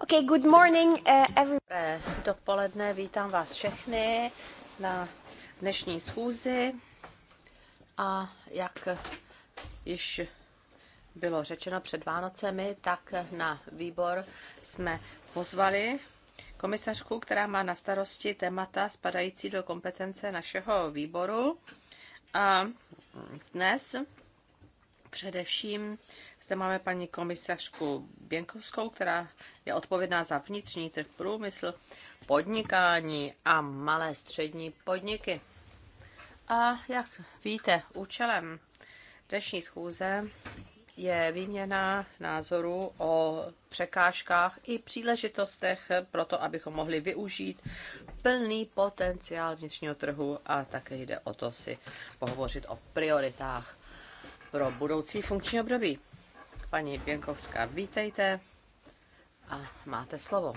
Okay, good morning, uh, Dopoledne vítám vás všechny na dnešní schůzi. A jak již bylo řečeno před Vánocemi, tak na výbor jsme pozvali komisařku, která má na starosti témata spadající do kompetence našeho výboru. A dnes Především zde máme paní komisařku Běnkovskou, která je odpovědná za vnitřní trh, průmysl, podnikání a malé střední podniky. A jak víte, účelem dnešní schůze je výměna názorů o překážkách i příležitostech pro to, abychom mohli využít plný potenciál vnitřního trhu a také jde o to si pohovořit o prioritách pro budoucí funkční období. Paní Pěnkovská, vítejte a máte slovo.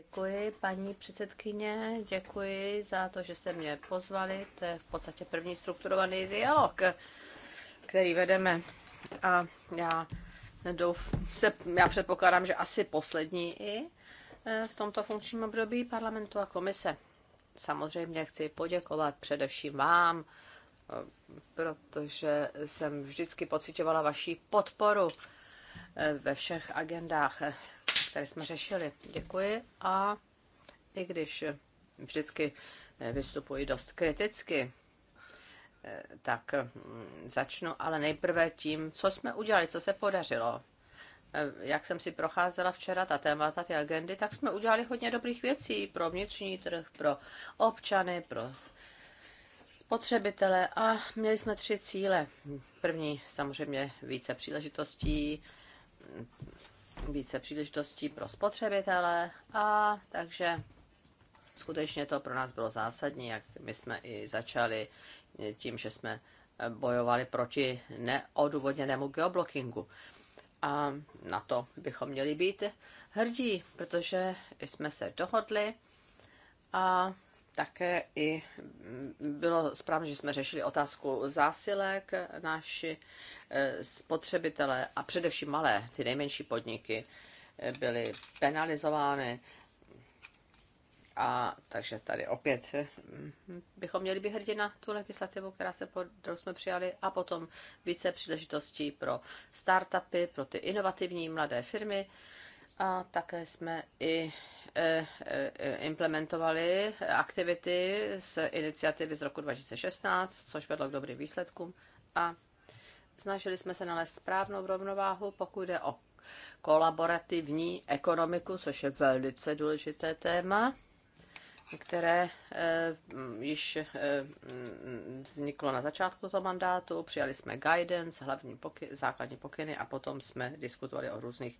Děkuji, paní předsedkyně, děkuji za to, že jste mě pozvali. To je v podstatě první strukturovaný dialog, který vedeme. A já, douf, se, já předpokládám, že asi poslední i e, v tomto funkčním období parlamentu a komise. Samozřejmě chci poděkovat především vám, protože jsem vždycky pocitovala vaši podporu eh, ve všech agendách, eh, které jsme řešili. Děkuji a i když vždycky eh, vystupuji dost kriticky, tak mm, začnu ale nejprve tím, co jsme udělali, co se podařilo. Jak jsem si procházela včera ta témata, ty agendy, tak jsme udělali hodně dobrých věcí pro vnitřní trh, pro občany, pro spotřebitele a měli jsme tři cíle. První samozřejmě více příležitostí, více příležitostí pro spotřebitele a takže skutečně to pro nás bylo zásadní, jak my jsme i začali tím, že jsme bojovali proti neodůvodněnému geoblockingu. A na to bychom měli být hrdí, protože jsme se dohodli a také i mm, bylo správně, že jsme řešili otázku zásilek naši e, spotřebitelé a především malé, ty nejmenší podniky e, byly penalizovány. A takže tady opět e, bychom měli být hrdě na tu legislativu, která se pod, kterou jsme přijali, a potom více příležitostí pro startupy, pro ty inovativní mladé firmy a také jsme i e, e, implementovali aktivity z iniciativy z roku 2016, což vedlo k dobrým výsledkům a snažili jsme se nalézt správnou rovnováhu, pokud jde o kolaborativní ekonomiku, což je velice důležité téma, které e, již vzniklo na začátku toho mandátu. Přijali jsme guidance, hlavní poky, základní pokyny a potom jsme diskutovali o různých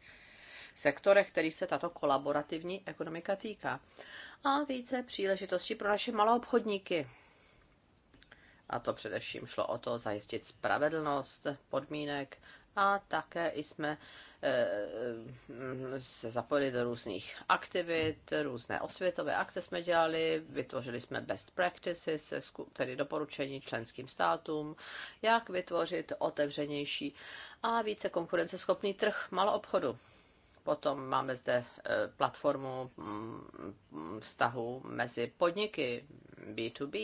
sektorech, který se tato kolaborativní ekonomika týká. A více příležitostí pro naše malé obchodníky. A to především šlo o to zajistit spravedlnost podmínek a také jsme eh, se zapojili do různých aktivit, různé osvětové akce jsme dělali, vytvořili jsme best practices, tedy doporučení členským státům, jak vytvořit otevřenější a více konkurenceschopný trh maloobchodu. Potom máme zde e, platformu mm, vztahu mezi podniky B2B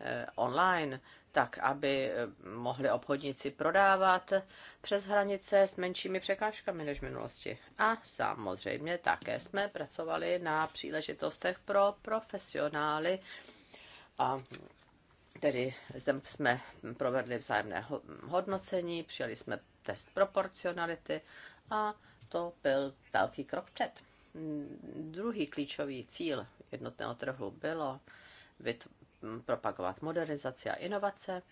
e, online, tak aby e, mohli obchodníci prodávat přes hranice s menšími překážkami než v minulosti. A samozřejmě také jsme pracovali na příležitostech pro profesionály a tedy zde jsme provedli vzájemné hodnocení, přijali jsme test proporcionality a to byl velký krok před. Druhý klíčový cíl jednotného trhu bylo propagovat modernizaci a inovace.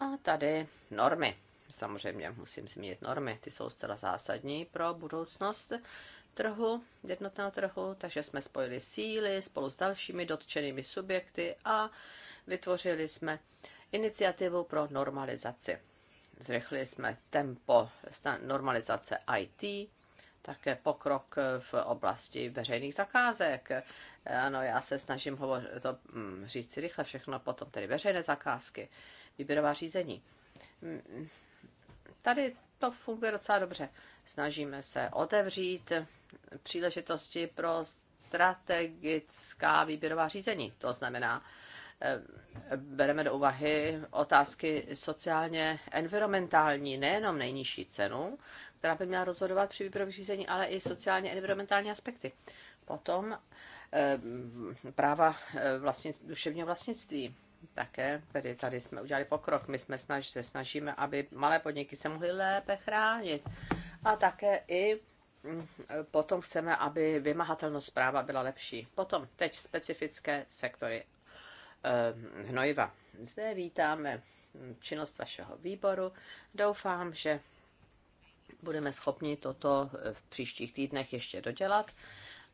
A tady normy. Samozřejmě musím zmínit normy, ty jsou zcela zásadní pro budoucnost trhu, jednotného trhu, takže jsme spojili síly spolu s dalšími dotčenými subjekty a vytvořili jsme iniciativu pro normalizaci zrychlili jsme tempo normalizace IT, také pokrok v oblasti veřejných zakázek. Ano, já se snažím to mm, říct rychle všechno, potom tedy veřejné zakázky, výběrová řízení. Mm, tady to funguje docela dobře. Snažíme se otevřít příležitosti pro strategická výběrová řízení. To znamená, Eh, bereme do úvahy otázky sociálně environmentální, nejenom nejnižší cenu, která by měla rozhodovat při výběrovém řízení, ale i sociálně environmentální aspekty. Potom eh, práva eh, vlastnic, duševního vlastnictví. Také, tedy tady jsme udělali pokrok. My jsme snaž, se snažíme, aby malé podniky se mohly lépe chránit. A také i potom chceme, aby vymahatelnost práva byla lepší. Potom teď specifické sektory Eh, hnojiva. Zde vítáme činnost vašeho výboru. Doufám, že budeme schopni toto eh, v příštích týdnech ještě dodělat.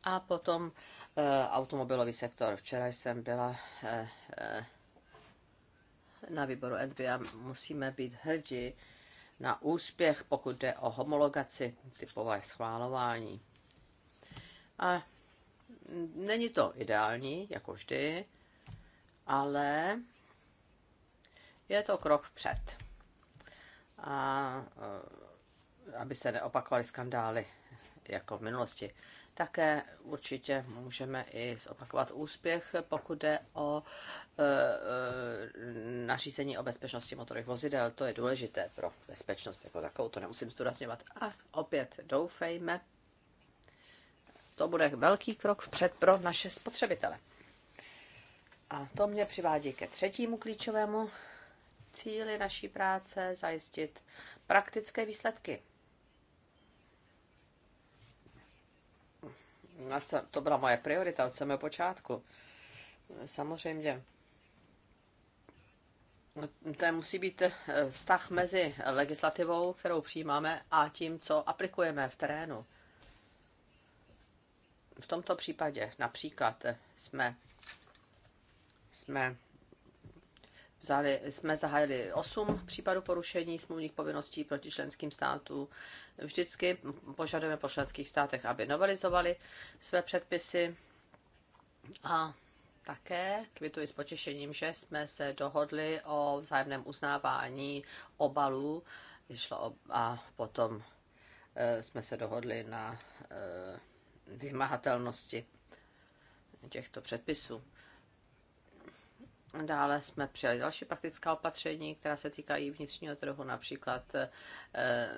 A potom eh, automobilový sektor. Včera jsem byla na výboru NV a musíme být hrdí na úspěch, pokud jde o homologaci, typové schválování. A není to ideální, jako vždy, ale je to krok vpřed. A eh, aby se neopakovaly skandály jako v minulosti. Také určitě můžeme i zopakovat úspěch, pokud jde o e, e, nařízení o bezpečnosti motorových vozidel. To je důležité pro bezpečnost jako takovou, to nemusím zdůrazňovat. A opět doufejme, to bude velký krok vpřed pro naše spotřebitele. A to mě přivádí ke třetímu klíčovému cíli naší práce zajistit praktické výsledky. To byla moje priorita od samého počátku. Samozřejmě. To musí být eh, vztah mezi legislativou, kterou přijímáme, a tím, co aplikujeme v terénu. V tomto případě například jsme jsme vzali, jsme zahájili 8 případů porušení smluvních povinností proti členským státům. Vždycky požadujeme po členských státech, aby novelizovali své předpisy a také kvituji s potěšením, že jsme se dohodli o vzájemném uznávání obalů a potom e, jsme se dohodli na e, vymahatelnosti těchto předpisů. Dále jsme přijali další praktická opatření, která se týkají vnitřního trhu, například eh, eh,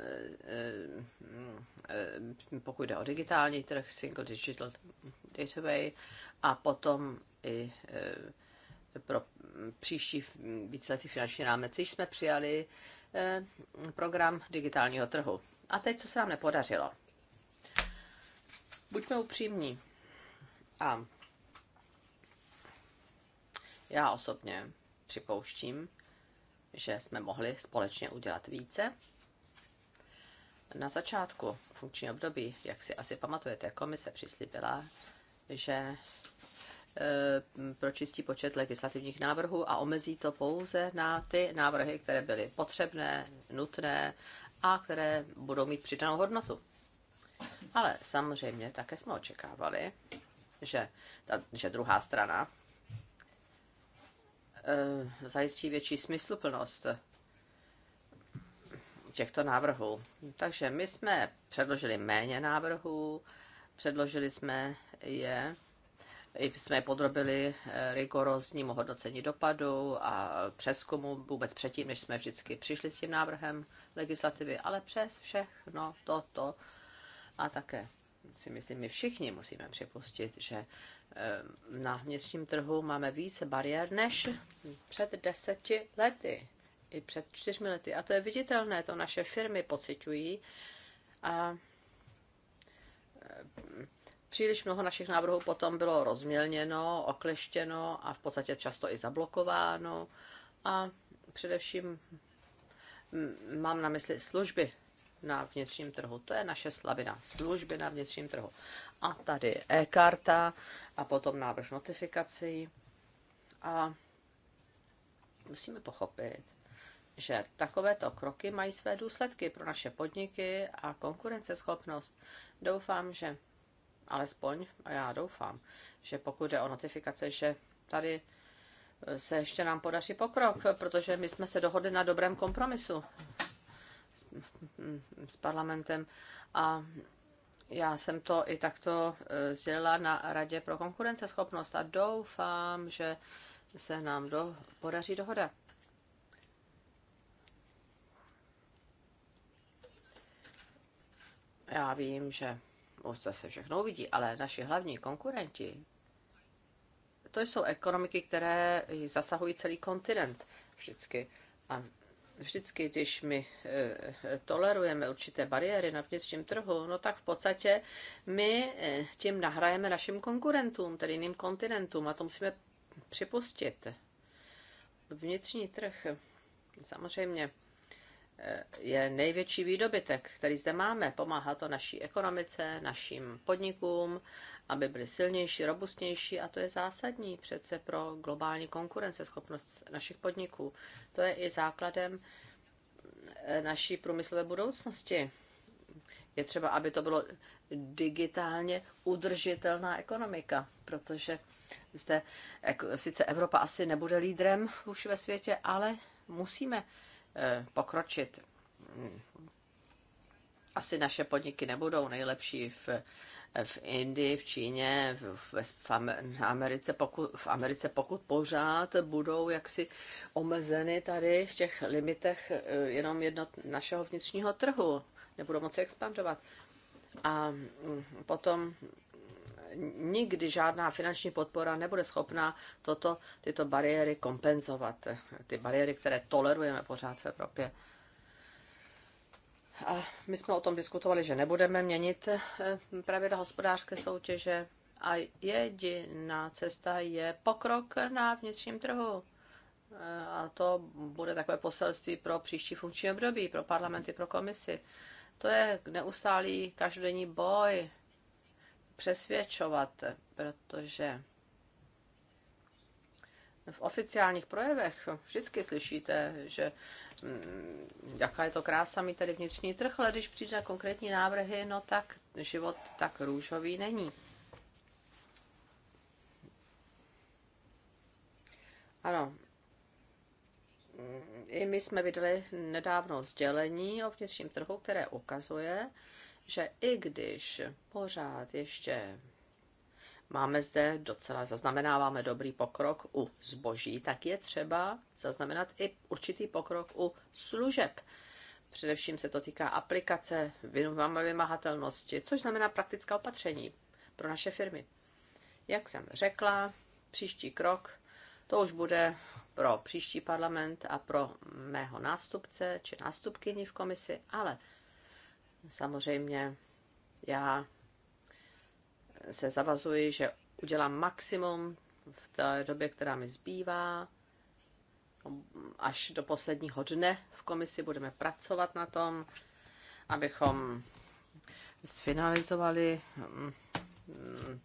eh, pokud jde o digitální trh, Single Digital Gateway, a potom i pro příští víceletý finanční rámec, již jsme přijali program digitálního trhu. A teď, co se nám nepodařilo. Buďme upřímní a já osobně připouštím, že jsme mohli společně udělat více. Na začátku funkčního období, jak si asi pamatujete, komise přislíbila, že e, pročistí počet legislativních návrhů a omezí to pouze na ty návrhy, které byly potřebné, nutné a které budou mít přidanou hodnotu. Ale samozřejmě také jsme očekávali, že, ta, že druhá strana, Eh, zajistí větší smysluplnost těchto návrhů. Takže my jsme předložili méně návrhů, předložili jsme je, jsme je podrobili eh, rigoróznímu hodnocení dopadu a přeskumu vůbec předtím, než jsme vždycky přišli s tím návrhem legislativy, ale přes všechno toto a také si myslím, my všichni musíme připustit, že Ehm, na vnitřním trhu máme více bariér než před deseti lety, i před čtyřmi lety. A to je viditelné, to naše firmy pociťují. A ehm, příliš mnoho našich návrhů potom bylo rozmělněno, okleštěno a v podstatě často i zablokováno. A především mám na mysli služby na vnitřním trhu. To je naše slabina. Služby na vnitřním trhu. A tady e-karta a potom návrh notifikací. A musíme pochopit, že takovéto kroky mají své důsledky pro naše podniky a konkurenceschopnost. Doufám, že alespoň, a já doufám, že pokud jde o notifikace, že tady se ještě nám podaří pokrok, protože my jsme se dohodli na dobrém kompromisu s, s parlamentem a já jsem to i takto e, sdělila na Radě pro konkurenceschopnost a doufám, že se nám do, podaří dohoda. Já vím, že úzce se všechno uvidí, ale naši hlavní konkurenti, to jsou ekonomiky, které zasahují celý kontinent vždycky. A vždycky, když my eh, tolerujeme určité bariéry na vnitřním trhu, no tak v podstatě my eh, tím nahrajeme našim konkurentům, tedy jiným kontinentům a to musíme připustit. Vnitřní trh samozřejmě je největší výdobytek, který zde máme. Pomáhá to naší ekonomice, našim podnikům, aby byly silnější, robustnější a to je zásadní přece pro globální konkurenceschopnost našich podniků. To je i základem eh, naší průmyslové budoucnosti. Je třeba, aby to bylo digitálně udržitelná ekonomika, protože zde sice Evropa asi nebude lídrem už ve světě, ale musíme Eh, pokročit. Asi naše podniky nebudou nejlepší v, v Indii, v Číně, v, v, Americe, pokud, v Americe, pokud pořád budou jaksi omezeny tady v těch limitech eh, jenom jednot, našeho vnitřního trhu, nebudou moci expandovat. A mm, potom nikdy žádná finanční podpora nebude schopná toto, tyto bariéry kompenzovat, ty bariéry, které tolerujeme pořád v Evropě. A my jsme o tom diskutovali, že nebudeme měnit eh, pravidla hospodářské soutěže a jediná cesta je pokrok na vnitřním trhu. Eh, a to bude takové poselství pro příští funkční období, pro parlamenty, pro komisi. To je neustálý každodenní boj přesvědčovat, protože v oficiálních projevech vždycky slyšíte, že mm, jaká je to krása mít tady vnitřní trh, ale když přijde na konkrétní návrhy, no tak život tak růžový není. Ano, i my jsme vydali nedávno sdělení o vnitřním trhu, které ukazuje, že i když pořád ještě máme zde docela, zaznamenáváme dobrý pokrok u zboží, tak je třeba zaznamenat i určitý pokrok u služeb. Především se to týká aplikace, vymahatelnosti, což znamená praktická opatření pro naše firmy. Jak jsem řekla, příští krok, to už bude pro příští parlament a pro mého nástupce či nástupkyni v komisi, ale Samozřejmě já se zavazuji, že udělám maximum v té době, která mi zbývá. Až do posledního dne v komisi budeme pracovat na tom, abychom sfinalizovali, mm, mm,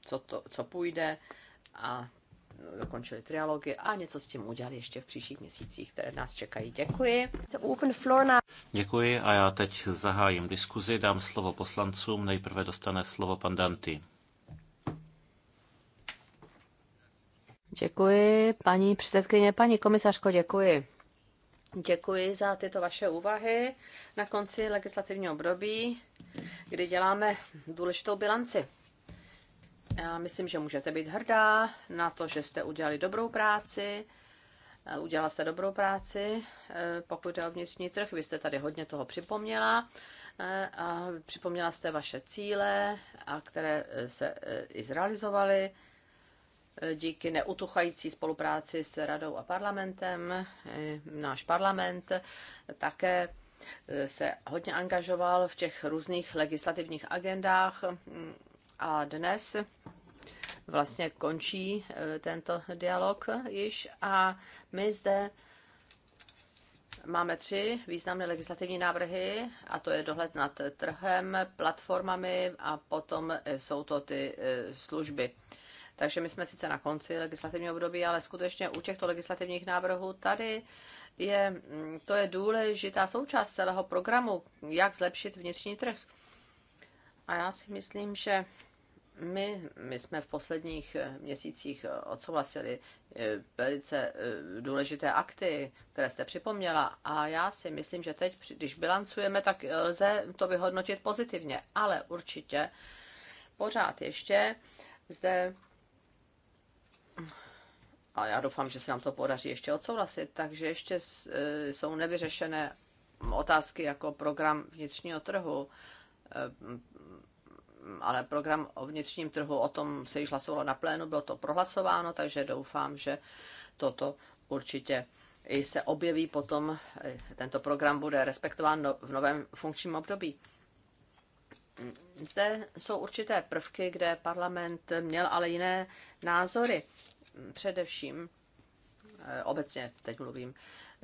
co, to, co půjde a dokončili trialogy a něco s tím udělali ještě v příštích měsících, které nás čekají. Děkuji. Děkuji a já teď zahájím diskuzi, dám slovo poslancům, nejprve dostane slovo pan Danty. Děkuji, paní předsedkyně, paní komisařko, děkuji. Děkuji za tyto vaše úvahy na konci legislativního období, kdy děláme důležitou bilanci. Já myslím, že můžete být hrdá na to, že jste udělali dobrou práci. Eh, udělala jste dobrou práci, eh, pokud je o vnitřní trh. Vy jste tady hodně toho připomněla eh, a připomněla jste vaše cíle, a které se i zrealizovaly díky neutuchající spolupráci s radou a parlamentem. Náš parlament také se hodně angažoval v těch různých legislativních agendách mm, a dnes vlastně končí e, tento dialog již a my zde Máme tři významné legislativní návrhy, a to je dohled nad trhem, platformami a potom e, jsou to ty e, služby. Takže my jsme sice na konci legislativního období, ale skutečně u těchto legislativních návrhů tady je, mm, to je důležitá součást celého programu, jak zlepšit vnitřní trh. A já si myslím, že my, my jsme v posledních eh, měsících eh, odsouhlasili eh, velice důležité akty, které jste připomněla a já si myslím, že teď, když bilancujeme, tak lze to vyhodnotit pozitivně, ale určitě pořád ještě zde a já doufám, že se nám to podaří ještě odsouhlasit, takže ještě jsou nevyřešené otázky jako program vnitřního trhu, ale program o vnitřním trhu, o tom se již hlasovalo na plénu, bylo to prohlasováno, takže doufám, že toto určitě i se objeví potom, eh, tento program bude respektován no, v novém funkčním období. Zde jsou určité prvky, kde parlament měl ale jiné názory. Především eh, obecně teď mluvím,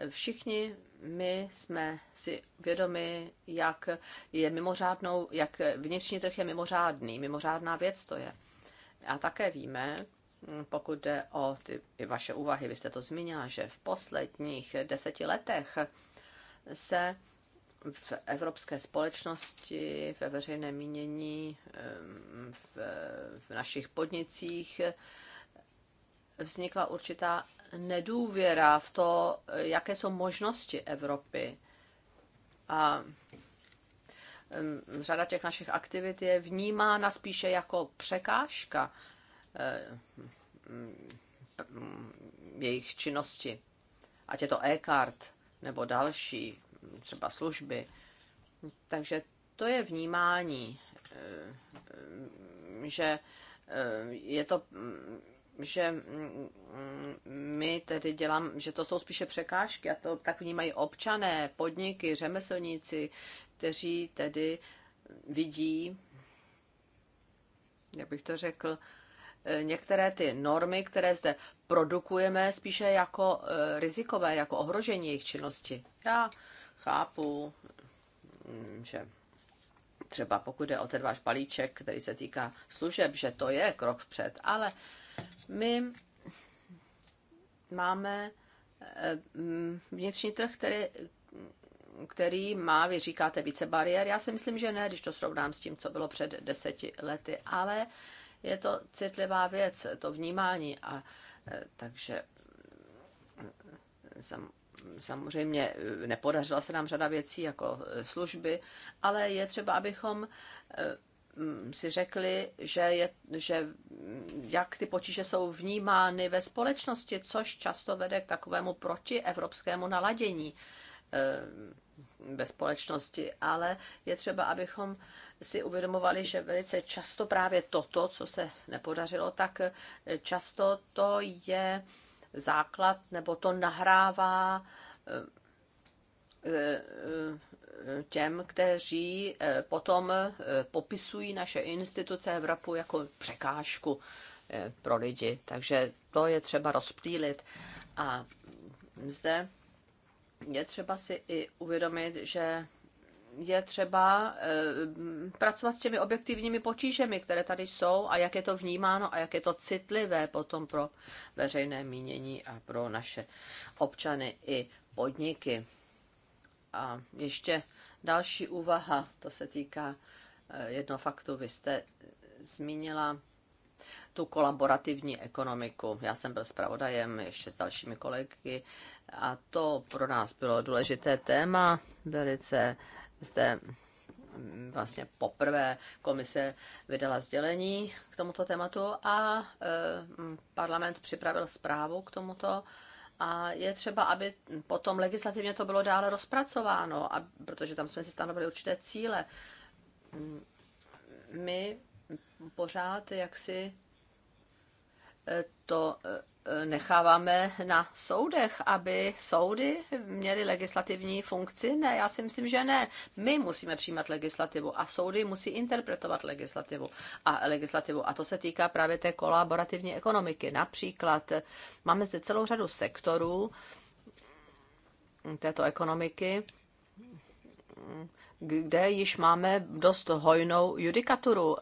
Všichni my jsme si vědomi, jak je mimořádnou, jak vnitřní trh je mimořádný, mimořádná věc to je. A také víme, pokud jde o ty vaše úvahy, vy jste to zmínila, že v posledních deseti letech se v evropské společnosti, ve veřejném mínění, v, v našich podnicích vznikla určitá nedůvěra v to, jaké jsou možnosti Evropy. A řada těch našich aktivit je vnímána spíše jako překážka eh, jejich činnosti. Ať je to e-card nebo další, třeba služby. Takže to je vnímání, eh, že eh, je to že mm, mm, my tedy dělám, že to jsou spíše překážky a to tak vnímají občané, podniky, řemeslníci, kteří tedy vidí, jak bych to řekl, eh, některé ty normy, které zde produkujeme, spíše jako eh, rizikové, jako ohrožení jejich činnosti. Já chápu, mm, že třeba pokud je o ten váš balíček, který se týká služeb, že to je krok vpřed, ale my máme eh, mm, vnitřní trh, který, který má, vy říkáte, více bariér. Já si myslím, že ne, když to srovnám s tím, co bylo před deseti lety, ale je to citlivá věc, to vnímání a eh, takže mm, sam, samozřejmě eh, nepodařila se nám řada věcí jako služby, ale je třeba, abychom Mm, si řekli, že, je, že mm, jak ty potíže jsou vnímány ve společnosti, což často vede k takovému protievropskému naladění eh, ve společnosti, ale je třeba, abychom si uvědomovali, že velice často právě toto, co se nepodařilo, tak eh, často to je základ nebo to nahrává eh, těm, kteří eh, potom eh, popisují naše instituce Evropu jako překážku eh, pro lidi. Takže to je třeba rozptýlit. A zde je třeba si i uvědomit, že je třeba pracovat s těmi objektivními potížemi, které tady jsou a jak je to vnímáno a jak je to citlivé potom pro veřejné mínění a pro naše občany i podniky. A ještě další úvaha, to se týká eh, jednoho faktu. Vy jste zmínila tu kolaborativní ekonomiku. Já jsem byl zpravodajem ještě s dalšími kolegy a to pro nás bylo důležité téma. Velice zde mm, vlastně poprvé komise vydala sdělení k tomuto tématu a eh, mm, parlament připravil zprávu k tomuto a je třeba, aby potom legislativně to bylo dále rozpracováno, a, protože tam jsme si stanovili určité cíle. My pořád jaksi to e, necháváme na soudech, aby soudy měly legislativní funkci? Ne, já si myslím, že ne. My musíme přijímat legislativu a soudy musí interpretovat legislativu a legislativu. A to se týká právě té kolaborativní ekonomiky. Například e, máme zde celou řadu sektorů této ekonomiky, kde již máme dost hojnou judikaturu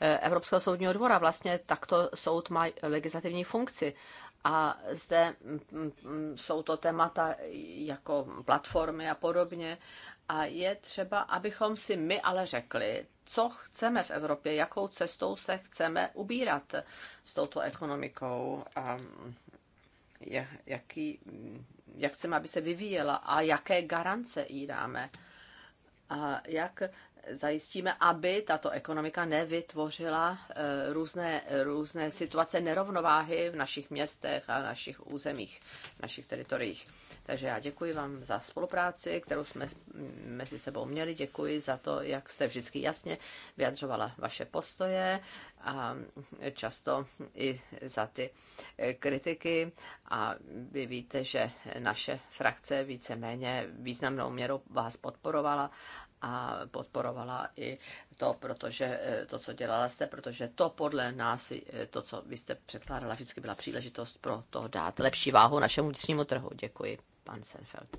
eh, Evropského soudního dvora. Vlastně takto soud má legislativní funkci. A zde mm, mm, mm, jsou to témata jako platformy a podobně. A je třeba, abychom si my ale řekli, co chceme v Evropě, jakou cestou se chceme ubírat s touto ekonomikou a jaký, jak chceme, aby se vyvíjela a jaké garance jí dáme a jak zajistíme, aby tato ekonomika nevytvořila eh, různé, různé situace nerovnováhy v našich městech a našich územích, našich teritoriích. Takže já děkuji vám za spolupráci, kterou jsme mezi sebou měli. Děkuji za to, jak jste vždycky jasně vyjadřovala vaše postoje a často i za ty e, kritiky. A vy víte, že naše frakce víceméně významnou měrou vás podporovala a podporovala i to, protože e, to, co dělala jste, protože to podle nás, e, to, co vy jste překládala, vždycky byla příležitost pro to dát lepší váhu našemu vnitřnímu trhu. Děkuji, pan Senfeld.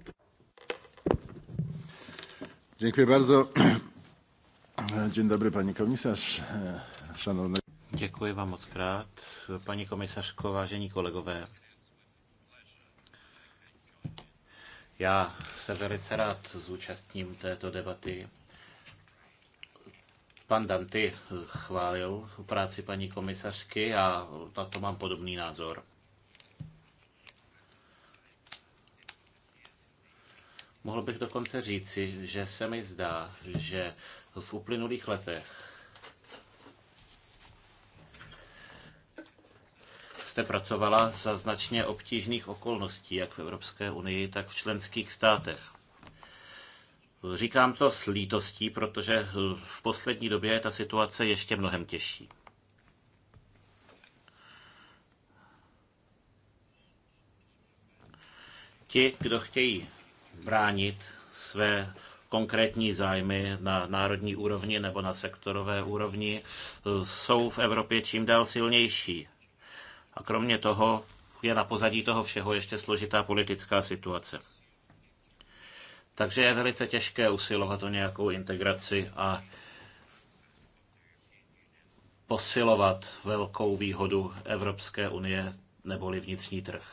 Děkuji bardzo. Eh, dzień dobry, pani komisař. Eh, szanowny. Děkuji vám moc krát. Paní komisařko, vážení kolegové, já se velice rád zúčastním této debaty. Pan Danty eh, chválil práci paní komisařky a na to mám podobný názor. Mohl bych dokonce říci, že se mi zdá, že v uplynulých letech jste pracovala za značně obtížných okolností, jak v Evropské unii, tak v členských státech. Říkám to s lítostí, protože v poslední době je ta situace ještě mnohem těžší. Ti, kdo chtějí bránit své konkrétní zájmy na národní úrovni nebo na sektorové úrovni e, jsou v Evropě čím dál silnější. A kromě toho je na pozadí toho všeho ještě složitá politická situace. Takže je velice těžké usilovat o nějakou integraci a posilovat velkou výhodu Evropské unie neboli vnitřní trh.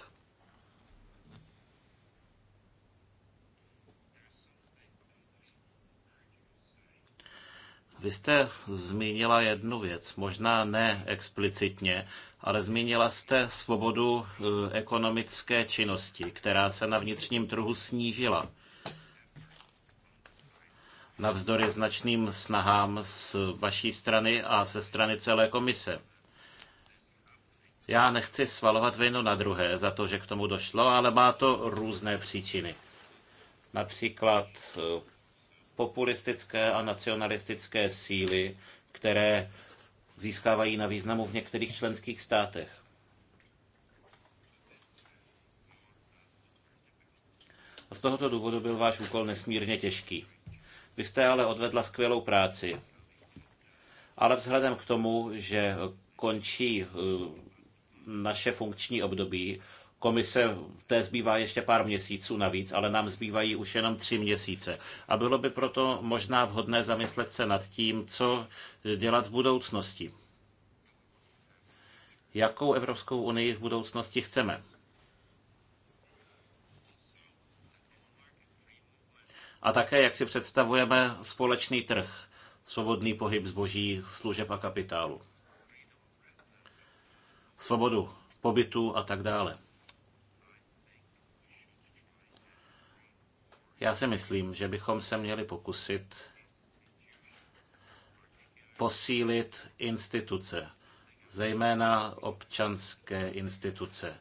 Vy jste zmínila jednu věc, možná ne explicitně, ale zmínila jste svobodu eh, ekonomické činnosti, která se na vnitřním trhu snížila. Navzdory značným snahám z vaší strany a ze strany celé komise. Já nechci svalovat vinu na druhé za to, že k tomu došlo, ale má to různé příčiny. Například eh, populistické a nacionalistické síly, které získávají na významu v některých členských státech. A z tohoto důvodu byl váš úkol nesmírně těžký. Vy jste ale odvedla skvělou práci. Ale vzhledem k tomu, že končí eh, naše funkční období komise, té zbývá ještě pár měsíců navíc, ale nám zbývají už jenom tři měsíce. A bylo by proto možná vhodné zamyslet se nad tím, co dělat v budoucnosti. Jakou Evropskou unii v budoucnosti chceme? A také, jak si představujeme společný trh, svobodný pohyb zboží, služeb a kapitálu. Svobodu pobytu a tak dále. Já si myslím, že bychom se měli pokusit posílit instituce, zejména občanské instituce.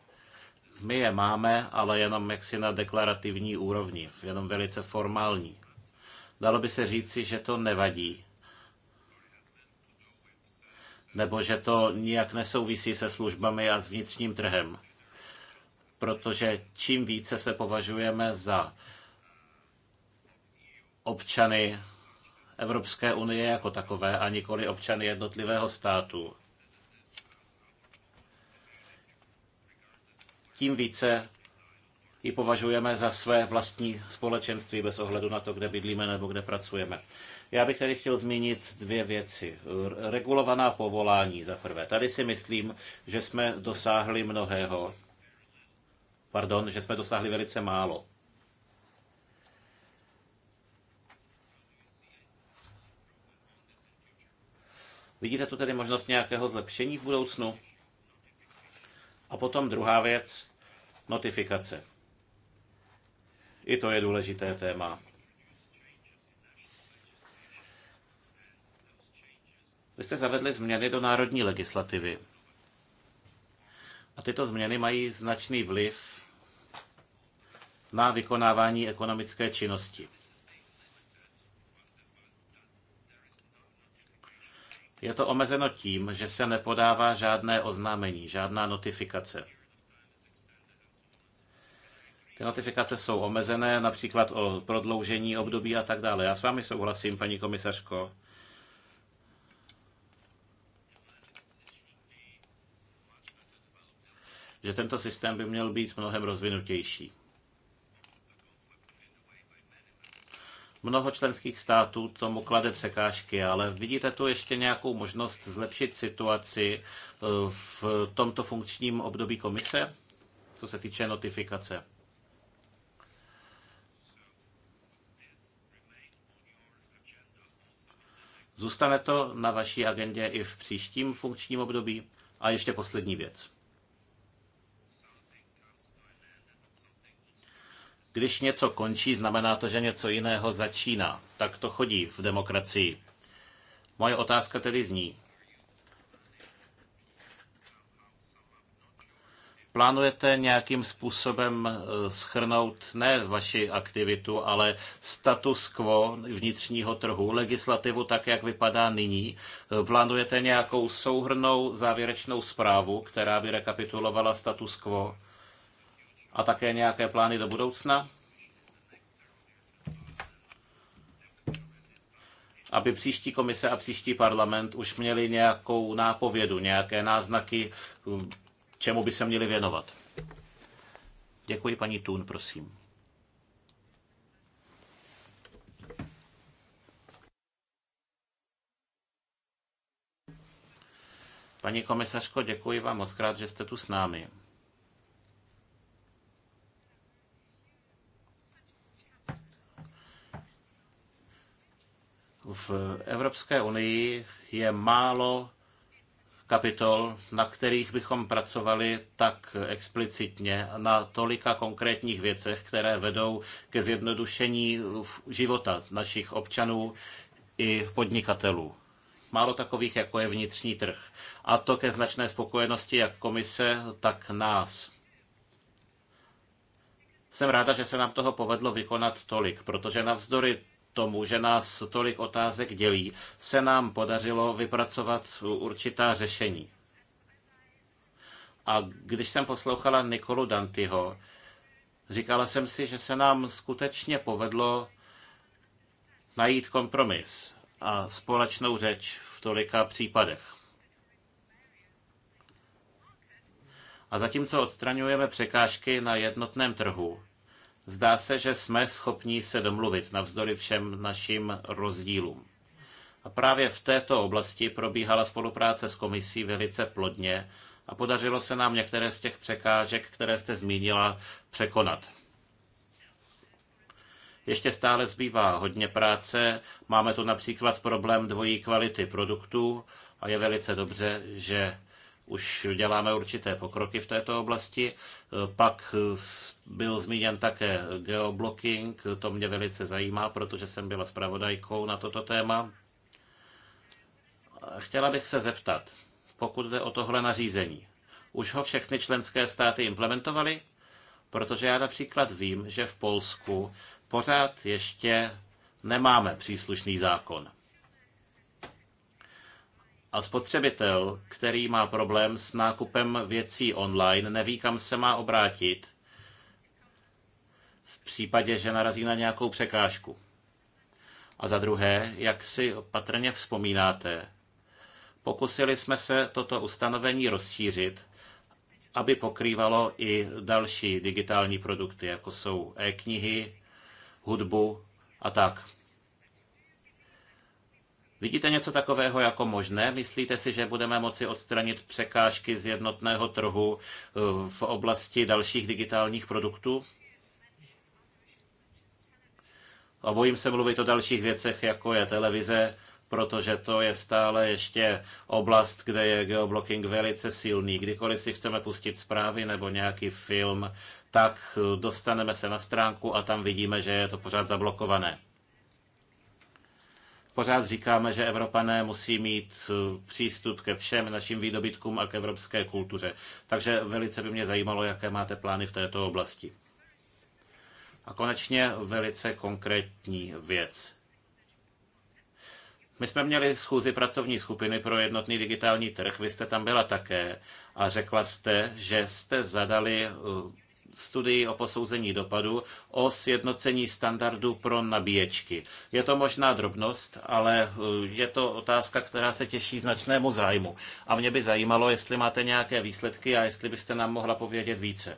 My je máme, ale jenom jaksi na deklarativní úrovni, jenom velice formální. Dalo by se říci, že to nevadí, nebo že to nijak nesouvisí se službami a s vnitřním trhem. Protože čím více se považujeme za občany Evropské unie jako takové a nikoli občany jednotlivého státu. Tím více ji považujeme za své vlastní společenství bez ohledu na to, kde bydlíme nebo kde pracujeme. Já bych tady chtěl zmínit dvě věci. Regulovaná povolání za prvé. Tady si myslím, že jsme dosáhli mnohého. Pardon, že jsme dosáhli velice málo. Vidíte tu tedy možnost nějakého zlepšení v budoucnu? A potom druhá věc, notifikace. I to je důležité téma. Vy jste zavedli změny do národní legislativy. A tyto změny mají značný vliv na vykonávání ekonomické činnosti. Je to omezeno tím, že se nepodává žádné oznámení, žádná notifikace. Ty notifikace jsou omezené, například o prodloužení období a tak dále. Já s vámi souhlasím, paní komisařko. že tento systém by měl být mnohem rozvinutější. Mnoho členských států tomu klade překážky, ale vidíte tu ještě nějakou možnost zlepšit situaci eh, v tomto funkčním období komise, co se týče notifikace? Zůstane to na vaší agendě i v příštím funkčním období? A ještě poslední věc. Když něco končí, znamená to, že něco jiného začíná. Tak to chodí v demokracii. Moje otázka tedy zní. Plánujete nějakým způsobem eh, schrnout ne vaši aktivitu, ale status quo vnitřního trhu, legislativu tak, jak vypadá nyní? Eh, plánujete nějakou souhrnou závěrečnou zprávu, která by rekapitulovala status quo? A také nějaké plány do budoucna? aby příští komise a příští parlament už měli nějakou nápovědu, nějaké náznaky, čemu by se měli věnovat. Děkuji, paní Tun, prosím. Paní komisařko, děkuji vám moc krát, že jste tu s námi. V Evropské unii je málo kapitol, na kterých bychom pracovali tak explicitně na tolika konkrétních věcech, které vedou ke zjednodušení života našich občanů i podnikatelů. Málo takových, jako je vnitřní trh. A to ke značné spokojenosti jak komise, tak nás. Jsem ráda, že se nám toho povedlo vykonat tolik, protože navzdory tomu, že nás tolik otázek dělí, se nám podařilo vypracovat určitá řešení. A když jsem poslouchala Nikolu Dantyho, říkala jsem si, že se nám skutečně povedlo najít kompromis a společnou řeč v tolika případech. A zatímco odstraňujeme překážky na jednotném trhu, Zdá se, že jsme schopni se domluvit navzdory všem našim rozdílům. A právě v této oblasti probíhala spolupráce s komisí velice plodně a podařilo se nám některé z těch překážek, které jste zmínila, překonat. Ještě stále zbývá hodně práce. Máme tu například problém dvojí kvality produktů a je velice dobře, že už děláme určité pokroky v této oblasti. E, Pak e, byl zmíněn také geoblocking, to mě velice zajímá, protože jsem byla zpravodajkou na toto téma. Chtěla bych se zeptat, pokud jde o tohle nařízení, už ho všechny členské státy implementovaly? Protože já například vím, že v Polsku pořád ještě nemáme příslušný zákon. A spotřebitel, který má problém s nákupem věcí online, neví, kam se má obrátit v případě, že narazí na nějakou překážku. A za druhé, jak si patrně vzpomínáte, pokusili jsme se toto ustanovení rozšířit, aby pokrývalo i další digitální produkty, jako jsou e-knihy, hudbu a tak. Vidíte něco takového jako možné? Myslíte si, že budeme moci odstranit překážky z jednotného trhu eh, v oblasti dalších digitálních produktů? A bojím se mluvit o dalších věcech, jako je televize, protože to je stále ještě oblast, kde je geoblocking velice silný. Kdykoliv si chceme pustit zprávy nebo nějaký film, tak eh, dostaneme se na stránku a tam vidíme, že je to pořád zablokované pořád říkáme, že Evropané musí mít eh, přístup ke všem našim výdobytkům a k evropské kultuře. Takže velice by mě zajímalo, jaké máte plány v této oblasti. A konečně velice konkrétní věc. My jsme měli schůzi pracovní skupiny pro jednotný digitální trh, vy jste tam byla také a řekla jste, že jste zadali eh, studii o posouzení dopadu o sjednocení standardu pro nabíječky. Je to možná drobnost, ale eh, je to otázka, která se těší značnému zájmu. A mě by zajímalo, jestli máte nějaké výsledky a jestli byste nám mohla povědět více.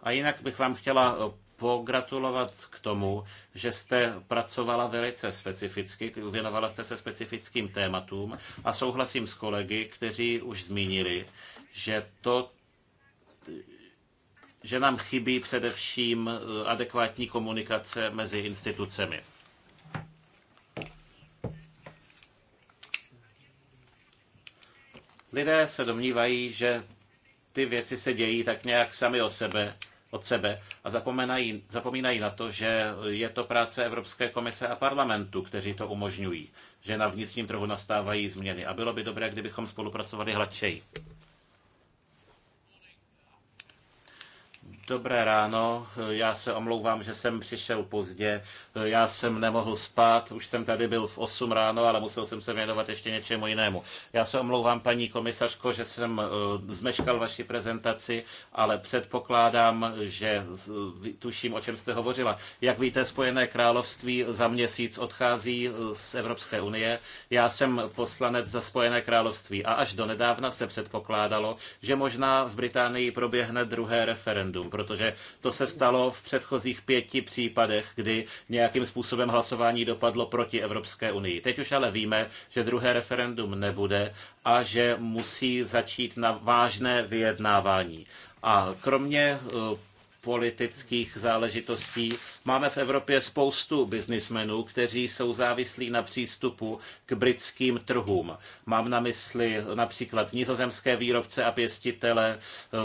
A jinak bych vám chtěla eh, pogratulovat k tomu, že jste pracovala velice specificky, věnovala jste se specifickým tématům a souhlasím s kolegy, kteří už zmínili, že to, že nám chybí především eh, adekvátní komunikace mezi institucemi. Lidé se domnívají, že ty věci se dějí tak nějak sami o sebe, od sebe a zapomínají, zapomínají na to, že je to práce Evropské komise a parlamentu, kteří to umožňují, že na vnitřním trhu nastávají změny a bylo by dobré, kdybychom spolupracovali hladčeji. Dobré ráno, já se omlouvám, že jsem přišel pozdě. Já jsem nemohl spát, už jsem tady byl v 8 ráno, ale musel jsem se věnovat ještě něčemu jinému. Já se omlouvám, paní komisařko, že jsem eh, zmeškal vaši prezentaci, ale předpokládám, že tuším, o čem jste hovořila. Jak víte, Spojené království za měsíc odchází eh, z Evropské unie. Já jsem poslanec za Spojené království a až do nedávna se předpokládalo, že možná v Británii proběhne druhé referendum protože to se stalo v předchozích pěti případech, kdy nějakým způsobem hlasování dopadlo proti Evropské unii. Teď už ale víme, že druhé referendum nebude a že musí začít na vážné vyjednávání. A kromě eh, politických záležitostí. Máme v Evropě spoustu biznismenů, kteří jsou závislí na přístupu k britským trhům. Mám na mysli například nizozemské výrobce a pěstitele,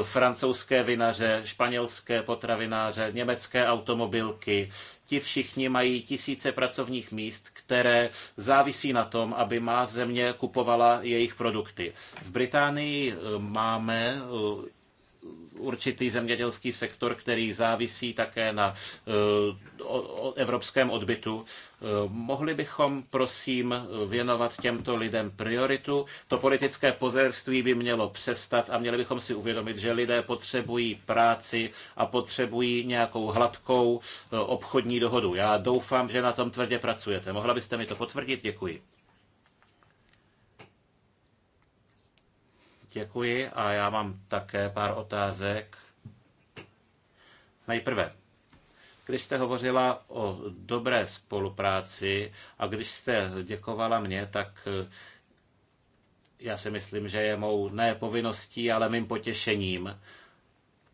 francouzské vinaře, španělské potravináře, německé automobilky, ti všichni mají tisíce pracovních míst, které závisí na tom, aby má země kupovala jejich produkty. V Británii eh, máme eh, určitý zemědělský sektor, který závisí také na eh, evropském odbytu. Eh, mohli bychom, prosím, věnovat těmto lidem prioritu. To politické pozorství by mělo přestat a měli bychom si uvědomit, že lidé potřebují práci a potřebují nějakou hladkou eh, obchodní dohodu. Já doufám, že na tom tvrdě pracujete. Mohla byste mi to potvrdit? Děkuji. Děkuji a já mám také pár otázek. Nejprve, když jste hovořila o dobré spolupráci a když jste děkovala mně, tak eh, já si myslím, že je mou ne povinností, ale mým potěšením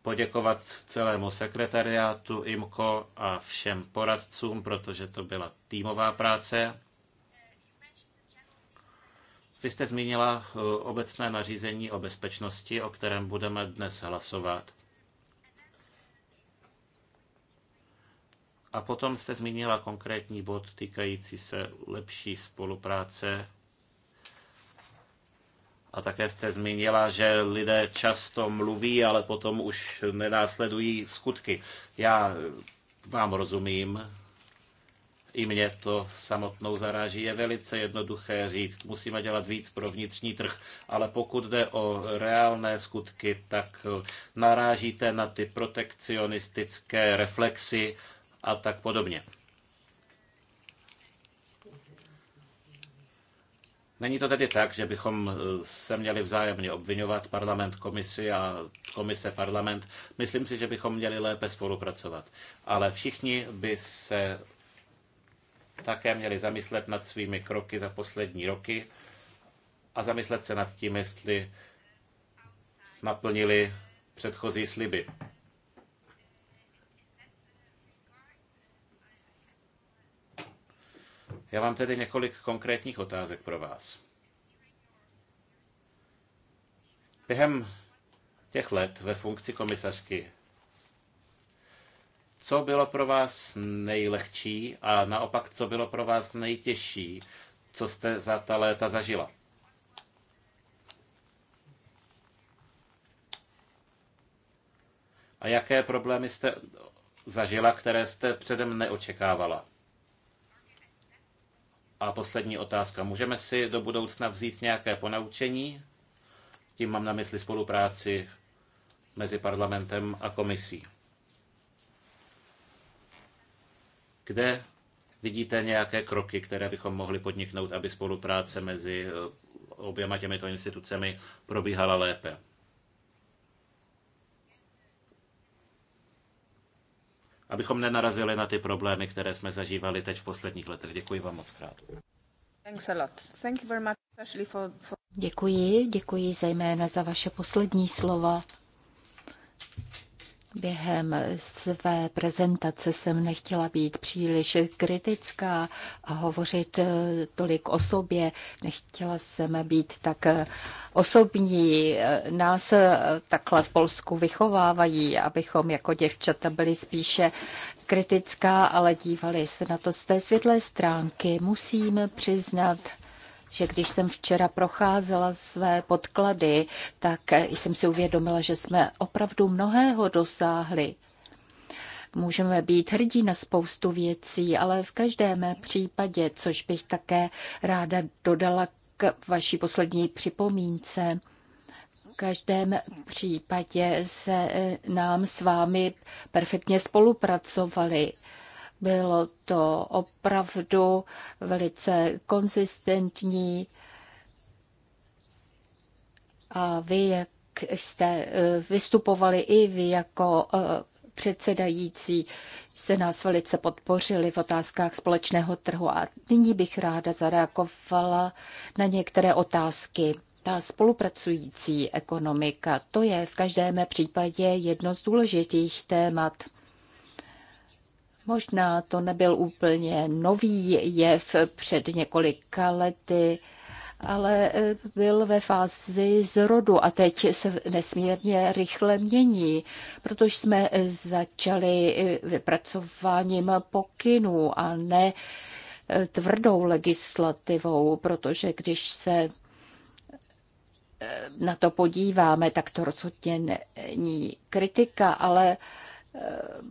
poděkovat celému sekretariátu IMCO a všem poradcům, protože to byla týmová práce. Vy jste zmínila eh, obecné nařízení o bezpečnosti, o kterém budeme dnes hlasovat. A potom jste zmínila konkrétní bod týkající se lepší spolupráce. A také jste zmínila, že lidé často mluví, ale potom už nenásledují skutky. Já vám rozumím, i mě to samotnou zaráží. Je velice jednoduché říct, musíme dělat víc pro vnitřní trh, ale pokud jde o reálné skutky, tak eh, narážíte na ty protekcionistické reflexy a tak podobně. Není to tedy tak, že bychom eh, se měli vzájemně obvinovat parlament komisi a komise parlament. Myslím si, že bychom měli lépe spolupracovat. Ale všichni by se také měli zamyslet nad svými kroky za poslední roky a zamyslet se nad tím, jestli naplnili předchozí sliby. Já mám tedy několik konkrétních otázek pro vás. Během těch let ve funkci komisařky co bylo pro vás nejlehčí a naopak, co bylo pro vás nejtěžší, co jste za ta léta zažila? A jaké problémy jste zažila, které jste předem neočekávala? A poslední otázka. Můžeme si do budoucna vzít nějaké ponaučení? Tím mám na mysli spolupráci mezi parlamentem a komisí. Kde vidíte nějaké kroky, které bychom mohli podniknout, aby spolupráce mezi eh, oběma těmito institucemi probíhala lépe? Abychom nenarazili na ty problémy, které jsme zažívali teď v posledních letech. Děkuji vám moc krát. Děkuji, děkuji zejména za vaše poslední slova. Během své prezentace jsem nechtěla být příliš kritická a hovořit eh, tolik o sobě. Nechtěla jsem být tak eh, osobní. Eh, nás takhle v Polsku vychovávají, abychom jako děvčata byli spíše kritická, ale dívali se na to z té světlé stránky. Musím přiznat, že když jsem včera procházela své podklady, tak jsem si uvědomila, že jsme opravdu mnohého dosáhli. Můžeme být hrdí na spoustu věcí, ale v každém případě, což bych také ráda dodala k vaší poslední připomínce, v každém případě se eh, nám s vámi perfektně spolupracovali. Bylo to opravdu velice konzistentní. A vy, jak jste eh, vystupovali i vy jako eh, předsedající, se nás velice podpořili v otázkách společného trhu. A nyní bych ráda zareagovala na některé otázky. Ta spolupracující ekonomika, to je v každém případě jedno z důležitých témat. Možná to nebyl úplně nový jev před několika lety, ale e, byl ve fázi zrodu a teď se nesmírně rychle mění, protože jsme e, začali e, vypracováním pokynů a ne tvrdou legislativou, protože když se na to podíváme, tak to rozhodně není kritika, ale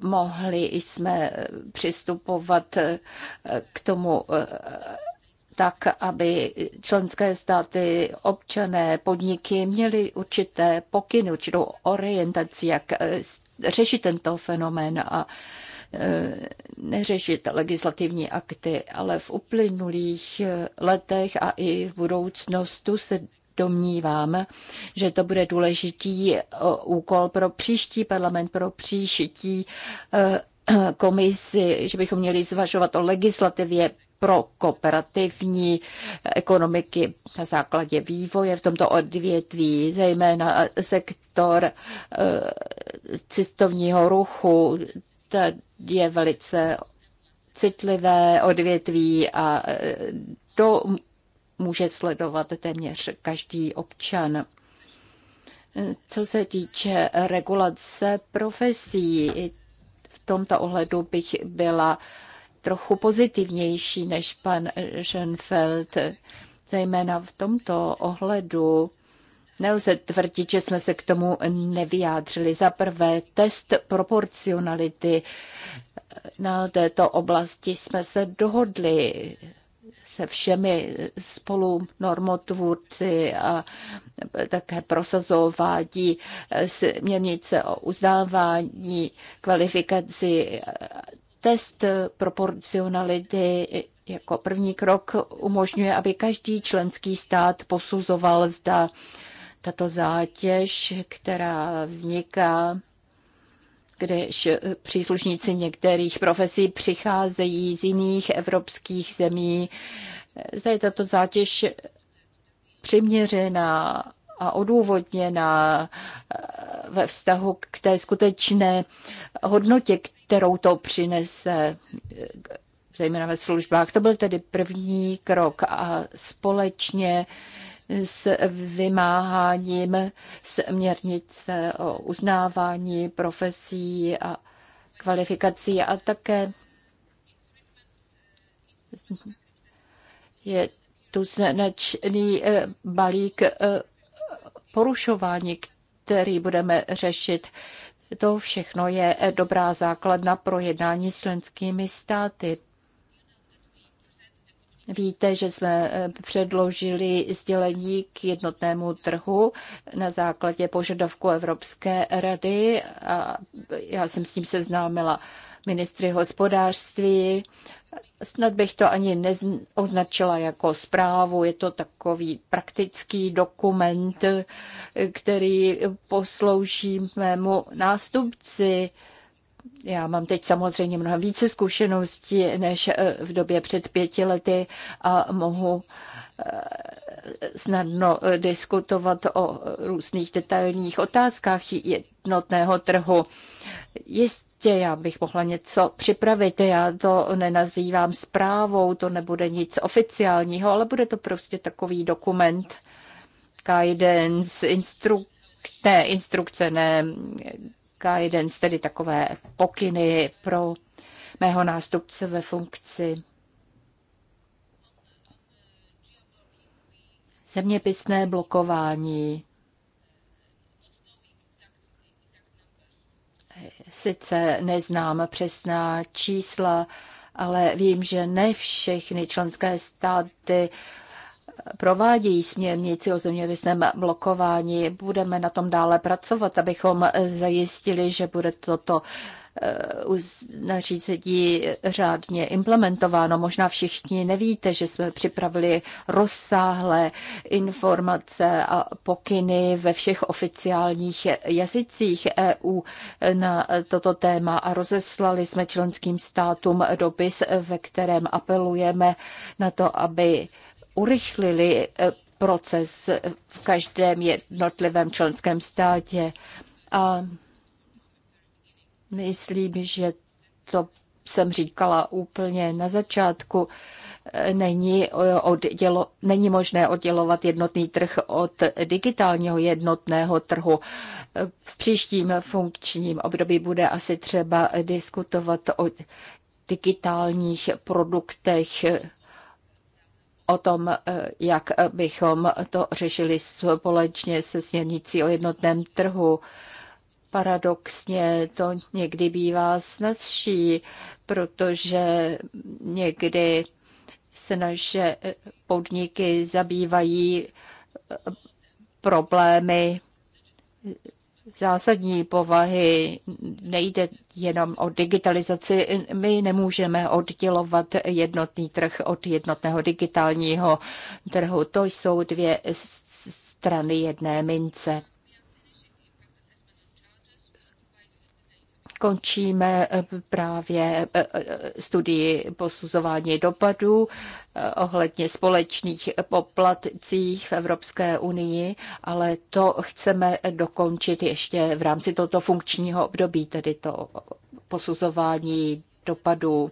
mohli jsme přistupovat eh, k tomu eh, tak, aby členské státy, občané, podniky měli určité pokyny, určitou orientaci, jak eh, řešit tento fenomén a neřešit legislativní akty, ale v uplynulých letech a i v budoucnosti se domnívám, že to bude důležitý eh, úkol pro příští parlament, pro příští eh, komisi, že bychom měli zvažovat o legislativě pro kooperativní ekonomiky na základě vývoje v tomto odvětví, zejména sektor eh, cestovního ruchu, je velice citlivé odvětví a do může sledovat téměř každý občan. Co se týče regulace profesí, v tomto ohledu bych byla trochu pozitivnější než pan Schoenfeld, zejména v tomto ohledu. Nelze tvrdit, že jsme se k tomu nevyjádřili. Za prvé, test proporcionality. Na této oblasti jsme se dohodli se všemi spolu normotvůrci a také prosazování směrnice o uznávání kvalifikaci test proporcionality jako první krok umožňuje, aby každý členský stát posuzoval, zda tato zátěž, která vzniká když eh, příslušníci některých profesí přicházejí z jiných evropských zemí. Eh, zda je tato zátěž přiměřená a odůvodněná eh, ve vztahu k té skutečné hodnotě, kterou to přinese, zejména ve službách. To byl tedy první krok a společně s vymáháním směrnice o uznávání profesí a kvalifikací a také je tu značný eh, balík eh, porušování, který budeme řešit. To všechno je eh, dobrá základna pro jednání s členskými státy. Víte, že jsme eh, předložili sdělení k jednotnému trhu na základě požadavku Evropské rady a já jsem s ním seznámila ministry hospodářství. Snad bych to ani neoznačila jako zprávu, je to takový praktický dokument, který poslouží mému nástupci já mám teď samozřejmě mnohem více zkušeností než eh, v době před pěti lety a mohu eh, snadno eh, diskutovat o různých detailních otázkách jednotného trhu. Jistě já bych mohla něco připravit, já to nenazývám zprávou, to nebude nic oficiálního, ale bude to prostě takový dokument, guidance, instrukce, ne instrukce, ne guidance, tedy takové pokyny pro mého nástupce ve funkci. Zeměpisné blokování. Sice neznám přesná čísla, ale vím, že ne všechny členské státy provádějí směrnici o zeměvisném blokování. Budeme na tom dále pracovat, abychom zajistili, že bude toto eh, nařízení řádně implementováno. Možná všichni nevíte, že jsme připravili rozsáhlé informace a pokyny ve všech oficiálních jazycích EU na toto téma a rozeslali jsme členským státům dopis, ve kterém apelujeme na to, aby urychlili eh, proces eh, v každém jednotlivém členském státě. A myslím, že to jsem říkala úplně na začátku, eh, není, oddělo, není možné oddělovat jednotný trh od digitálního jednotného trhu. V příštím funkčním období bude asi třeba diskutovat o digitálních produktech o tom, eh, jak bychom to řešili společně se směrnicí o jednotném trhu. Paradoxně to někdy bývá snazší, protože někdy se naše podniky zabývají eh, problémy zásadní povahy. Nejde jenom o digitalizaci. My nemůžeme oddělovat jednotný trh od jednotného digitálního trhu. To jsou dvě strany jedné mince. končíme eh, právě eh, eh, studii posuzování dopadů ohledně společných poplatcích v Evropské unii, ale to chceme dokončit ještě v rámci tohoto funkčního období, tedy to posuzování dopadů.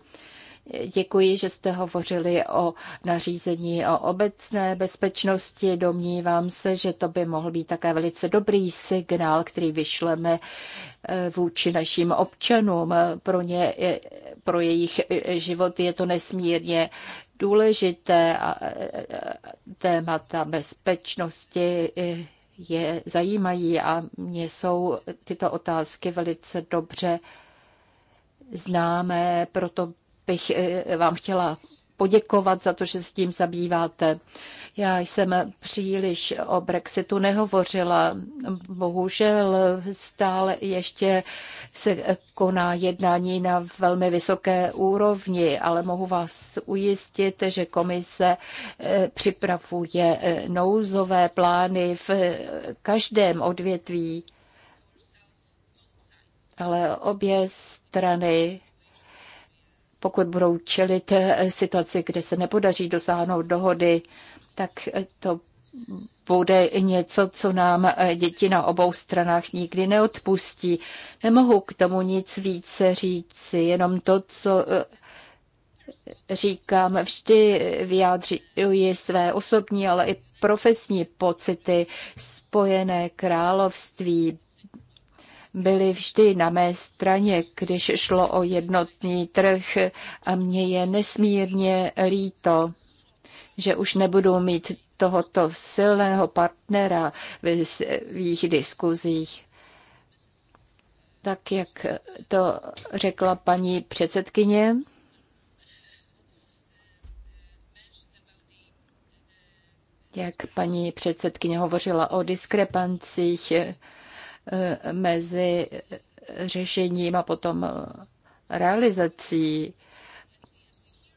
Děkuji, že jste hovořili o nařízení o obecné bezpečnosti. Domnívám se, že to by mohl být také velice dobrý signál, který vyšleme eh, vůči našim občanům. Pro ně, pro jejich život je to nesmírně důležité a eh, eh, témata bezpečnosti je zajímají a mě jsou tyto otázky velice dobře známé, proto bych eh, vám chtěla poděkovat za to, že s tím zabýváte. Já jsem příliš o Brexitu nehovořila. Bohužel stále ještě se koná jednání na velmi vysoké úrovni, ale mohu vás ujistit, že komise eh, připravuje eh, nouzové plány v každém odvětví, ale obě strany pokud budou čelit eh, situaci, kde se nepodaří dosáhnout dohody, tak eh, to bude něco, co nám eh, děti na obou stranách nikdy neodpustí. Nemohu k tomu nic více říct, jenom to, co říkám, vždy vyjádřuji své osobní, ale i profesní pocity. Spojené království byli vždy na mé straně, když šlo o jednotný trh a mě je nesmírně líto, že už nebudu mít tohoto silného partnera v svých diskuzích. Tak jak to řekla paní předsedkyně, jak paní předsedkyně hovořila o diskrepancích Eh, mezi řešením a potom realizací,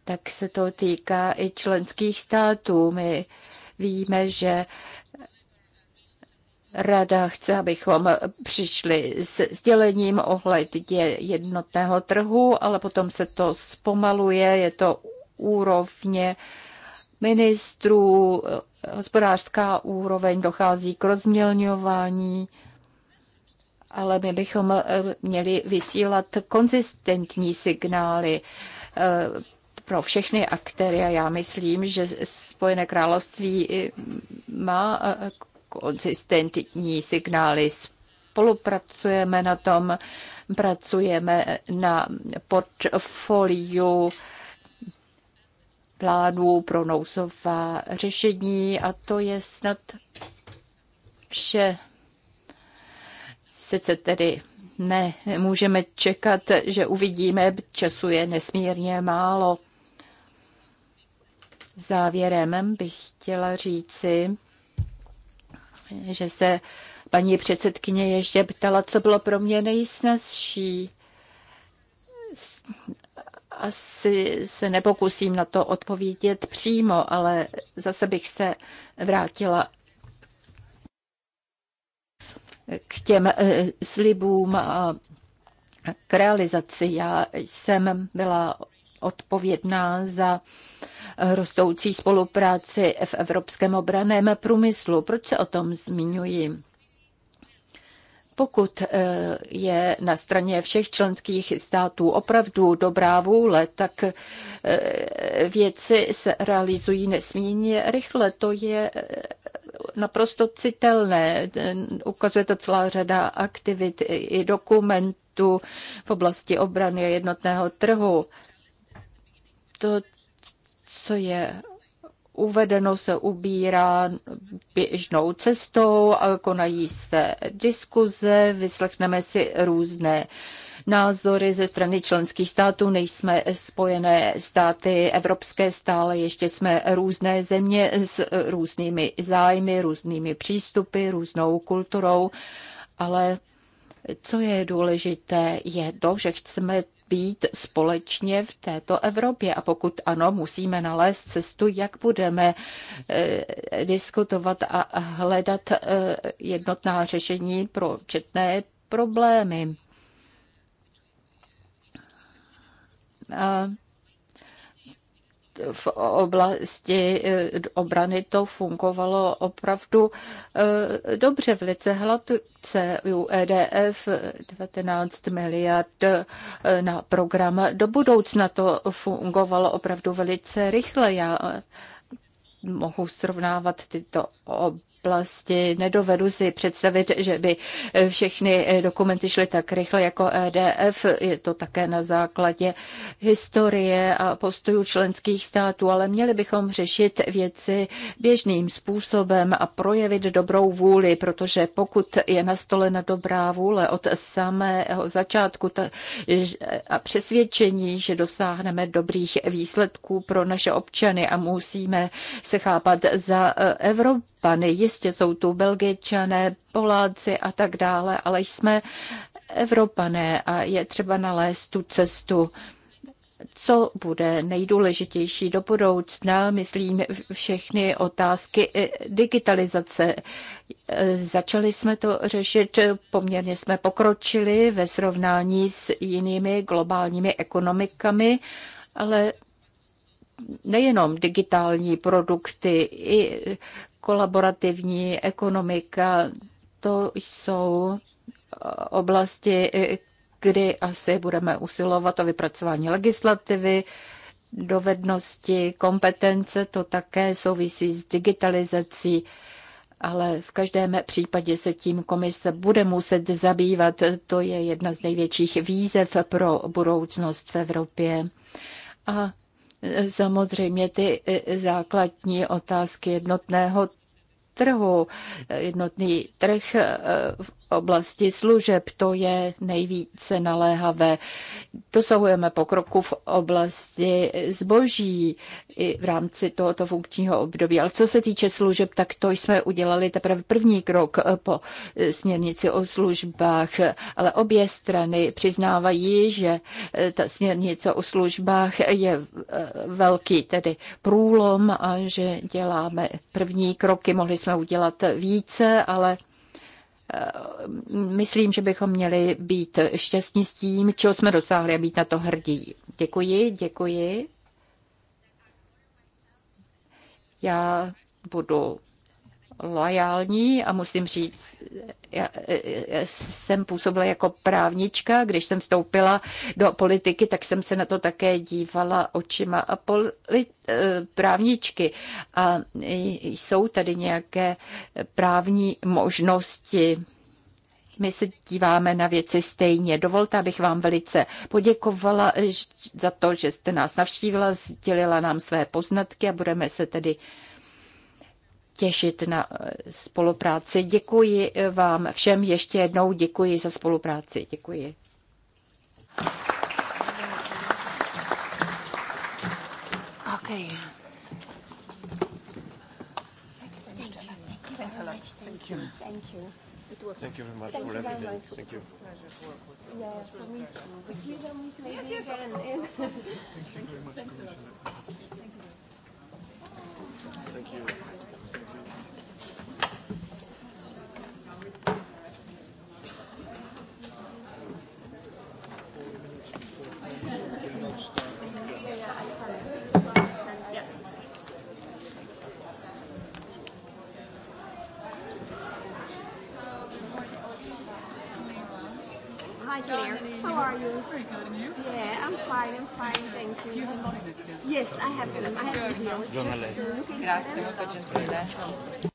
tak se to týká i členských států. My víme, že Rada chce, abychom přišli s sdělením ohledně jednotného trhu, ale potom se to zpomaluje, je to úrovně ministrů, eh, hospodářská úroveň, dochází k rozmělňování ale my bychom eh, měli vysílat konzistentní signály eh, pro všechny aktéry a já myslím, že Spojené království eh, má konzistentní signály. Spolupracujeme na tom, pracujeme na portfoliu plánů pro nouzová řešení a to je snad vše. Sice tedy ne, můžeme čekat, že uvidíme, času je nesmírně málo. Závěrem bych chtěla říci, že se paní předsedkyně ještě ptala, co bylo pro mě nejsnazší. Asi se nepokusím na to odpovědět přímo, ale zase bych se vrátila k těm e, slibům a k realizaci. Já jsem byla odpovědná za rostoucí spolupráci v evropském obraném průmyslu. Proč se o tom zmiňuji? Pokud e, je na straně všech členských států opravdu dobrá vůle, tak e, věci se realizují nesmírně rychle. To je naprosto citelné. Ukazuje to celá řada aktivit i dokumentů v oblasti obrany a jednotného trhu. To, co je uvedeno, se ubírá běžnou cestou, konají se diskuze, vyslechneme si různé uh, názory ze strany členských států. Nejsme spojené státy evropské stále, ještě jsme různé země s různými zájmy, různými přístupy, různou kulturou, ale co je důležité, je to, že chceme být společně v této Evropě. A pokud ano, musíme nalézt cestu, jak budeme e, diskutovat a hledat e, jednotná řešení pro četné problémy. v oblasti e, obrany to fungovalo opravdu e, dobře, velice hladce. U EDF 19 miliard e, na program do budoucna to fungovalo opravdu velice rychle. Já mohu srovnávat tyto ob oblasti. Nedovedu si představit, že by eh, všechny eh, dokumenty šly tak rychle jako EDF. Je to také na základě historie a postojů členských států, ale měli bychom řešit věci běžným způsobem a projevit dobrou vůli, protože pokud je nastolena dobrá vůle od samého začátku a přesvědčení, že dosáhneme dobrých výsledků pro naše občany a musíme se chápat za eh, Evropu, Evropany, jistě jsou tu Belgičané, Poláci a tak dále, ale jsme Evropané a je třeba nalézt tu cestu co bude nejdůležitější do budoucna, myslím všechny otázky digitalizace. Začali jsme to řešit, poměrně jsme pokročili ve srovnání s jinými globálními ekonomikami, ale nejenom digitální produkty, i kolaborativní ekonomika. To jsou eh, oblasti, kdy asi budeme usilovat o vypracování legislativy, dovednosti, kompetence, to také souvisí s digitalizací, ale v každém případě se tím komise bude muset zabývat. To je jedna z největších výzev pro budoucnost v Evropě. A Samozřejmě ty e, základní otázky jednotného trhu. Jednotný trh e, oblasti služeb. To je nejvíce naléhavé. Dosahujeme pokroku v oblasti zboží i v rámci tohoto funkčního období. Ale co se týče služeb, tak to jsme udělali teprve první krok po směrnici o službách. Ale obě strany přiznávají, že ta směrnice o službách je velký tedy průlom a že děláme první kroky. Mohli jsme udělat více, ale Eh, myslím, že bychom měli být šťastní s tím, čeho jsme dosáhli a být na to hrdí. Děkuji, děkuji. Já budu lojální a musím říct, já jsem působila jako právnička, když jsem vstoupila do politiky, tak jsem se na to také dívala očima a polit, e, právničky. A jsou tady nějaké právní možnosti my se díváme na věci stejně. Dovolte, abych vám velice poděkovala za to, že jste nás navštívila, sdělila nám své poznatky a budeme se tedy těšit na eh, spolupráci. Děkuji eh, vám všem ještě jednou, děkuji za spolupráci. Děkuji. Okay. Thank you. very much Thank for everything. Very much. Thank you. for me too. But you don't yes, yes, again. Thank you very much, Thank you. Thank you. How are you? Very good, and you? Yeah, I'm fine, I'm fine, thank you. Do you have a lot of it? Yes, I have them. I have them here. I was just uh, looking Grazie, molto gentile.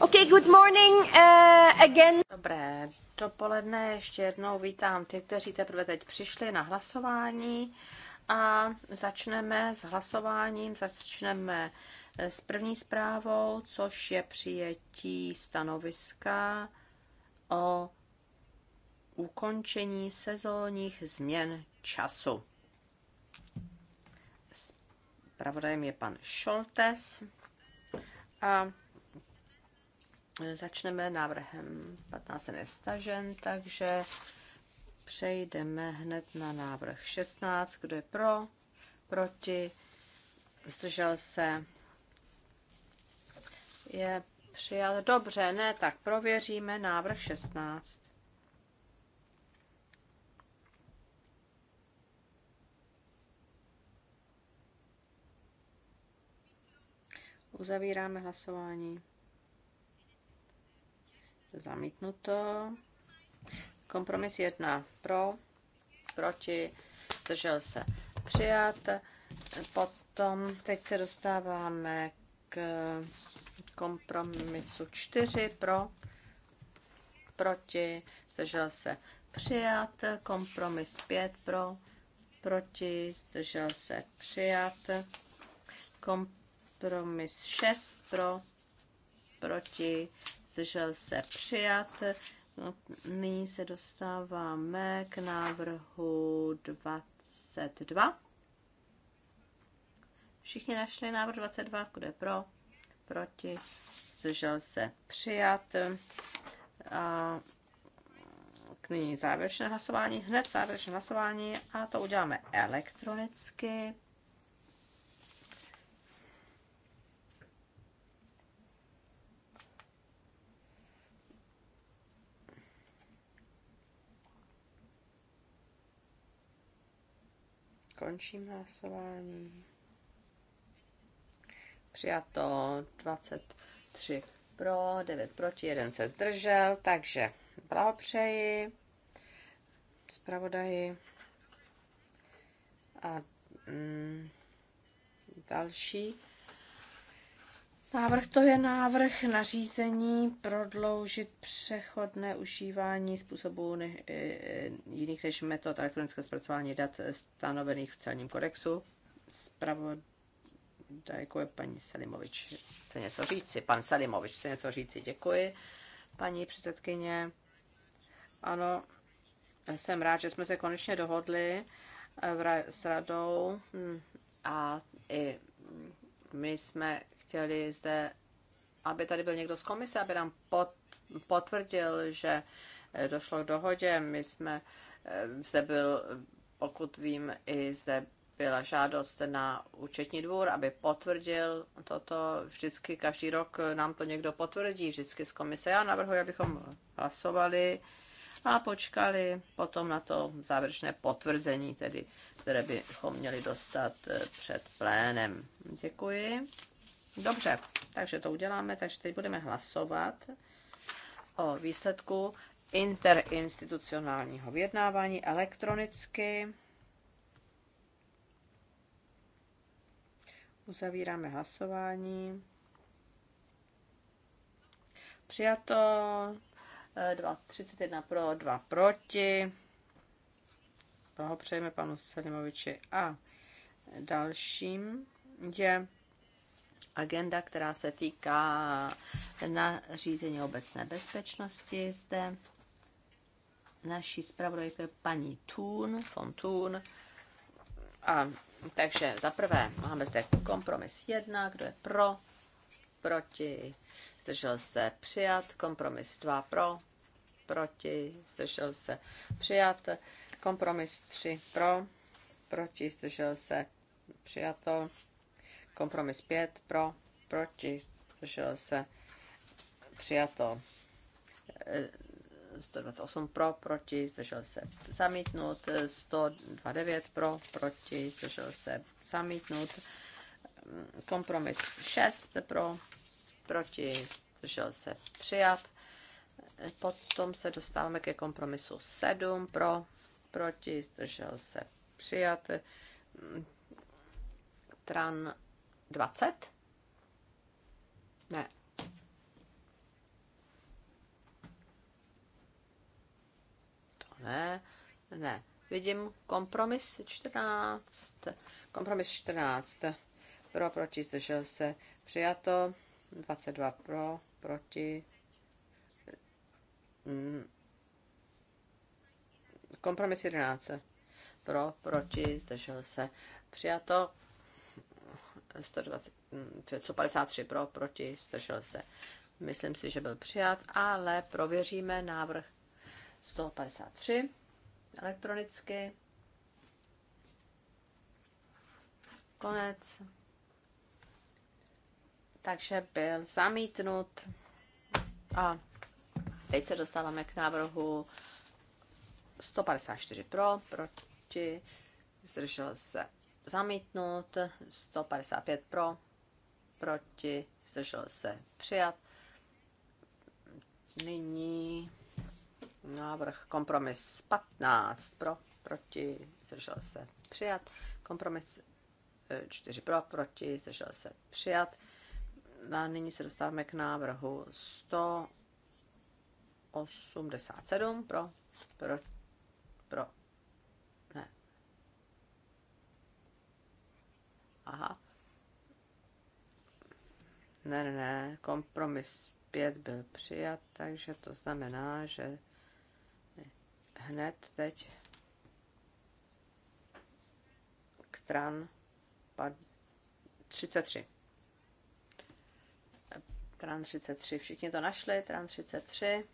Ok, good morning uh, again. Dobré dopoledne, ještě jednou vítám ty, kteří teprve teď přišli na hlasování a začneme s hlasováním, začneme eh, s první zprávou, což je přijetí stanoviska o ukončení sezónních změn času. Spravodajem je pan Šoltes a Začneme návrhem 15 nestažen, takže přejdeme hned na návrh 16. Kdo je pro? Proti? Zdržel se? Je přijat. Dobře, ne, tak prověříme návrh 16. Uzavíráme hlasování. Zamítnuto. Kompromis 1 pro, proti, držel se přijat. Potom teď se dostáváme k kompromisu 4 pro, proti, zdržel se přijat. Kompromis 5 pro, proti, zdržel se přijat. Kompromis 6 pro, proti, zdržel se přijat. No, nyní se dostáváme k návrhu 22. Všichni našli návrh 22, kdo je pro, proti, zdržel se přijat. A k nyní závěrečné hlasování, hned závěrečné hlasování a to uděláme elektronicky. Končím hlasování. Přijato 23 pro, 9 proti, 1 se zdržel, takže blahopřeji zpravodaji. A mm, další Návrh to je návrh nařízení prodloužit přechodné užívání způsobů ne, e- e- jiných než metod elektronického zpracování dat stanovených v celním kodexu. Zpravodajku je paní Salimovič. Chce něco říci? Pan Salimovič chce něco říci. Děkuji, paní předsedkyně. Ano, jsem rád, že jsme se konečně dohodli eh, s radou hm, a i my jsme chtěli zde, aby tady byl někdo z komise, aby nám potvrdil, že eh, došlo k dohodě. My jsme eh, zde byl, pokud vím, i zde byla žádost na účetní dvůr, aby potvrdil toto. Vždycky každý rok nám to někdo potvrdí, vždycky z komise. Já navrhuji, abychom hlasovali a počkali potom na to závěrečné potvrzení, tedy, které bychom měli dostat eh, před plénem. Děkuji. Dobře, takže to uděláme, takže teď budeme hlasovat o výsledku interinstitucionálního vyjednávání elektronicky. Uzavíráme hlasování. Přijato 2, 31 pro, 2 proti. Blahopřejeme panu Selimoviči. A dalším je agenda, která se týká nařízení obecné bezpečnosti. Zde naší zpravodajka je paní Thun, von Thun. A, takže za prvé máme zde kompromis 1, kdo je pro, proti, zdržel se přijat, kompromis 2 pro, proti, zdržel se přijat, kompromis 3 pro, proti, zdržel se přijato, Kompromis 5 pro, proti, zdržel se přijato. 128 eh, pro, proti, zdržel se zamítnut. 129 pro, proti, zdržel se zamítnut. Mm, kompromis 6 pro, proti, zdržel se přijat. Eh, potom se dostáváme ke kompromisu 7 pro, proti, zdržel se přijat. Mm, tran 20? Ne. To ne, ne. Vidím kompromis 14. Kompromis 14. Pro, proti, zdržel se. Přijato. 22 pro, proti. Mm. Kompromis 11. Pro, proti, zdržel se. Přijato. 120, 153 mm, pro, proti, stržel se. Myslím si, že byl přijat, ale prověříme návrh 153 elektronicky. Konec. Takže byl zamítnut. A teď se dostáváme k návrhu 154 pro, proti, zdržel se zamítnut, 155 pro, proti, zdržel se přijat. Nyní návrh kompromis 15 pro, proti, zdržel se přijat. Kompromis 4 eh, pro, proti, zdržel se přijat. A nyní se dostáváme k návrhu 187 pro, pro, pro Aha. Ne, ne, ne, kompromis 5 byl přijat, takže to znamená, že hned teď k tran 33. Tran 33, všichni to našli, tran 33.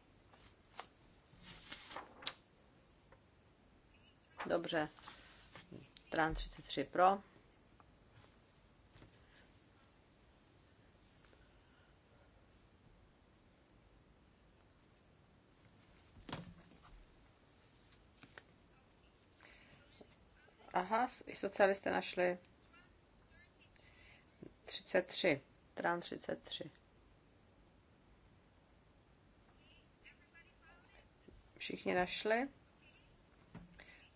Dobře, tran 33 pro Aha, socialisté našli 33. Trán 33. Všichni našli?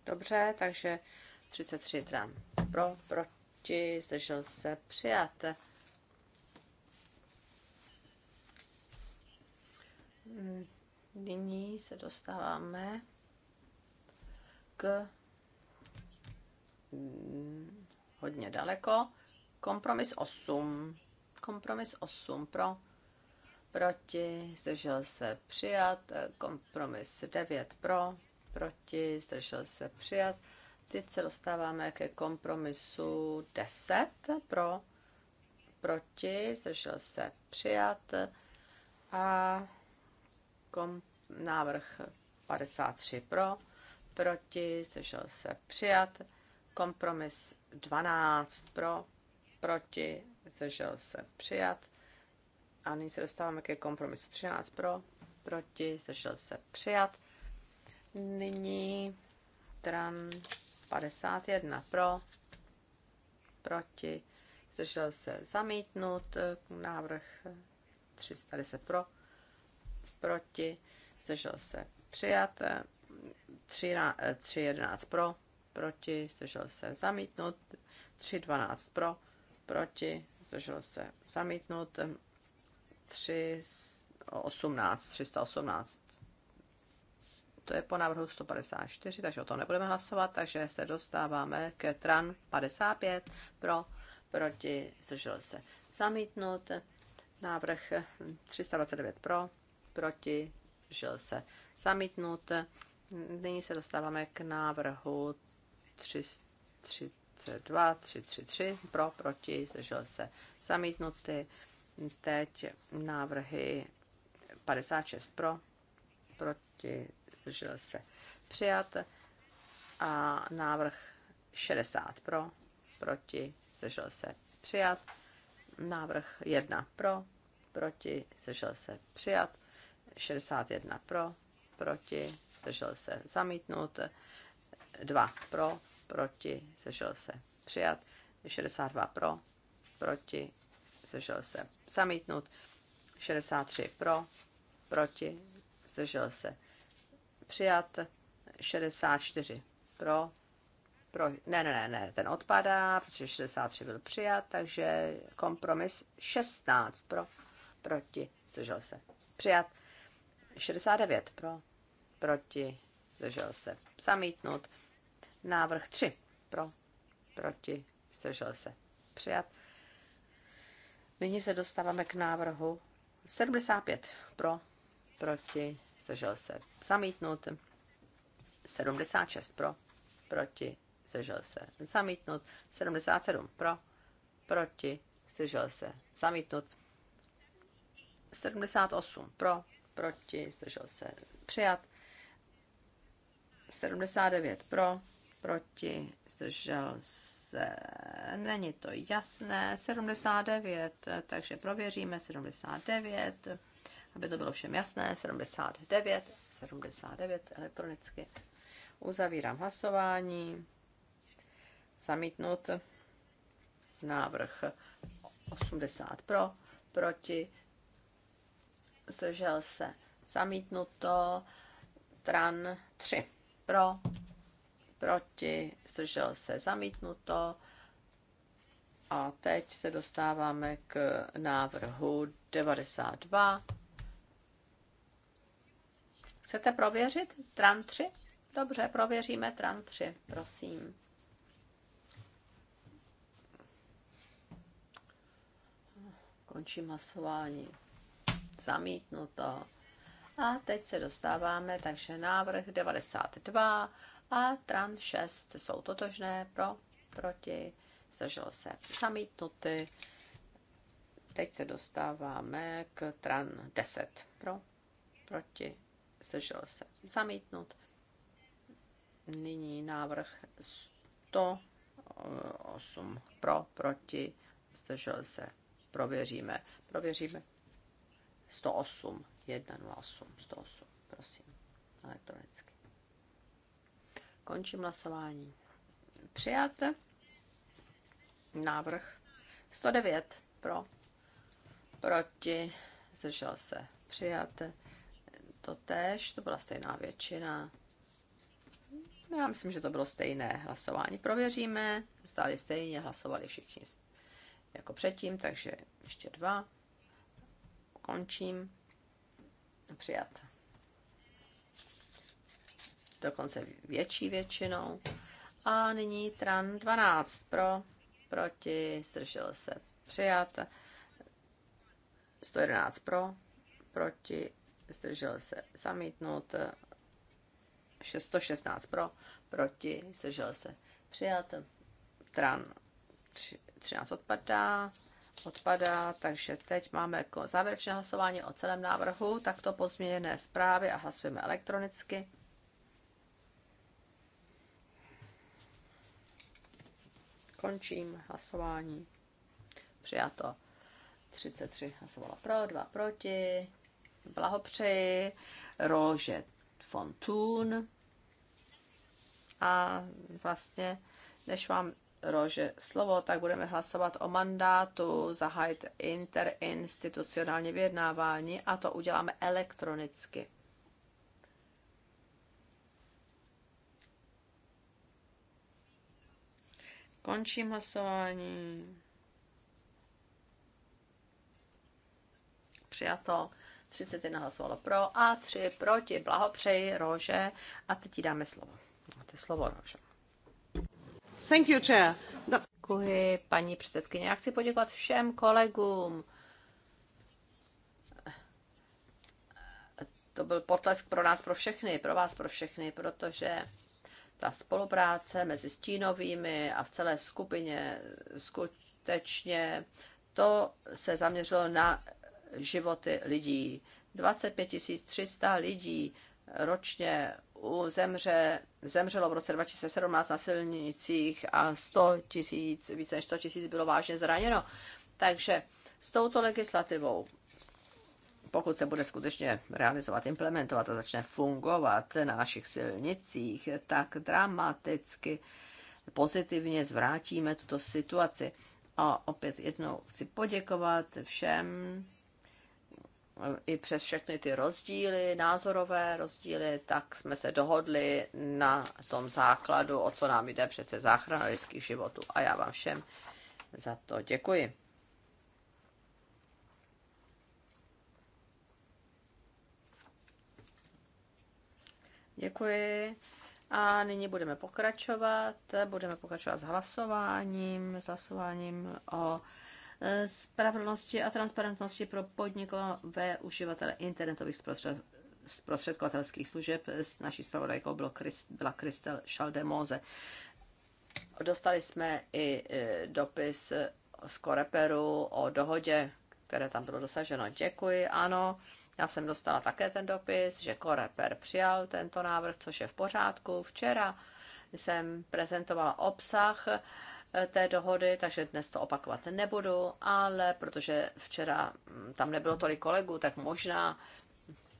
Dobře, takže 33 trán. Pro, proti, zdržel se, přijat. Hmm, nyní se dostáváme k Mm, hodně daleko. Kompromis 8. Kompromis 8 pro, proti, zdržel se přijat. Kompromis 9 pro, proti, zdržel se přijat. Teď se dostáváme ke kompromisu 10 pro, proti, zdržel se přijat. A kom, návrh 53 pro, proti, zdržel se přijat. Kompromis 12 pro, proti, zdržel se přijat. A nyní se dostáváme ke kompromisu 13 pro, proti, zdržel se přijat. Nyní tran 51 pro, proti, zdržel se zamítnut, návrh 310 pro, proti, zdržel se přijat, 3, 311 eh, pro, proti, zdržel se zamítnout, 3, 12 pro, proti, zdržel se zamítnout, 3, 18, 318. To je po návrhu 154, takže o tom nebudeme hlasovat, takže se dostáváme ke TRAN 55 pro, proti, zdržel se zamítnout, návrh 329 pro, proti, zdržel se zamítnout, Nyní se dostáváme k návrhu 332, 333 pro, proti, zdržel se zamítnuty. Teď návrhy 56 pro, proti, zdržel se přijat a návrh 60 pro, proti, zdržel se přijat. Návrh 1 pro, proti, zdržel se přijat. 61 pro, proti, zdržel se zamítnut. 2 pro, proti, sešel se přijat, 62 pro, proti, sešel se zamítnut, 63 pro, proti, zdržel se přijat, 64 pro, pro, ne, ne, ne, ne, ten odpadá, protože 63 byl přijat, takže kompromis 16 pro, proti, zdržel se přijat, 69 pro, proti, zdržel se zamítnut, Návrh 3 pro, proti, zdržel se přijat. Nyní se dostáváme k návrhu 75 pro, proti, zdržel se zamítnut. 76 pro, proti, zdržel se zamítnut. 77 pro, proti, zdržel se zamítnut. 78 pro, proti, zdržel se přijat. 79 pro, proti, zdržel se, není to jasné, 79, takže prověříme 79, aby to bylo všem jasné, 79, 79 elektronicky. Uzavírám hlasování, zamítnut návrh 80 pro, proti, zdržel se, zamítnuto, tran 3 pro, proti, zdržel se zamítnuto. A teď se dostáváme k návrhu 92. Chcete prověřit TRAN 3? Dobře, prověříme TRAN 3, prosím. Končím hlasování. Zamítnuto. A teď se dostáváme, takže návrh 92 a tran 6 jsou totožné pro, proti, zdržel se zamítnuty. Teď se dostáváme k tran 10 pro, proti, zdržel se zamítnut. Nyní návrh 108 pro, proti, zdržel se. Prověříme, prověříme. 108, 108, 108, prosím, elektronicky. Končím hlasování. Přijat. Návrh 109 pro. Proti. Zdržel se. Přijat. To tež. To byla stejná většina. Já myslím, že to bylo stejné hlasování. Prověříme. Stáli stejně, hlasovali všichni jako předtím, takže ještě dva. Končím. Přijat dokonce větší většinou. A nyní Tran 12 pro, proti, zdržel se přijat. 111 pro, proti, zdržel se zamítnout. 616 pro, proti, zdržel se přijat. Tran 13 odpadá, odpadá, takže teď máme jako závěrečné hlasování o celém návrhu takto pozměněné zprávy a hlasujeme elektronicky. Končím hlasování. Přijato. 33 hlasovalo pro, 2 proti. Blahopřeji. Rože Fontún. A vlastně, než vám Rože slovo, tak budeme hlasovat o mandátu zahájit interinstitucionální vyjednávání a to uděláme elektronicky. Končím hlasování. Přijato. 31 hlasovalo pro a 3 proti. Blahopřeji, Rože. A teď ti dáme slovo. Máte slovo, Rože. Thank you, chair. No. Děkuji, paní předsedkyně. Já chci poděkovat všem kolegům. To byl potlesk pro nás, pro všechny, pro vás, pro všechny, protože ta spolupráce mezi stínovými a v celé skupině skutečně to se zaměřilo na životy lidí. 25 300 lidí ročně zemře, zemřelo v roce 2017 na silnicích a 100 000 více než 100 000 bylo vážně zraněno. Takže s touto legislativou pokud se bude skutečně realizovat, implementovat a začne fungovat na našich silnicích, tak dramaticky pozitivně zvrátíme tuto situaci. A opět jednou chci poděkovat všem, i přes všechny ty rozdíly, názorové rozdíly, tak jsme se dohodli na tom základu, o co nám jde přece záchrana lidských životů. A já vám všem za to děkuji. Děkuji. A nyní budeme pokračovat. Budeme pokračovat s hlasováním, s hlasováním o e, spravedlnosti a transparentnosti pro podnikové uživatele internetových zprostředkovatelských služeb. S naší zpravodajkou byl byla Kristel Šaldemóze. Dostali jsme i e, dopis z Koreperu o dohodě, které tam bylo dosaženo. Děkuji, ano. Já jsem dostala také ten dopis, že Koreper přijal tento návrh, což je v pořádku. Včera jsem prezentovala obsah eh, té dohody, takže dnes to opakovat nebudu, ale protože včera mm, tam nebylo tolik kolegů, tak možná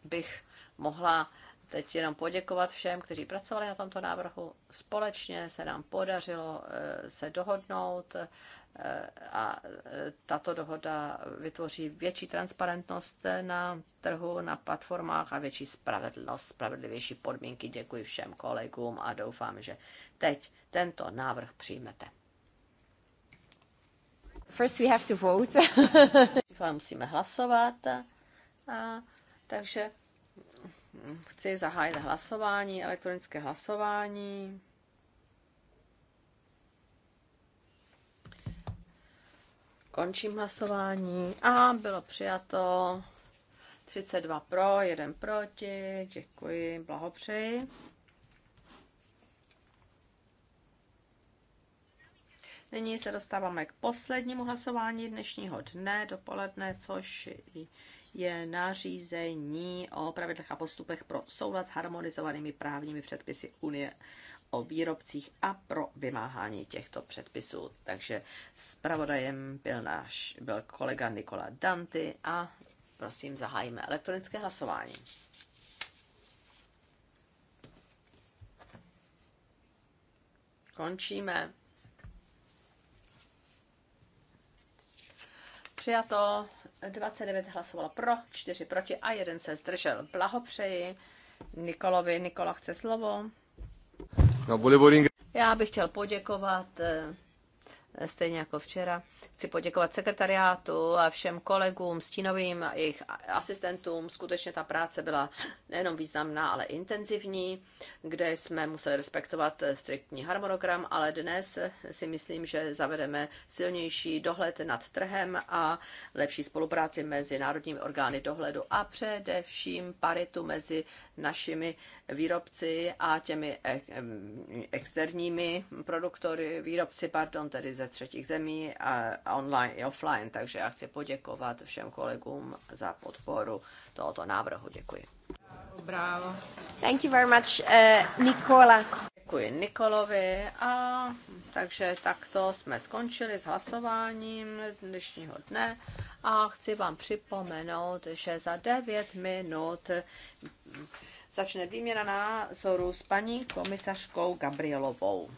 bych mohla teď jenom poděkovat všem, kteří pracovali na tomto návrhu. Společně se nám podařilo eh, se dohodnout eh, a eh, tato dohoda vytvoří větší transparentnost na trhu, na platformách a větší spravedlnost, spravedlivější podmínky. Děkuji všem kolegům a doufám, že teď tento návrh přijmete. First we have to vote. Musíme hlasovat. A, takže Chci zahájit hlasování, elektronické hlasování. Končím hlasování a bylo přijato 32 pro, 1 proti. Děkuji, blahopřeji. Nyní se dostáváme k poslednímu hlasování dnešního dne dopoledne, což je nařízení o pravidlech a postupech pro soulad s harmonizovanými právními předpisy Unie o výrobcích a pro vymáhání těchto předpisů. Takže zpravodajem byl náš byl kolega Nikola Danty a prosím zahájíme elektronické hlasování. Končíme. Přijato 29 hlasovalo pro, 4 proti a jeden se zdržel. Blahopřeji Nikolovi. Nikola chce slovo. No, Já bych chtěl poděkovat eh, stejně jako včera. Chci poděkovat sekretariátu a všem kolegům, stínovým, jejich asistentům. Skutečně ta práce byla nejenom významná, ale intenzivní, kde jsme museli respektovat striktní harmonogram, ale dnes si myslím, že zavedeme silnější dohled nad trhem a lepší spolupráci mezi národními orgány dohledu a především paritu mezi našimi výrobci a těmi e, externími produktory, výrobci, pardon, tedy ze třetích zemí a online i offline. Takže já chci poděkovat všem kolegům za podporu tohoto návrhu. Děkuji. Bravo. Thank you very much, uh, Nikola. Děkuji Nikolovi a takže takto jsme skončili s hlasováním dnešního dne a chci vám připomenout, že za 9 minut začne výměna názoru s paní komisařkou Gabrielovou.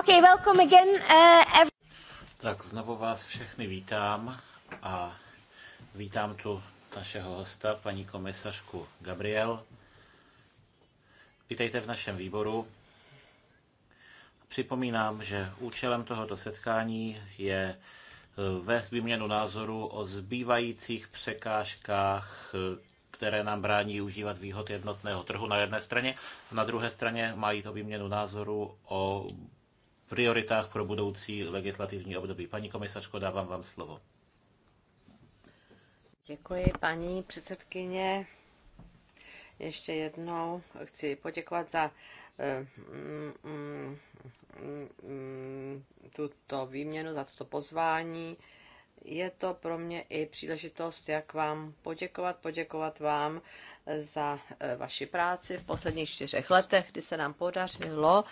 Okay, welcome again, uh, every... Tak znovu vás všechny vítám a vítám tu našeho hosta, paní komisařku Gabriel. Vítejte v našem výboru. Připomínám, že účelem tohoto setkání je eh, vést výměnu názoru o zbývajících překážkách eh, které nám brání užívat výhod jednotného trhu na jedné straně, a na druhé straně mají to výměnu názoru o prioritách pro budoucí legislativní období. Paní komisařko, dávám vám slovo. Děkuji, paní předsedkyně. Ještě jednou chci poděkovat za eh, mm, mm, mm, tuto výměnu, za toto pozvání je to pro mě i příležitost, jak vám poděkovat, poděkovat vám za eh, vaši práci v posledních čtyřech letech, kdy se nám podařilo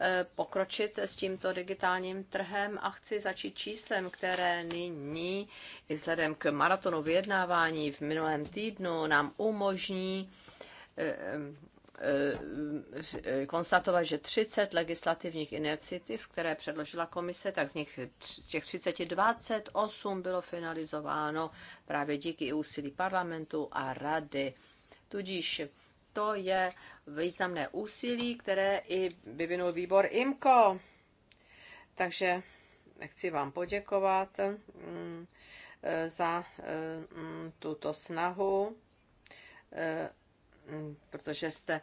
eh, pokročit s tímto digitálním trhem a chci začít číslem, které nyní i vzhledem k maratonu vyjednávání v minulém týdnu nám umožní eh, Eh, eh, konstatovat, že 30 legislativních iniciativ, které předložila komise, tak z nich z těch 30 28 bylo finalizováno právě díky úsilí parlamentu a rady. Tudíž to je významné úsilí, které i vyvinul výbor IMCO. Takže chci vám poděkovat mm, eh, za mm, tuto snahu Mm, protože jste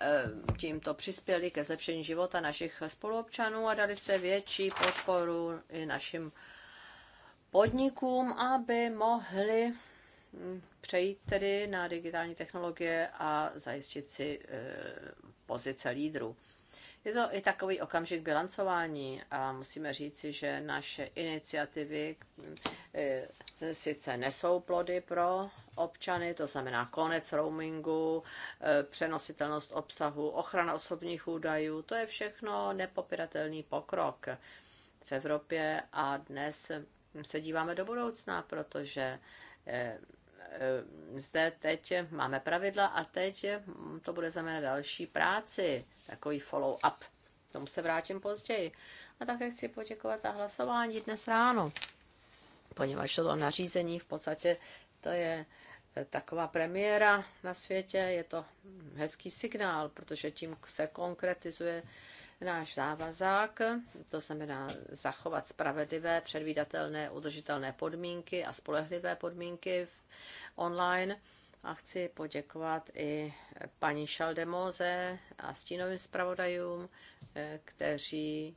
eh, tímto přispěli ke zlepšení života našich spoluobčanů a dali jste větší podporu i našim podnikům, aby mohli mm, přejít tedy na digitální technologie a zajistit si eh, pozice lídrů. Je to i takový okamžik bilancování a musíme říci, že naše iniciativy eh, sice nesou plody pro občany, to znamená konec roamingu, eh, přenositelnost obsahu, ochrana osobních údajů, to je všechno nepopiratelný pokrok v Evropě a dnes se díváme do budoucna, protože eh, Eh, zde teď máme pravidla a teď to bude znamenat další práci, takový follow-up. K tomu se vrátím později. A také chci poděkovat za hlasování dnes ráno, poněvadž toto nařízení v podstatě to je eh, taková premiéra na světě, je to hezký signál, protože tím se konkretizuje náš závazák, to znamená zachovat spravedlivé, předvídatelné, udržitelné podmínky a spolehlivé podmínky online. A chci poděkovat i paní Šaldemoze a stínovým zpravodajům, eh, kteří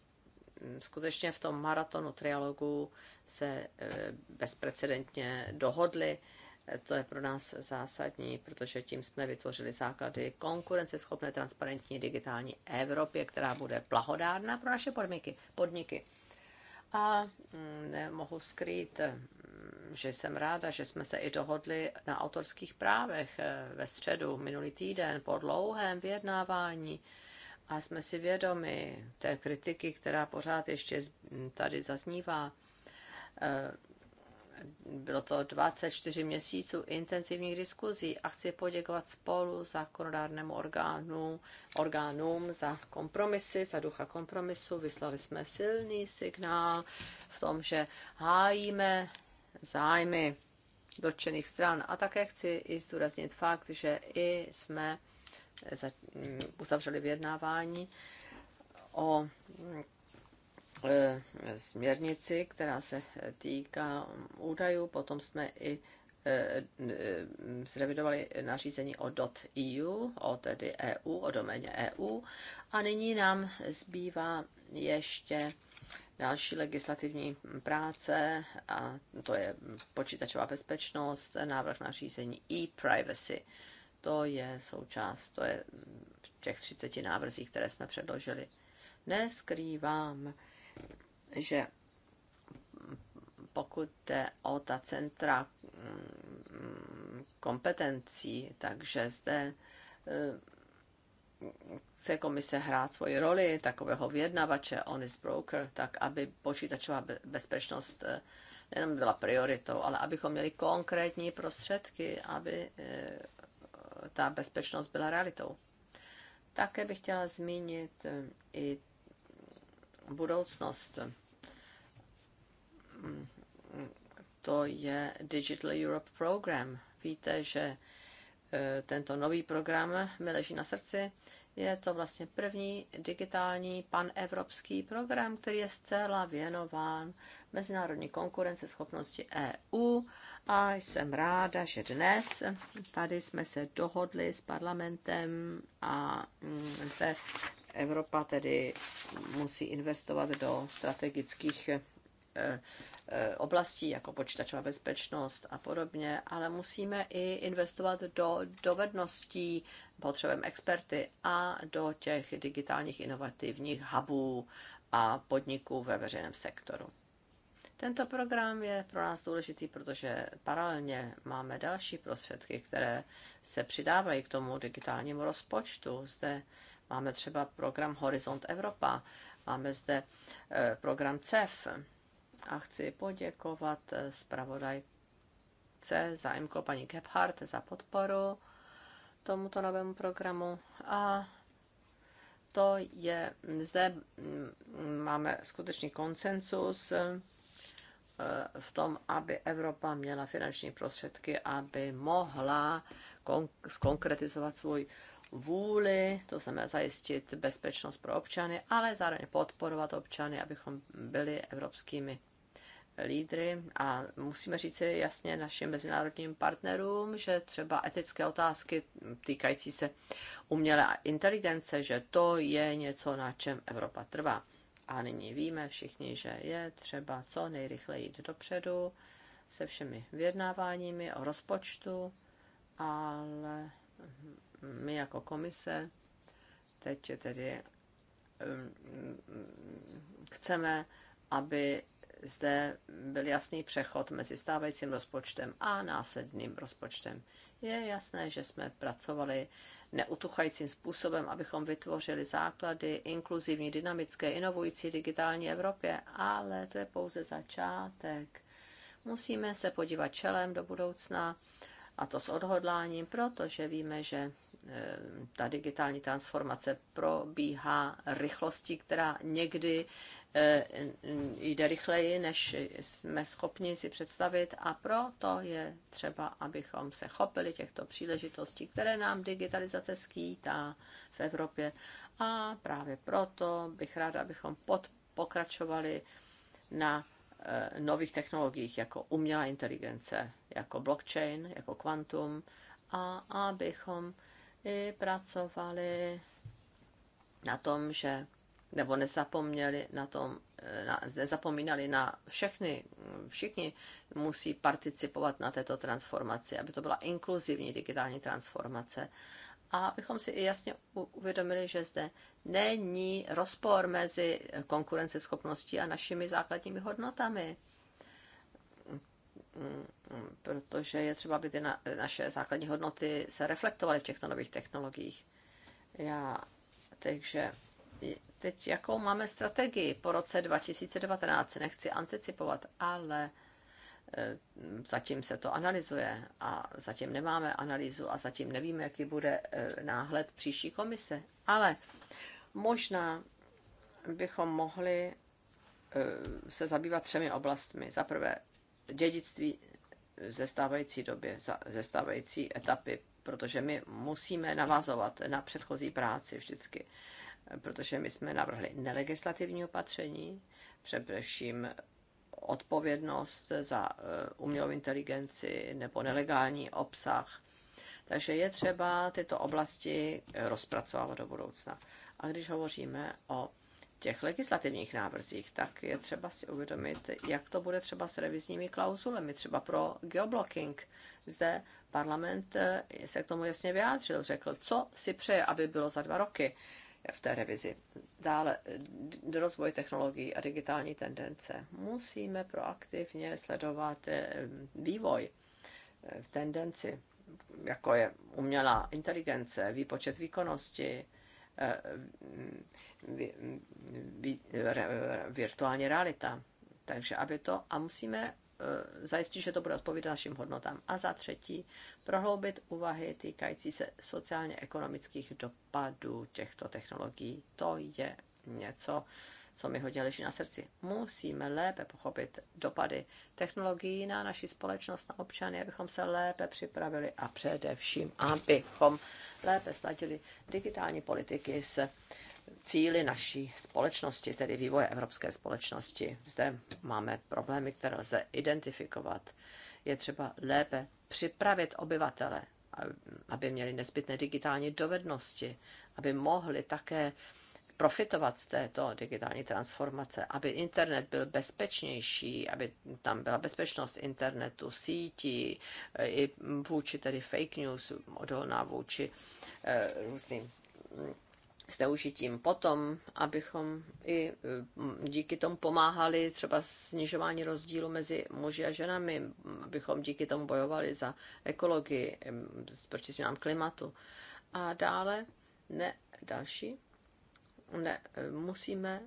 mm, skutečně v tom maratonu trialogu se eh, bezprecedentně dohodli. Eh, to je pro nás zásadní, protože tím jsme vytvořili základy konkurenceschopné, transparentní digitální Evropě, která bude blahodárná pro naše podniky. podniky. A mm, nemohu skrýt že jsem ráda, že jsme se i dohodli na autorských právech eh, ve středu minulý týden po dlouhém vyjednávání a jsme si vědomi té kritiky, která pořád ještě tady zaznívá. Eh, bylo to 24 měsíců intenzivních diskuzí a chci poděkovat spolu zákonodárnému orgánu, orgánům za kompromisy, za ducha kompromisu. Vyslali jsme silný signál v tom, že hájíme zájmy dotčených stran. A také chci i zdůraznit fakt, že i jsme uzavřeli vyjednávání o e, směrnici, která se týká údajů. Potom jsme i e, e, zrevidovali nařízení o .eu, o tedy EU, o doméně EU. A nyní nám zbývá ještě další legislativní práce, a to je počítačová bezpečnost, návrh na řízení e-privacy. To je součást, to je v těch 30 návrzích, které jsme předložili. Neskrývám, že pokud jde o ta centra mm, kompetencí, takže zde chce komise hrát svoji roli takového vyjednavače, honest broker, tak aby počítačová bezpečnost eh, nejenom byla prioritou, ale abychom měli konkrétní prostředky, aby eh, ta bezpečnost byla realitou. Také bych chtěla zmínit eh, i budoucnost. Mm, to je Digital Europe Program. Víte, že E, tento nový program mi leží na srdci. Je to vlastně první digitální panevropský program, který je zcela věnován mezinárodní konkurenceschopnosti EU. A jsem ráda, že dnes tady jsme se dohodli s parlamentem a mm, zde Evropa tedy musí investovat do strategických E, e, oblastí, jako počítačová bezpečnost a podobně, ale musíme i investovat do dovedností, potřebujeme experty a do těch digitálních inovativních hubů a podniků ve veřejném sektoru. Tento program je pro nás důležitý, protože paralelně máme další prostředky, které se přidávají k tomu digitálnímu rozpočtu. Zde máme třeba program Horizont Evropa, máme zde e, program CEF, a chci poděkovat eh, zpravodajce za Imko paní Gebhardt za podporu tomuto novému programu a to je, mm, zde mm, máme skutečný koncensus eh, v tom, aby Evropa měla finanční prostředky, aby mohla skonkretizovat svůj vůli, to znamená zajistit bezpečnost pro občany, ale zároveň podporovat občany, abychom byli evropskými lídry a musíme říci jasně našim mezinárodním partnerům, že třeba etické otázky týkající se umělé inteligence, že to je něco, na čem Evropa trvá. A nyní víme všichni, že je třeba co nejrychleji jít dopředu se všemi vyjednáváními o rozpočtu, ale my jako komise teď tedy um, chceme, aby zde byl jasný přechod mezi stávajícím rozpočtem a následným rozpočtem. Je jasné, že jsme pracovali neutuchajícím způsobem, abychom vytvořili základy inkluzivní, dynamické, inovující digitální Evropě, ale to je pouze začátek. Musíme se podívat čelem do budoucna a to s odhodláním, protože víme, že eh, ta digitální transformace probíhá rychlostí, která někdy E, jde rychleji, než jsme schopni si představit a proto je třeba, abychom se chopili těchto příležitostí, které nám digitalizace skýtá v Evropě a právě proto bych ráda, abychom pod, pokračovali na e, nových technologiích jako umělá inteligence, jako blockchain, jako kvantum a abychom i pracovali na tom, že nebo nezapomněli na tom, eh, na, nezapomínali na všechny, všichni musí participovat na této transformaci, aby to byla inkluzivní digitální transformace. A abychom si i jasně uvědomili, že zde není rozpor mezi konkurenceschopností a našimi základními hodnotami protože je třeba, aby ty na, naše základní hodnoty se reflektovaly v těchto nových technologiích. Já, takže teď jakou máme strategii po roce 2019, nechci anticipovat, ale e, zatím se to analyzuje a zatím nemáme analýzu a zatím nevíme, jaký bude e, náhled příští komise. Ale možná bychom mohli e, se zabývat třemi oblastmi. Za prvé dědictví ze stávající době, ze stávající etapy, protože my musíme navazovat na předchozí práci vždycky protože my jsme navrhli nelegislativní opatření, především odpovědnost za eh, umělou inteligenci nebo nelegální obsah. Takže je třeba tyto oblasti eh, rozpracovávat do budoucna. A když hovoříme o těch legislativních návrzích, tak je třeba si uvědomit, jak to bude třeba s revizními klauzulemi, třeba pro geoblocking. Zde parlament eh, se k tomu jasně vyjádřil, řekl, co si přeje, aby bylo za dva roky v té revizi. Dále rozvoj technologií a digitální tendence. Musíme proaktivně sledovat eh, vývoj eh, v tendenci, jako je umělá inteligence, výpočet výkonnosti, eh, virtuální realita. Takže aby to, a musíme Eh, zajistit, že to bude odpovídat našim hodnotám. A za třetí, prohloubit úvahy týkající se sociálně-ekonomických dopadů těchto technologií. To je něco, co mi hodně leží na srdci. Musíme lépe pochopit dopady technologií na naši společnost, na občany, abychom se lépe připravili a především, abychom lépe sladili digitální politiky se cíly naší společnosti, tedy vývoje evropské společnosti. Zde máme problémy, které lze identifikovat. Je třeba lépe připravit obyvatele, aby měli nezbytné digitální dovednosti, aby mohli také profitovat z této digitální transformace, aby internet byl bezpečnější, aby tam byla bezpečnost internetu, sítí, i vůči tedy fake news, odolná vůči eh, různým užitím Potom, abychom i e, díky tomu pomáhali třeba snižování rozdílu mezi muži a ženami, abychom díky tomu bojovali za ekologii, e, proti změnám klimatu. A dále, ne, další, ne, e, musíme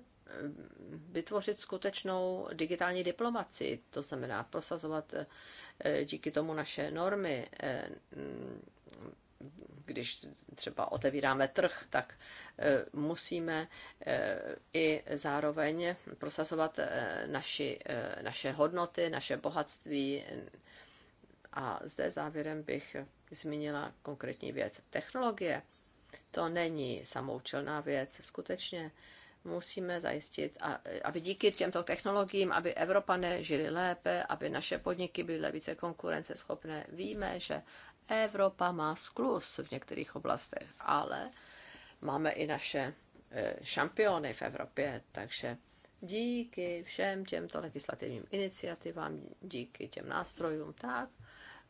vytvořit skutečnou digitální diplomaci, to znamená prosazovat díky tomu naše normy, když třeba otevíráme trh, tak e, musíme e, i zároveň prosazovat e, naši, naše hodnoty, naše bohatství. A zde závěrem bych zmínila konkrétní věc. Technologie to není samoučelná věc. Skutečně musíme zajistit, aby díky těmto technologiím, aby Evropané žili lépe, aby naše podniky byly více konkurenceschopné. Víme, že Evropa má sklus v některých oblastech, ale máme i naše eh, šampiony v Evropě, takže díky všem těmto legislativním iniciativám, díky těm nástrojům, tak,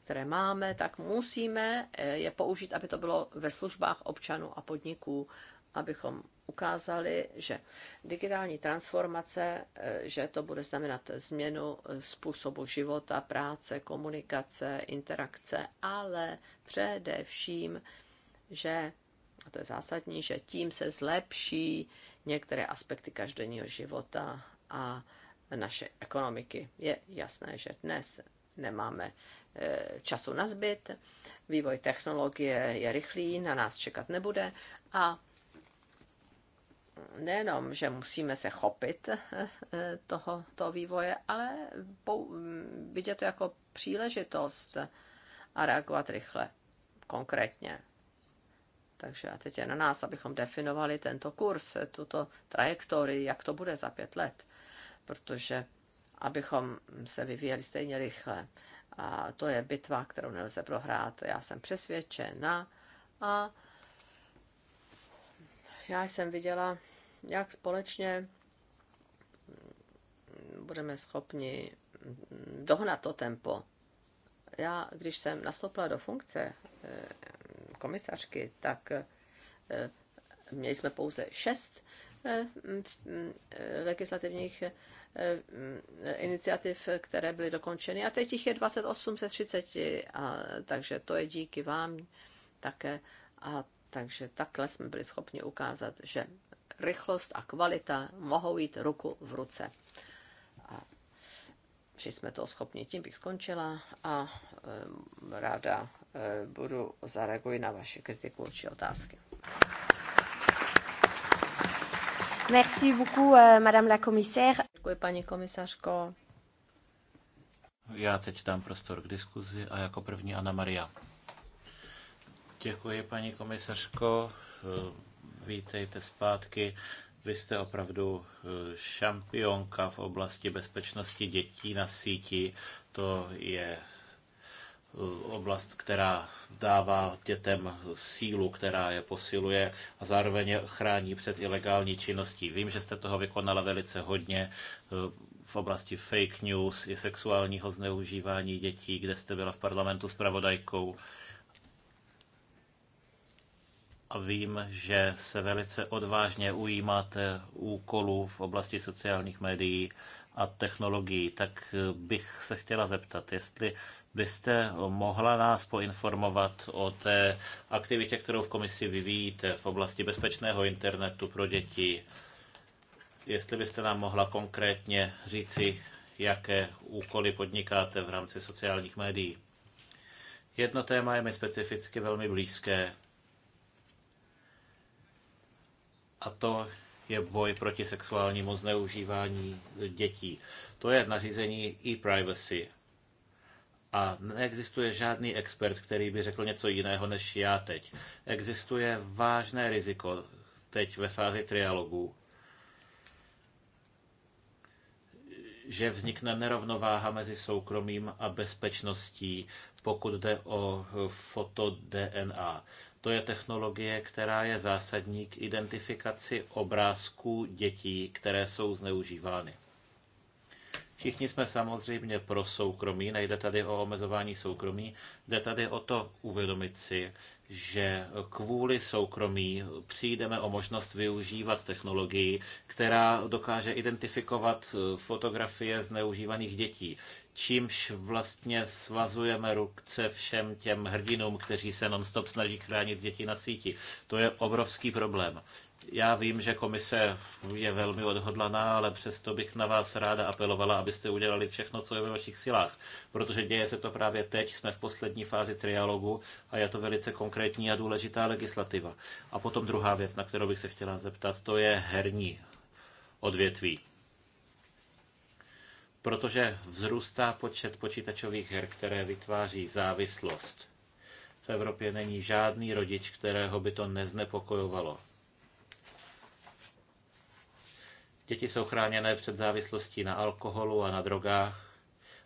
které máme, tak musíme eh, je použít, aby to bylo ve službách občanů a podniků, abychom ukázali, že digitální transformace, eh, že to bude znamenat změnu eh, způsobu života, práce, komunikace, interakce, ale především, že, a to je zásadní, že tím se zlepší některé aspekty každodenního života a naše ekonomiky. Je jasné, že dnes nemáme eh, času na zbyt, vývoj technologie je rychlý, na nás čekat nebude a nejenom, že musíme se chopit eh, eh, toho toho vývoje, ale vidět to jako příležitost a reagovat rychle, konkrétně. Takže a teď je na nás, abychom definovali tento kurz, tuto trajektorii, jak to bude za pět let, protože abychom se vyvíjeli stejně rychle. A to je bitva, kterou nelze prohrát. Já jsem přesvědčena a já jsem viděla jak společně budeme schopni dohnat to tempo. Já, když jsem nastoupila do funkce eh, komisařky, tak eh, měli jsme pouze šest eh, legislativních iniciativ, které byly dokončeny. A teď jich je 28 ze 30, a, takže to je díky vám také. A takže takhle jsme byli schopni ukázat, že rychlost a kvalita mohou jít ruku v ruce. A že jsme to schopni. Tím bych skončila a ráda budu zareaguji na vaše kritiku či otázky. Merci beaucoup, euh, madame la commissaire. Děkuji, paní komisařko. Já teď dám prostor k diskuzi a jako první Anna Maria. Děkuji, paní komisařko vítejte zpátky. Vy jste opravdu eh, šampionka v oblasti bezpečnosti dětí na síti. To je eh, oblast, která dává dětem sílu, která je posiluje a zároveň chrání před ilegální činností. Vím, že jste toho vykonala velice hodně eh, v oblasti fake news i sexuálního zneužívání dětí, kde jste byla v parlamentu s pravodajkou a vím, že se velice odvážně ujímáte úkolů v oblasti sociálních médií a technologií, tak bych se chtěla zeptat, jestli byste mohla nás poinformovat o té aktivitě, kterou v komisi vyvíjíte v oblasti bezpečného internetu pro děti. Jestli byste nám mohla konkrétně říci, jaké úkoly podnikáte v rámci sociálních médií. Jedno téma je mi specificky velmi blízké a to je boj proti sexuálnímu zneužívání dětí. To je nařízení e-privacy. A neexistuje žádný expert, který by řekl něco jiného než já teď. Existuje vážné riziko teď ve fázi trialogu, že vznikne nerovnováha mezi soukromím a bezpečností, pokud jde o foto DNA. To je technologie, která je zásadní k identifikaci obrázků dětí, které jsou zneužívány. Všichni jsme samozřejmě pro soukromí, nejde tady o omezování soukromí, jde tady o to uvědomit si, že kvůli soukromí přijdeme o možnost využívat technologii, která dokáže identifikovat fotografie zneužívaných dětí čímž vlastně svazujeme rukce všem těm hrdinům, kteří se nonstop snaží chránit děti na síti. To je obrovský problém. Já vím, že komise je velmi odhodlaná, ale přesto bych na vás ráda apelovala, abyste udělali všechno, co je ve vašich silách. Protože děje se to právě teď, jsme v poslední fázi trialogu a je to velice konkrétní a důležitá legislativa. A potom druhá věc, na kterou bych se chtěla zeptat, to je herní odvětví protože vzrůstá počet počítačových her, které vytváří závislost. V Evropě není žádný rodič, kterého by to neznepokojovalo. Děti jsou chráněné před závislostí na alkoholu a na drogách,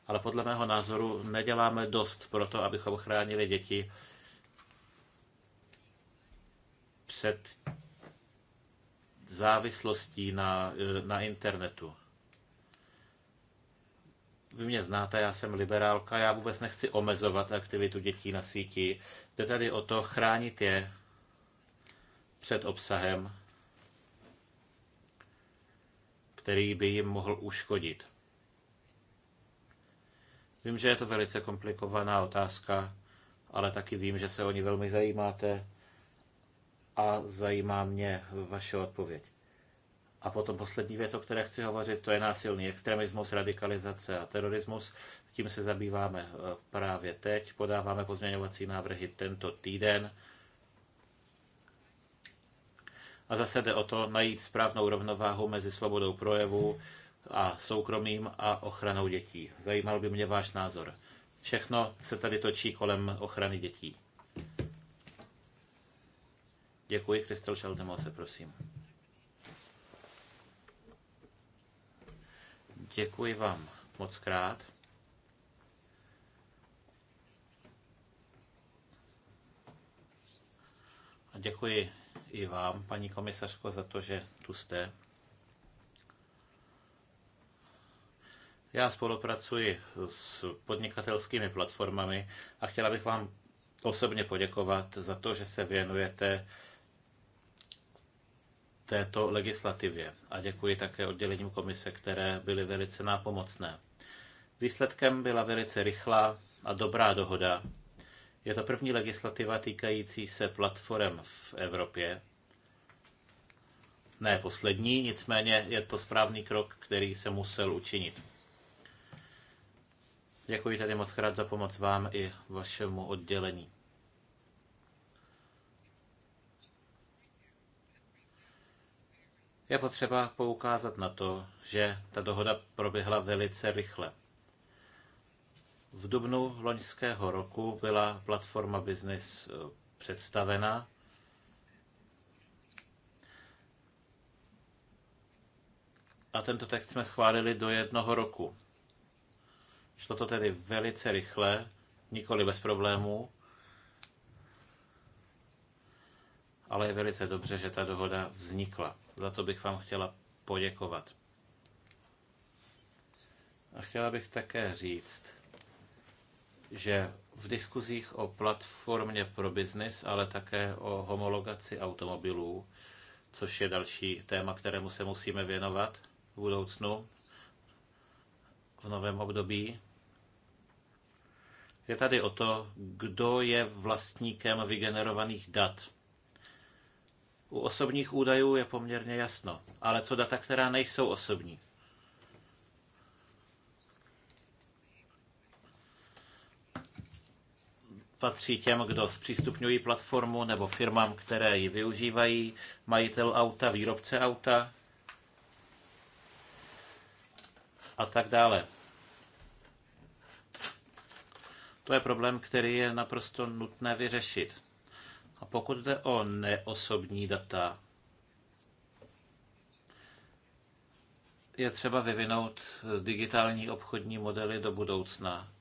ale podle mého názoru neděláme dost pro to, abychom chránili děti před závislostí na, na internetu. Vy mě znáte, já jsem liberálka, já vůbec nechci omezovat aktivitu dětí na síti. Jde tady o to chránit je před obsahem, který by jim mohl uškodit. Vím, že je to velice komplikovaná otázka, ale taky vím, že se o ní velmi zajímáte a zajímá mě vaše odpověď. A potom poslední věc, o které chci hovořit, to je násilný extremismus, radikalizace a terorismus. Tím se zabýváme eh, právě teď. Podáváme pozměňovací návrhy tento týden. A zase jde o to najít správnou rovnováhu mezi svobodou projevu a soukromím a ochranou dětí. Zajímal by mě váš názor. Všechno se tady točí kolem ochrany dětí. Děkuji, Kristel Šaldemose, prosím. Děkuji vám moc krát. A děkuji i vám, paní komisařko, za to, že tu jste. Já spolupracuji s podnikatelskými platformami a chtěla bych vám osobně poděkovat za to, že se věnujete této legislativě a děkuji také oddělením komise, které byly velice nápomocné. Výsledkem byla velice rychlá a dobrá dohoda. Je to první legislativa týkající se platform v Evropě. Ne poslední, nicméně je to správný krok, který se musel učinit. Děkuji tady moc krát za pomoc vám i vašemu oddělení. Je potřeba poukázat na to, že ta dohoda proběhla velice rychle. V dubnu loňského roku byla platforma Business eh, představena. A tento text jsme schválili do jednoho roku. Šlo to tedy velice rychle, nikoli bez problémů, ale je velice dobře, že ta dohoda vznikla. Za to bych vám chtěla poděkovat. A chtěla bych také říct, že v diskuzích o platformě pro biznis, ale také o homologaci automobilů, což je další téma, kterému se musíme věnovat v budoucnu, v novém období, je tady o to, kdo je vlastníkem vygenerovaných dat. U osobních údajů je poměrně jasno, ale co data, která nejsou osobní? patří těm, kdo zpřístupňují platformu nebo firmám, které ji využívají, majitel auta, výrobce auta a tak dále. To je problém, který je naprosto nutné vyřešit. A pokud jde o neosobní data, je třeba vyvinout digitální obchodní modely do budoucna.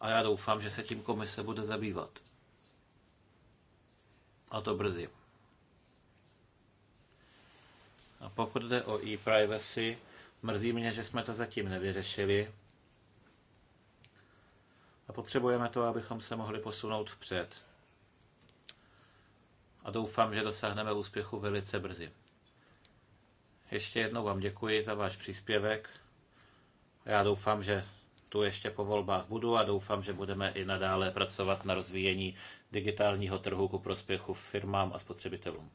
A já doufám, že se tím komise bude zabývat. A to brzy. A pokud jde o e-privacy, mrzí mě, že jsme to zatím nevyřešili. A potřebujeme to, abychom se mohli posunout vpřed a doufám, že dosáhneme úspěchu velice brzy. Ještě jednou vám děkuji za váš příspěvek. Já doufám, že tu ještě po volbách budu a doufám, že budeme i nadále pracovat na rozvíjení digitálního trhu ku prospěchu firmám a spotřebitelům.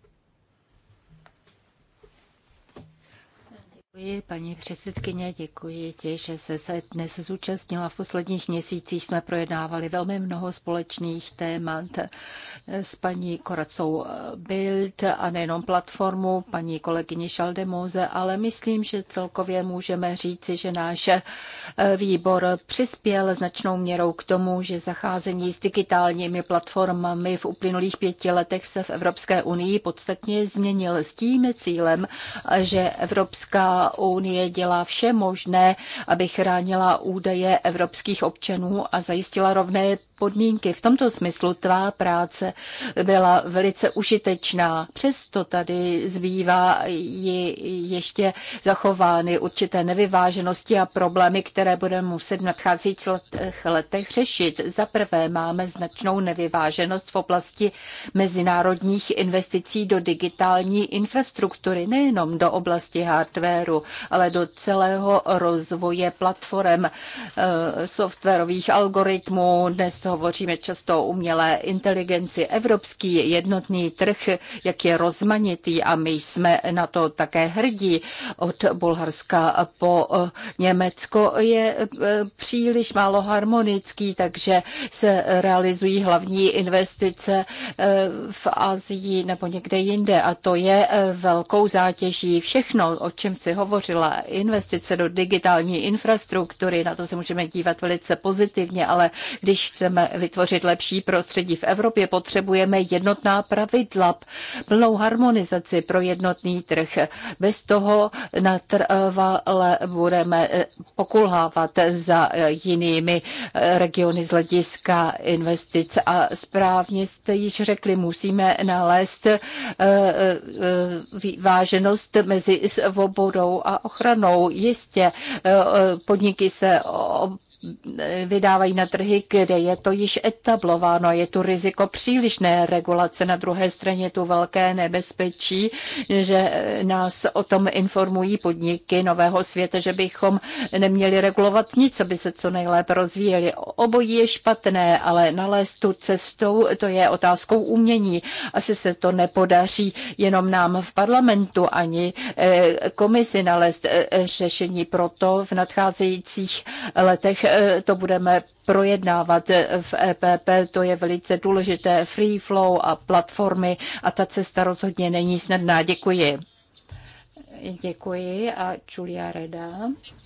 Děkuji, paní předsedkyně, děkuji ti, že se, se dnes zúčastnila. V posledních měsících jsme projednávali velmi mnoho společných témat s paní Koracou Bild a nejenom platformu, paní kolegyně Šaldemouze, ale myslím, že celkově můžeme říci, že náš eh, výbor přispěl značnou měrou k tomu, že zacházení s digitálními platformami v uplynulých pěti letech se v Evropské unii podstatně změnil s tím cílem, že Evropská unie dělá vše možné, aby chránila údaje evropských občanů a zajistila rovné podmínky. V tomto smyslu tvá práce byla velice užitečná. Přesto tady zbývá ji ještě zachovány určité nevyváženosti a problémy, které budeme muset v nadcházejících letech, letech řešit. Za prvé máme značnou nevyváženost v oblasti mezinárodních investicí do digitální infrastruktury, nejenom do oblasti hardwareu softwaru, ale do celého rozvoje platform eh, softwarových algoritmů. Dnes hovoříme často o umělé inteligenci. Evropský jednotný trh, jak je rozmanitý a my jsme na to také hrdí. Od Bulharska po eh, Německo je eh, příliš málo harmonický, takže se realizují hlavní investice v Azii nebo někde jinde a to je velkou zátěží. Všechno, o čem si hovoří, hovořila. Investice do digitální infrastruktury, na to se můžeme dívat velice pozitivně, ale když chceme vytvořit lepší prostředí v Evropě, potřebujeme jednotná pravidla, plnou harmonizaci pro jednotný trh. Bez toho natrvale budeme eh, pokulhávat za eh, jinými eh, regiony z hlediska investic. A správně jste již řekli, musíme nalézt váženost mezi svobodou podporou a ochranou. Jistě eh, eh, podniky se vydávají na trhy, kde je to již etablováno. Je tu riziko přílišné regulace. Na druhé straně je tu velké nebezpečí, že nás o tom informují podniky nového světa, že bychom neměli regulovat nic, aby se co nejlépe rozvíjeli. Obojí je špatné, ale nalézt tu cestou, to je otázkou umění. Asi se to nepodaří jenom nám v parlamentu ani eh, komisi nalézt eh, řešení. Proto v nadcházejících letech eh, Eh, to budeme projednávat v EPP, to je velice důležité, free flow a platformy a ta cesta rozhodně není snadná. Děkuji. Děkuji a Julia Reda.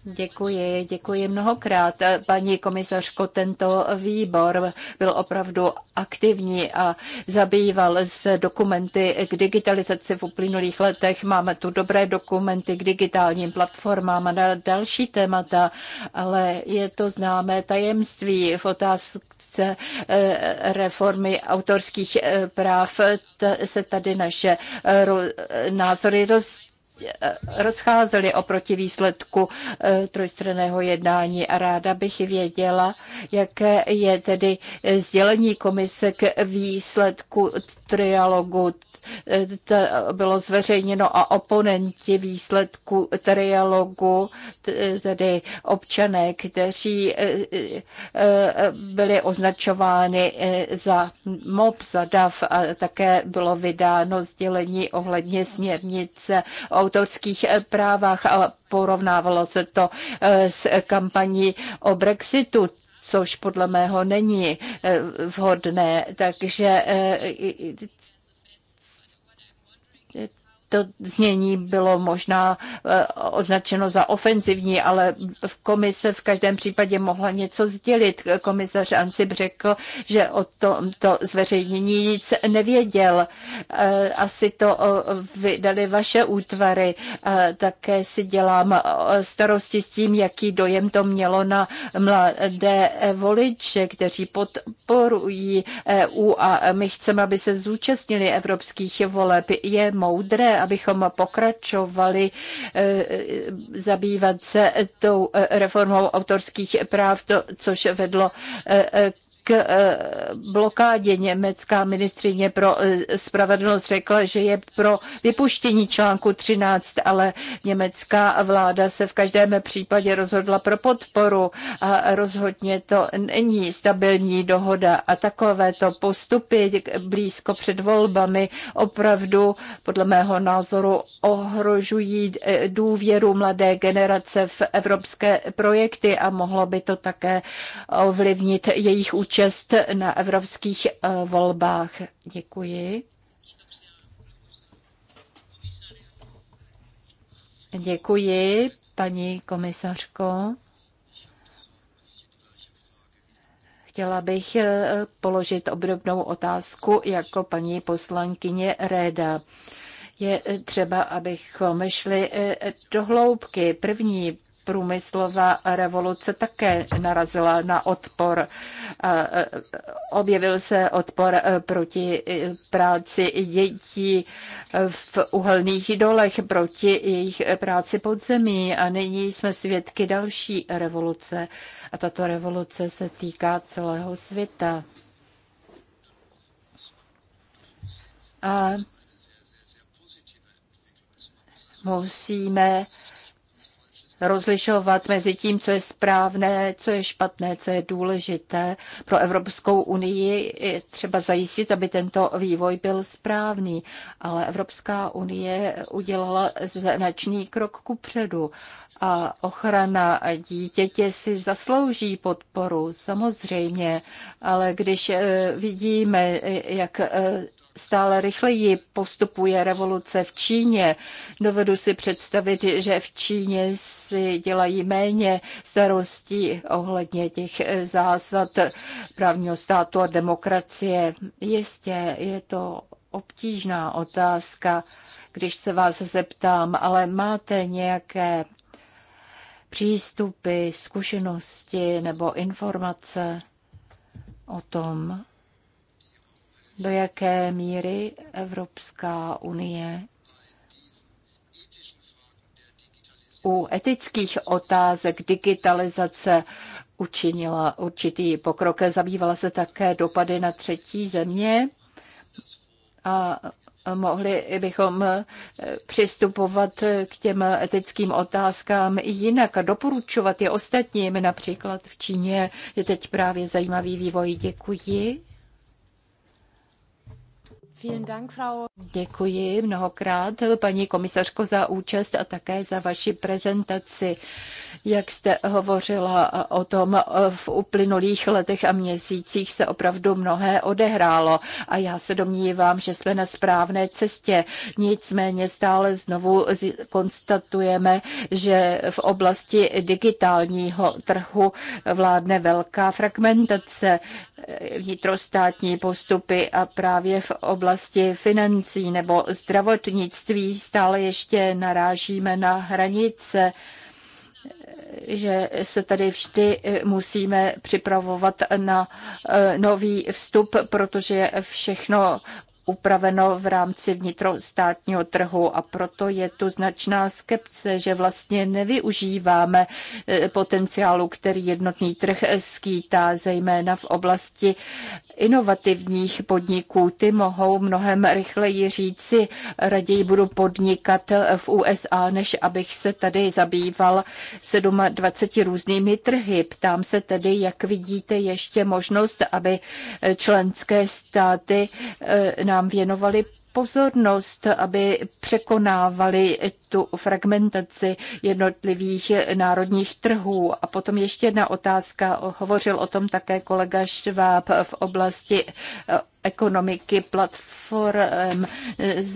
Děkuji, děkuji mnohokrát. Paní komisařko, tento výbor byl opravdu aktivní a zabýval se dokumenty k digitalizaci v uplynulých letech. Máme tu dobré dokumenty k digitálním platformám a na další témata, ale je to známé tajemství v otázce eh, reformy autorských eh, práv se tady naše eh, názory roz. Eh, rozcházely oproti výsledku eh, trojstranného jednání a ráda bych věděla, jaké je tedy sdělení komise k výsledku trialogu eh, bylo zveřejněno a oponenti výsledku trialogu, tedy občané, kteří byli označováni za MOB, za DAF a také bylo vydáno sdělení ohledně směrnice o autorských eh, právách a porovnávalo se to eh, s kampaní o Brexitu což podle mého není eh, vhodné. Takže to znění bylo možná eh, označeno za ofenzivní, ale v komise v každém případě mohla něco sdělit. Komisař Ancib řekl, že o tomto zveřejnění nic nevěděl. Eh, asi to eh, vydali vaše útvary. Také si dělám starosti s tím, jaký dojem to mělo na mladé voliče, kteří podporují EU a my chceme, aby se zúčastnili evropských voleb. Je moudré abychom pokračovali eh, zabývat se tou eh, reformou autorských práv, to, což vedlo eh, k eh, blokádě německá ministrině pro eh, spravedlnost řekla, že je pro vypuštění článku 13, ale německá vláda se v každém případě rozhodla pro podporu a rozhodně to není stabilní dohoda a takovéto postupy blízko před volbami opravdu podle mého názoru ohrožují eh, důvěru mladé generace v evropské projekty a mohlo by to také ovlivnit jejich účinnost účast na evropských eh, volbách. Děkuji. Děkuji, paní komisařko. Chtěla bych eh, položit obdobnou otázku jako paní poslankyně Réda. Je eh, třeba, abychom šli do hloubky. První průmyslová revoluce také narazila na odpor. Objevil se odpor proti práci dětí v uhelných dolech, proti jejich práci pod zemí a nyní jsme svědky další revoluce a tato revoluce se týká celého světa. A musíme rozlišovat mezi tím, co je správné, co je špatné, co je důležité. Pro Evropskou unii je třeba zajistit, aby tento vývoj byl správný, ale Evropská unie udělala značný krok ku předu a ochrana dítěte si zaslouží podporu, samozřejmě, ale když eh, vidíme, eh, jak eh, stále rychleji postupuje revoluce v Číně. Dovedu si představit, že v Číně si dělají méně starostí ohledně těch zásad právního státu a demokracie. Jistě je to obtížná otázka, když se vás zeptám, ale máte nějaké přístupy, zkušenosti nebo informace o tom, do jaké míry Evropská unie u etických otázek digitalizace učinila určitý pokrok. Zabývala se také dopady na třetí země a mohli bychom přistupovat k těm etickým otázkám i jinak a doporučovat je ostatním. Například v Číně je teď právě zajímavý vývoj. Děkuji. Vielen Dank, Frau Děkuji mnohokrát, paní komisařko, za účast a také za vaši prezentaci. Jak jste hovořila o tom, v uplynulých letech a měsících se opravdu mnohé odehrálo a já se domnívám, že jsme na správné cestě. Nicméně stále znovu konstatujeme, že v oblasti digitálního trhu vládne velká fragmentace, vnitrostátní postupy a právě v oblasti financí financí nebo zdravotnictví stále ještě narážíme na hranice, že se tady vždy eh, musíme připravovat na eh, nový vstup, protože je všechno upraveno v rámci vnitrostátního trhu a proto je tu značná skepce, že vlastně nevyužíváme eh, potenciálu, který jednotný trh skýtá, zejména v oblasti inovativních podniků. Ty mohou mnohem rychleji říci, raději budu podnikat v USA, než abych se tady zabýval 27 různými trhy. Ptám se tedy, jak vidíte ještě možnost, aby členské státy eh, nám věnovaly pozornost, aby překonávali tu fragmentaci jednotlivých národních trhů. A potom ještě jedna otázka, hovořil o tom také kolega Šváb v oblasti ekonomiky platform.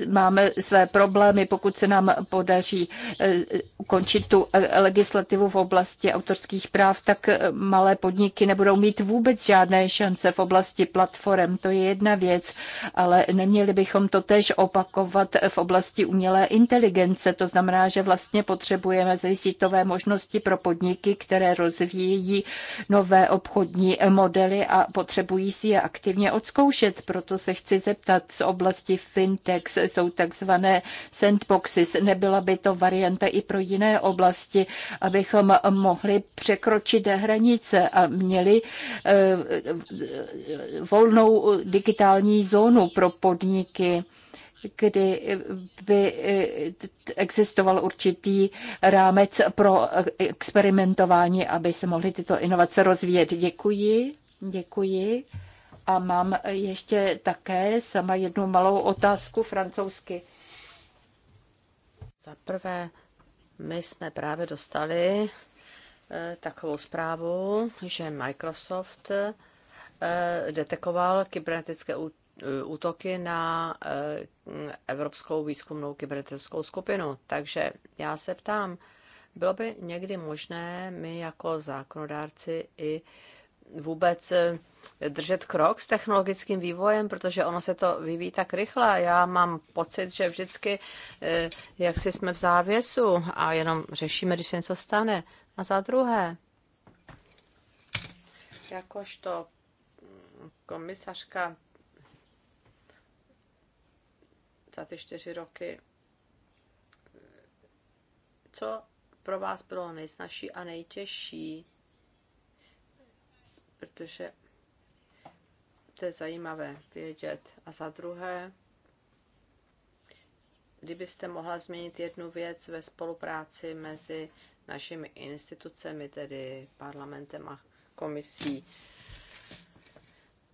Máme své problémy, pokud se nám podaří eh, ukončit tu eh, legislativu v oblasti autorských práv, tak eh, malé podniky nebudou mít vůbec žádné šance v oblasti platform. To je jedna věc, ale neměli bychom to tež opakovat v oblasti umělé inteligence. To znamená, že vlastně potřebujeme zajistit nové možnosti pro podniky, které rozvíjí nové obchodní modely a potřebují si je aktivně odzkoušet vidět, proto se chci zeptat z oblasti fintech jsou takzvané sandboxes, nebyla by to varianta i pro jiné oblasti, abychom mohli překročit hranice a měli eh, volnou digitální zónu pro podniky kdy by eh, existoval určitý rámec pro experimentování, aby se mohly tyto inovace rozvíjet. Děkuji, děkuji. A mám ještě také sama jednu malou otázku francouzsky. Za prvé, my jsme právě dostali eh, takovou zprávu, že Microsoft eh, detekoval kybernetické eh, útoky na Evropskou výzkumnou kybernetickou skupinu. Takže já se ptám, bylo by někdy možné my jako zákonodárci i uh, vůbec eh, držet krok s technologickým vývojem, protože ono se to vyvíjí tak rychle. Já mám pocit, že vždycky, eh, jak si jsme v závěsu a jenom řešíme, když se něco stane. A za druhé, jakožto komisařka za ty čtyři roky, co pro vás bylo nejsnažší a nejtěžší protože to je zajímavé vědět. A za druhé, kdybyste mohla změnit jednu věc ve spolupráci mezi našimi institucemi, tedy parlamentem a komisí,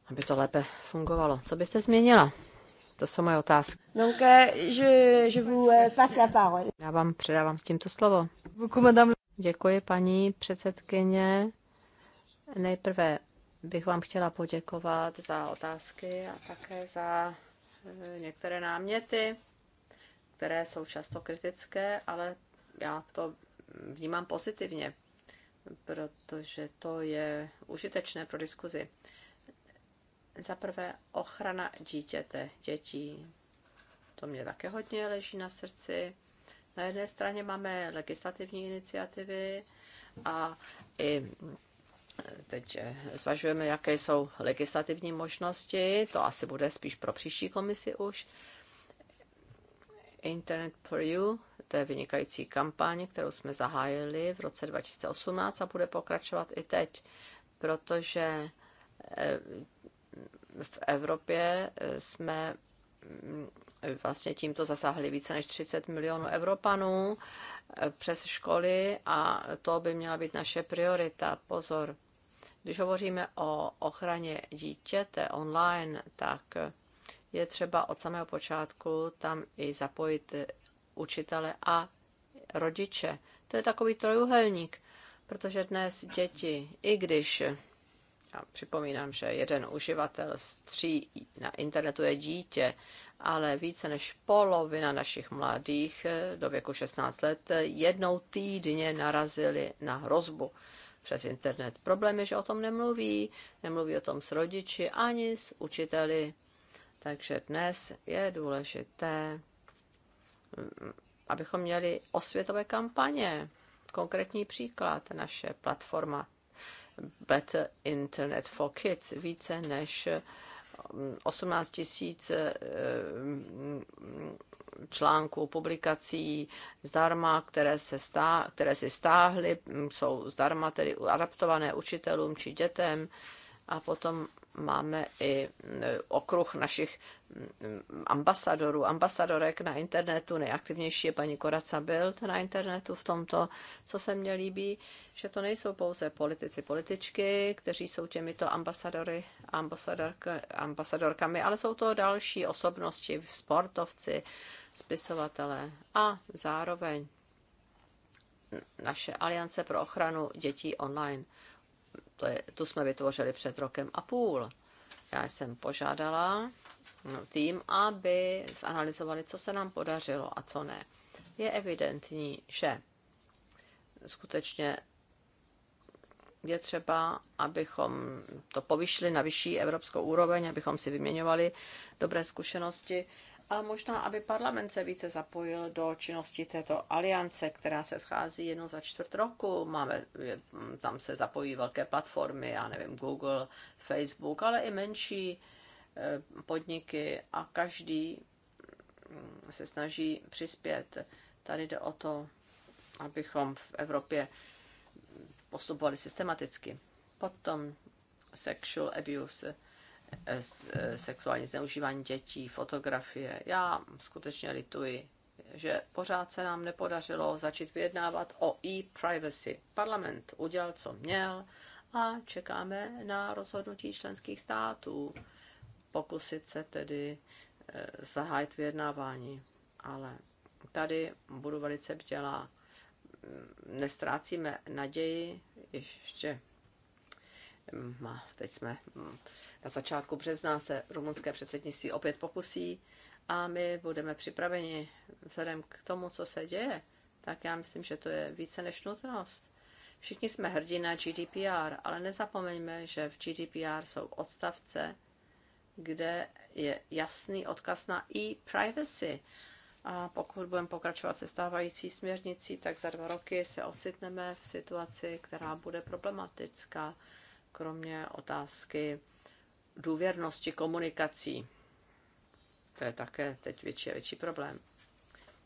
aby to lépe fungovalo. Co byste změnila? To jsou moje otázky. Donc, euh, je, je vous euh, passe la parole. Já vám předávám s tímto slovo. Děkuji, paní předsedkyně. Nejprve bych vám chtěla poděkovat za otázky a také za eh, některé náměty, které jsou často kritické, ale já to vnímám pozitivně, protože to je užitečné pro diskuzi. Za prvé ochrana dítěte, dětí. To mě také hodně leží na srdci. Na jedné straně máme legislativní iniciativy a i teď eh, zvažujeme, jaké jsou legislativní možnosti, to asi bude spíš pro příští komisi už. Internet for You, to je vynikající kampaň, kterou jsme zahájili v roce 2018 a bude pokračovat i teď, protože eh, v Evropě eh, jsme mm, vlastně tímto zasáhli více než 30 milionů Evropanů přes školy a to by měla být naše priorita. Pozor, když hovoříme o ochraně dítěte online, tak je třeba od samého počátku tam i zapojit učitele a rodiče. To je takový trojuhelník, protože dnes děti, i když, já připomínám, že jeden uživatel z tří na internetu je dítě, ale více než polovina našich mladých do věku 16 let jednou týdně narazili na hrozbu přes internet. Problém je, že o tom nemluví, nemluví o tom s rodiči ani s učiteli. Takže dnes je důležité, mm, abychom měli osvětové kampaně. Konkrétní příklad, naše platforma Better Internet for Kids, více než 18 tisíc eh, článků, publikací zdarma, které, se stá, které si stáhly, jsou zdarma tedy adaptované učitelům či dětem. A potom máme i okruh našich ambasadorů, ambasadorek na internetu. Nejaktivnější je paní Koraca Bild na internetu v tomto, co se mně líbí, že to nejsou pouze politici, političky, kteří jsou těmito ambasadory, ambasadork, ambasadorkami, ale jsou to další osobnosti, sportovci, spisovatelé a zároveň naše aliance pro ochranu dětí online. To je, tu jsme vytvořili před rokem a půl. Já jsem požádala no, tým, aby zanalizovali, co se nám podařilo a co ne. Je evidentní, že skutečně je třeba, abychom to povyšli na vyšší evropskou úroveň, abychom si vyměňovali dobré zkušenosti a možná, aby parlament se více zapojil do činnosti této aliance, která se schází jednou za čtvrt roku. Máme, tam se zapojí velké platformy, já nevím, Google, Facebook, ale i menší eh, podniky a každý mm, se snaží přispět. Tady jde o to, abychom v Evropě postupovali systematicky. Potom sexual abuse sexuální zneužívání dětí, fotografie. Já skutečně lituji, že pořád se nám nepodařilo začít vyjednávat o e-privacy. Parlament udělal, co měl a čekáme na rozhodnutí členských států. Pokusit se tedy eh, zahájit vyjednávání. Ale tady budu velice bdělá. Nestrácíme naději, ještě Mm, teď jsme mm, na začátku března, se rumunské předsednictví opět pokusí a my budeme připraveni vzhledem k tomu, co se děje, tak já myslím, že to je více než nutnost. Všichni jsme hrdí na GDPR, ale nezapomeňme, že v GDPR jsou odstavce, kde je jasný odkaz na e-privacy. A pokud budeme pokračovat se stávající směrnicí, tak za dva roky se ocitneme v situaci, která bude problematická kromě otázky důvěrnosti komunikací. To je také teď větší a větší problém.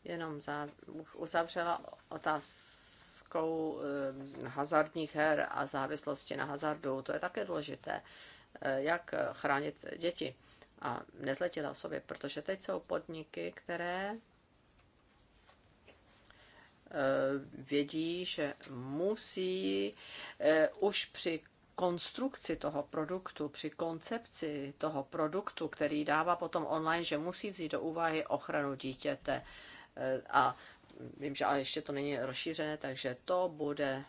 Jenom za, uzavřela otázkou eh, hazardních her a závislosti na hazardu. To je také důležité, eh, jak chránit děti a nezletilé osoby, protože teď jsou podniky, které eh, vědí, že musí eh, už při konstrukci toho produktu, při koncepci toho produktu, který dává potom online, že musí vzít do úvahy ochranu dítěte. E, a vím, že ale ještě to není rozšířené, takže to bude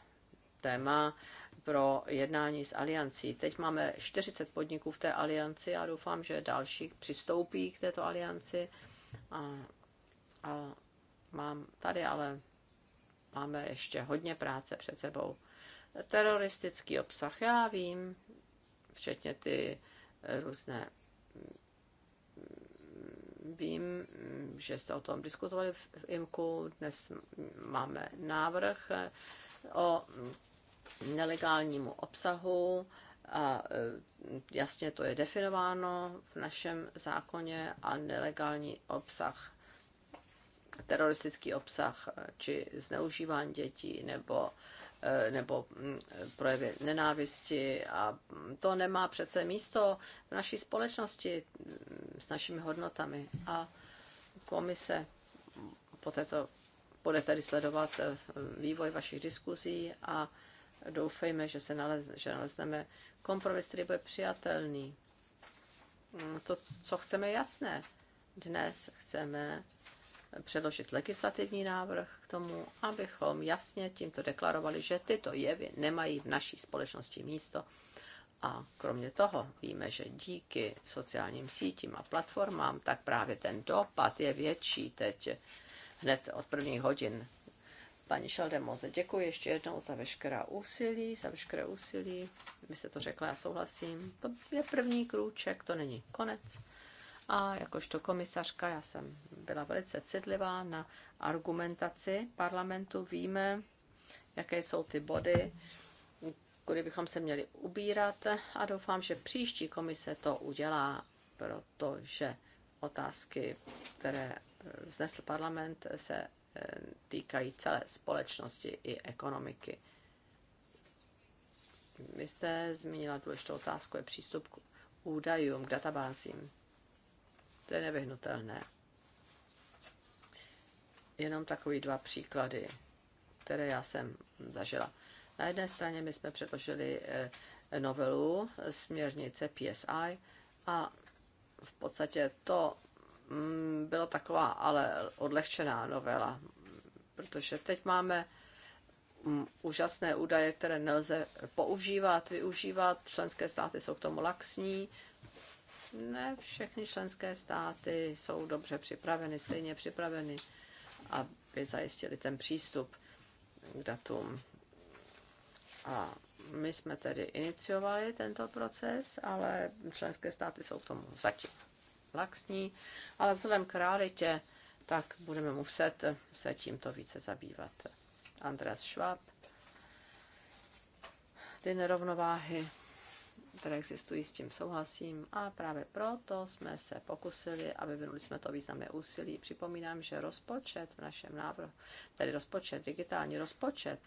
téma pro jednání s aliancí. Teď máme 40 podniků v té alianci a doufám, že další přistoupí k této alianci. A, a mám tady ale máme ještě hodně práce před sebou teroristický obsah, já vím, včetně ty různé vím, že jste o tom diskutovali v IMKU, dnes máme návrh o nelegálnímu obsahu a eh, jasně to je definováno v našem zákoně a nelegální obsah, teroristický obsah eh, či zneužívání dětí nebo Eh, nebo mm, projevy nenávisti a to nemá přece místo v naší společnosti mm, s našimi hodnotami. A komise, po té, co bude tady sledovat eh, vývoj vašich diskuzí a doufejme, že, se nalez, že nalezneme kompromis, který bude přijatelný. Mm, to, co chceme, jasné. Dnes chceme předložit legislativní návrh k tomu, abychom jasně tímto deklarovali, že tyto jevy nemají v naší společnosti místo. A kromě toho víme, že díky sociálním sítím a platformám, tak právě ten dopad je větší teď hned od prvních hodin. Paní Šeldemoze, děkuji ještě jednou za veškerá úsilí, za veškeré úsilí. Vy jste to řekla, já souhlasím. To je první krůček, to není konec. A jakožto komisařka, já jsem byla velice citlivá na argumentaci parlamentu. Víme, jaké jsou ty body, kudy bychom se měli ubírat a doufám, že příští komise to udělá, protože otázky, které vznesl parlament, se eh, týkají celé společnosti i ekonomiky. Vy jste zmínila důležitou otázku, je přístup k údajům, k databázím. To je nevyhnutelné. Jenom takový dva příklady, které já jsem zažila. Na jedné straně my jsme předložili eh, novelu směrnice PSI a v podstatě to mm, byla taková ale odlehčená novela, protože teď máme mm, úžasné údaje, které nelze používat, využívat, členské státy jsou k tomu laxní ne všechny členské státy jsou dobře připraveny, stejně připraveny, aby zajistili ten přístup k datům. A my jsme tedy iniciovali tento proces, ale členské státy jsou k tomu zatím laxní, ale vzhledem k realitě, tak budeme muset se tímto více zabývat. Andreas Schwab, ty nerovnováhy které existují, s tím souhlasím a právě proto jsme se pokusili a vyvinuli jsme to významné úsilí. Připomínám, že rozpočet v našem návrhu, tedy rozpočet, digitální rozpočet,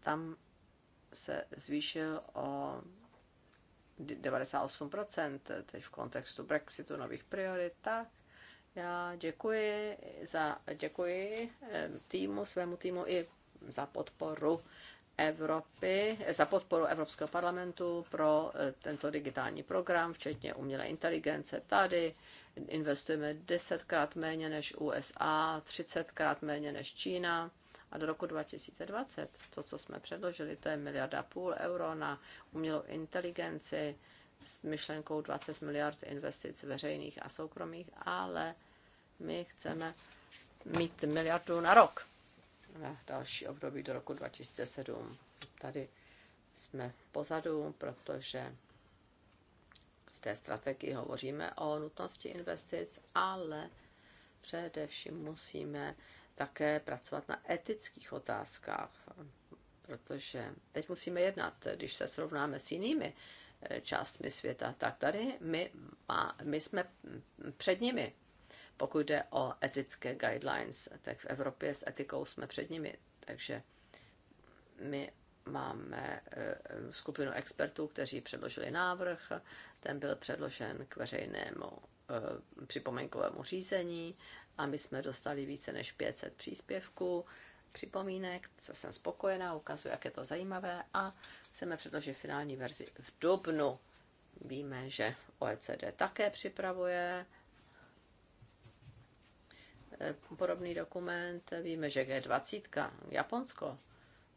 tam se zvýšil o 98%, teď v kontextu Brexitu, nových priorit, tak já děkuji, za, děkuji eh, týmu, svému týmu i za podporu Evropy, za podporu Evropského parlamentu pro eh, tento digitální program, včetně umělé inteligence. Tady investujeme desetkrát méně než USA, třicetkrát méně než Čína. A do roku 2020, to, co jsme předložili, to je miliarda půl euro na umělou inteligenci s myšlenkou 20 miliard investic veřejných a soukromých, ale my chceme mít miliardu na rok na další období do roku 2007. Tady jsme pozadu, protože v té strategii hovoříme o nutnosti investic, ale především musíme také pracovat na etických otázkách, protože teď musíme jednat, když se srovnáme s jinými eh, částmi světa, tak tady my, má, my jsme před nimi pokud jde o etické guidelines, tak v Evropě s etikou jsme před nimi. Takže my máme eh, skupinu expertů, kteří předložili návrh. Ten byl předložen k veřejnému eh, připomínkovému řízení a my jsme dostali více než 500 příspěvků, připomínek, co jsem spokojená, ukazuje, jak je to zajímavé a chceme předložit finální verzi v dubnu. Víme, že OECD také připravuje Eh, podobný dokument. Víme, že G20, Japonsko,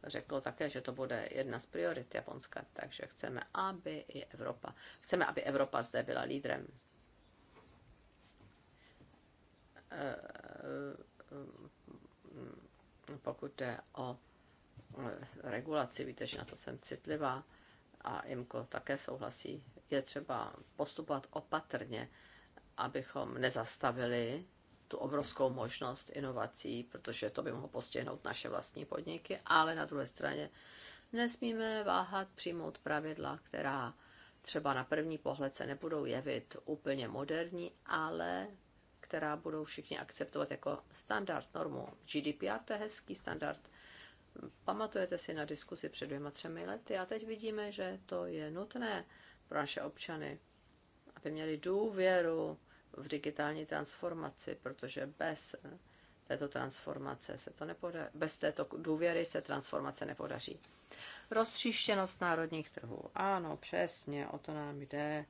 řeklo také, že to bude jedna z priorit Japonska, takže chceme, aby i Evropa, chceme, aby Evropa zde byla lídrem. Eh, eh, pokud jde o regulaci, víte, že na to jsem citlivá a Imko také souhlasí, je třeba postupovat opatrně, abychom nezastavili tu obrovskou možnost inovací, protože to by mohlo postihnout naše vlastní podniky, ale na druhé straně nesmíme váhat přijmout pravidla, která třeba na první pohled se nebudou jevit úplně moderní, ale která budou všichni akceptovat jako standard, normu. GDPR to je hezký standard. Pamatujete si na diskusi před dvěma, třemi lety a teď vidíme, že to je nutné pro naše občany, aby měli důvěru v digitální transformaci, protože bez eh, této transformace se to nepodaří, bez této důvěry se transformace nepodaří. Roztříštěnost národních trhů. Ano, přesně, o to nám jde.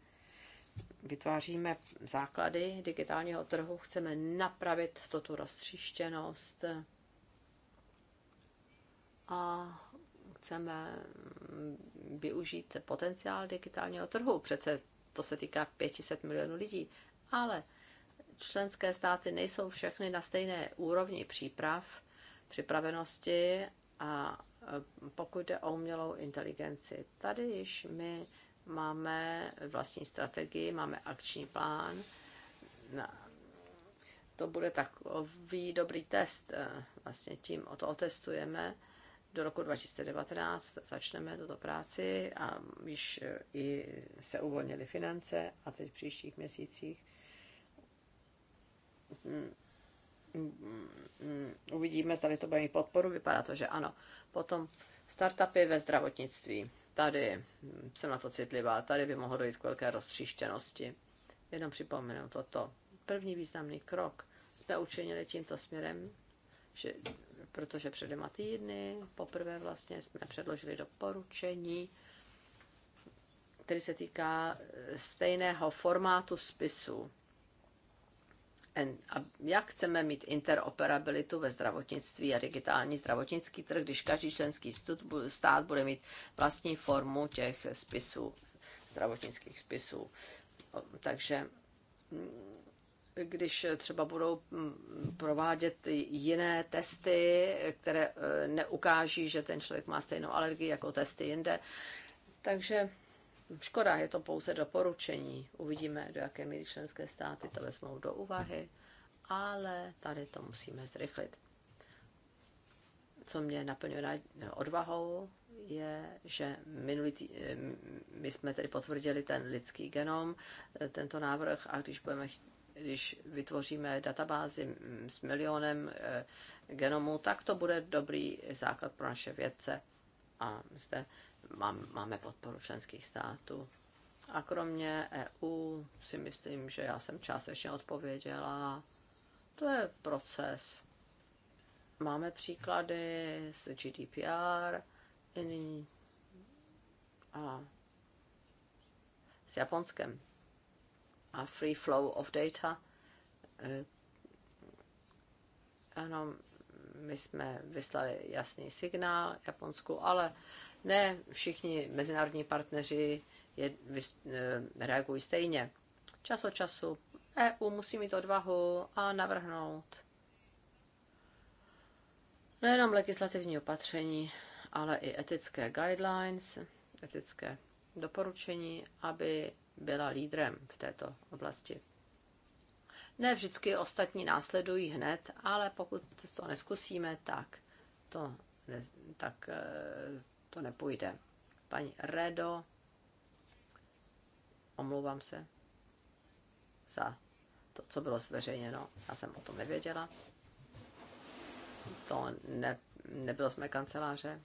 Vytváříme základy digitálního trhu, chceme napravit toto roztříštěnost a chceme mm, využít potenciál digitálního trhu. Přece to se týká 500 milionů lidí ale členské státy nejsou všechny na stejné úrovni příprav, připravenosti a e, pokud jde o umělou inteligenci, tady již my máme vlastní strategii, máme akční plán. To bude takový dobrý test, e, vlastně tím o to otestujeme. Do roku 2019 začneme tuto práci a již e, i se uvolnily finance a teď v příštích měsících uvidíme, zdali to bude mít podporu, vypadá to, že ano. Potom startupy ve zdravotnictví. Tady jsem na to citlivá, tady by mohlo dojít k velké roztříštěnosti. Jenom připomenu toto. První významný krok jsme učinili tímto směrem, že, protože před dvěma týdny poprvé vlastně jsme předložili doporučení, který se týká stejného formátu spisu jak chceme mít interoperabilitu ve zdravotnictví a digitální zdravotnický trh, když každý členský stát bude mít vlastní formu těch spisů, zdravotnických spisů. Takže mm, když třeba budou mm, provádět jiné testy, které e, neukáží, že ten člověk má stejnou alergii jako testy jinde. Takže Škoda, je to pouze doporučení. Uvidíme, do jaké míry členské státy to vezmou do úvahy, ale tady to musíme zrychlit. Co mě naplňuje odvahou, je, že minulý tý, eh, my jsme tedy potvrdili ten lidský genom, eh, tento návrh, a když budeme když vytvoříme databázi mm, s milionem eh, genomů, tak to bude dobrý základ pro naše vědce. A zde máme podporu členských států. A kromě EU si myslím, že já jsem částečně odpověděla. To je proces. Máme příklady z GDPR jiný a s Japonskem a free flow of data. Eh, ano, my jsme vyslali jasný signál Japonsku, ale ne všichni mezinárodní partneři je, eh, reagují stejně. Čas od času EU musí mít odvahu a navrhnout nejenom legislativní opatření, ale i etické guidelines, etické doporučení, aby byla lídrem v této oblasti. Ne vždycky ostatní následují hned, ale pokud to neskusíme, tak to, ne, tak eh, to nepůjde. Paní Redo, omlouvám se za to, co bylo zveřejněno, já jsem o tom nevěděla. To ne, nebylo z mé kanceláře,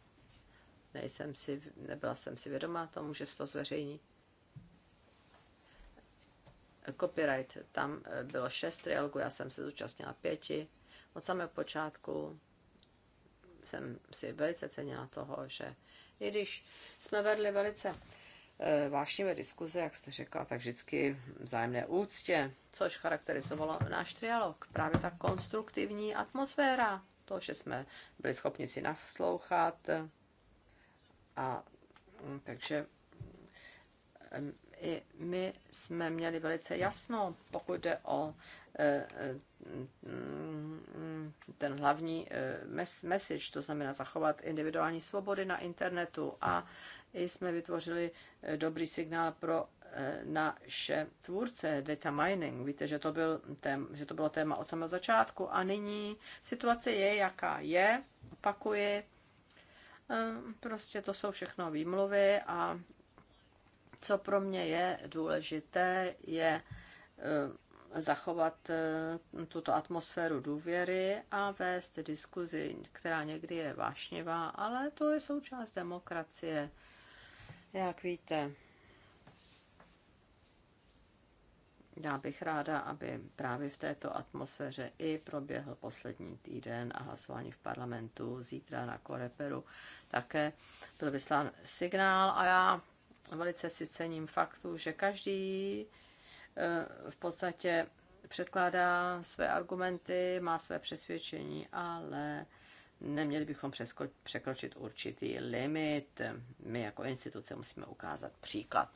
nejsem si, nebyla jsem si vědomá tomu, že se to zveřejní. Copyright, tam eh, bylo šest trialogů, já jsem se zúčastnila pěti. Od samého počátku jsem si velice cenila toho, že i když jsme vedli velice eh, vášnivé diskuze, jak jste řekla, tak vždycky vzájemné úctě, což charakterizovalo náš trialog. Právě ta konstruktivní atmosféra, to, že jsme byli schopni si naslouchat. Eh, a mm, takže i my jsme měli velice jasno, pokud jde o eh, eh, ten hlavní eh, message, to znamená zachovat individuální svobody na internetu a jsme vytvořili dobrý signál pro naše tvůrce, data mining. Víte, že to, byl tém, že to bylo téma od samého začátku a nyní situace je, jaká je, opakuji. Prostě to jsou všechno výmluvy a co pro mě je důležité, je eh, zachovat eh, tuto atmosféru důvěry a vést diskuzi, která někdy je vášnivá, ale to je součást demokracie, jak víte. Já bych ráda, aby právě v této atmosféře i proběhl poslední týden a hlasování v parlamentu zítra na Koreperu. Také byl vyslán signál a já velice si cením faktu, že každý eh, v podstatě předkládá své argumenty, má své přesvědčení, ale neměli bychom překročit určitý limit. My jako instituce musíme ukázat příklad.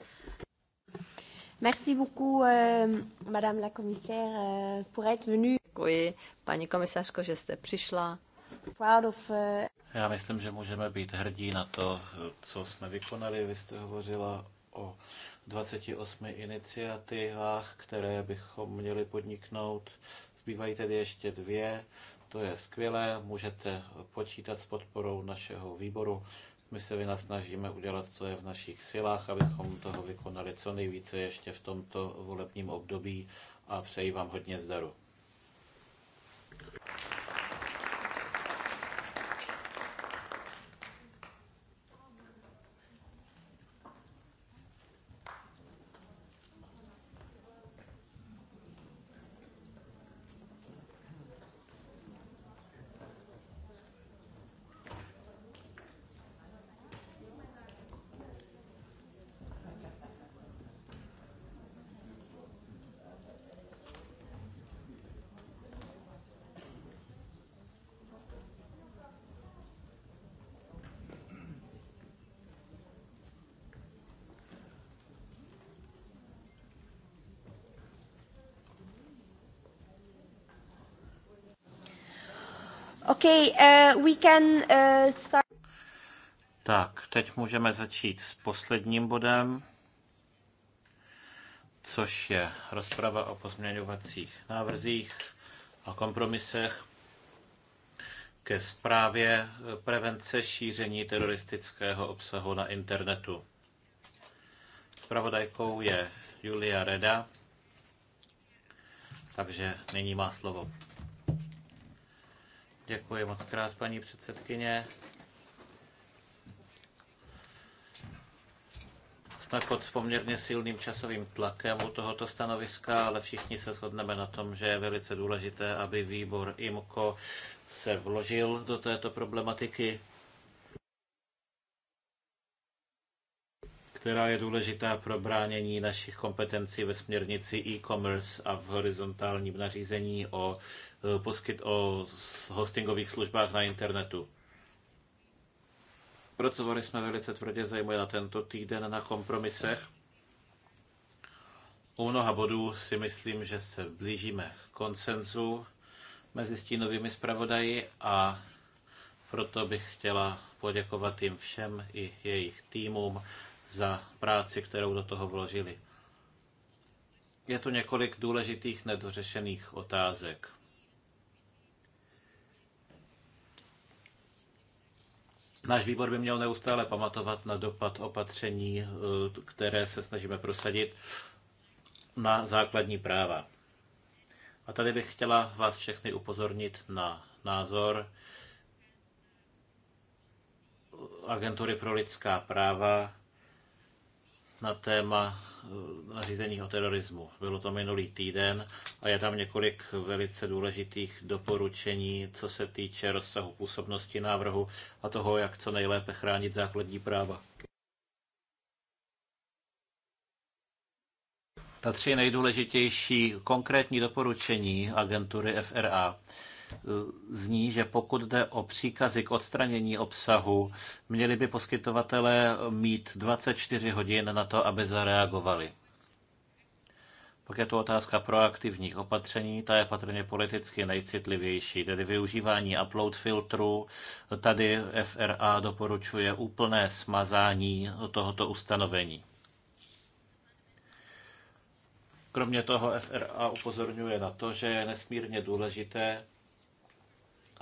Merci beaucoup, euh, Madame la Commissaire, euh, pour être venue. Děkuji, paní komisařko, že jste přišla. Proud of, uh... Já myslím, že můžeme být hrdí na to, co jsme vykonali. Vy jste hovořila o 28 iniciativách, které bychom měli podniknout. Zbývají tedy ještě dvě. To je skvělé, můžete počítat s podporou našeho výboru. My se snažíme udělat, co je v našich silách, abychom toho vykonali co nejvíce ještě v tomto volebním období a přeji vám hodně zdaru. Okay, uh, we can uh, start. Tak, teď můžeme začít s posledním bodem, což je rozprava o pozměňovacích návrzích a kompromisech ke zprávě prevence šíření teroristického obsahu na internetu. Zpravodajkou je Julia Reda, takže nyní má slovo. Děkuji moc krát, paní předsedkyně. Jsme pod poměrně silným časovým tlakem u tohoto stanoviska, ale všichni se shodneme na tom, že je velice důležité, aby výbor IMCO se vložil do této problematiky která je důležitá pro bránění našich kompetencí ve směrnici e-commerce a v horizontálním nařízení o, eh, poskyt, o hostingových službách na internetu. Pracovali jsme velice tvrdě, na tento týden na kompromisech. U mnoha bodů si myslím, že se blížíme k konsenzu mezi stínovými zpravodaji a proto bych chtěla poděkovat jim všem i jejich týmům za práci, kterou do toho vložili. Je tu několik důležitých nedořešených otázek. Náš výbor by měl neustále pamatovat na dopad opatření, eh, které se snažíme prosadit na základní práva. A tady bych chtěla vás všechny upozornit na názor Agentury pro lidská práva, na téma eh, nařízení o terorismu. Bylo to minulý týden a je tam několik velice důležitých doporučení, co se týče rozsahu působnosti návrhu a toho, jak co nejlépe chránit základní práva. Ta tři nejdůležitější konkrétní doporučení agentury FRA Eh, zní, že pokud jde o příkazy k odstranění obsahu, měli by poskytovatelé mít 24 hodin na to, aby zareagovali. Pak je tu otázka proaktivních opatření, ta je patrně politicky nejcitlivější, tedy využívání upload filtru. Tady FRA doporučuje úplné smazání tohoto ustanovení. Kromě toho FRA upozorňuje na to, že je nesmírně důležité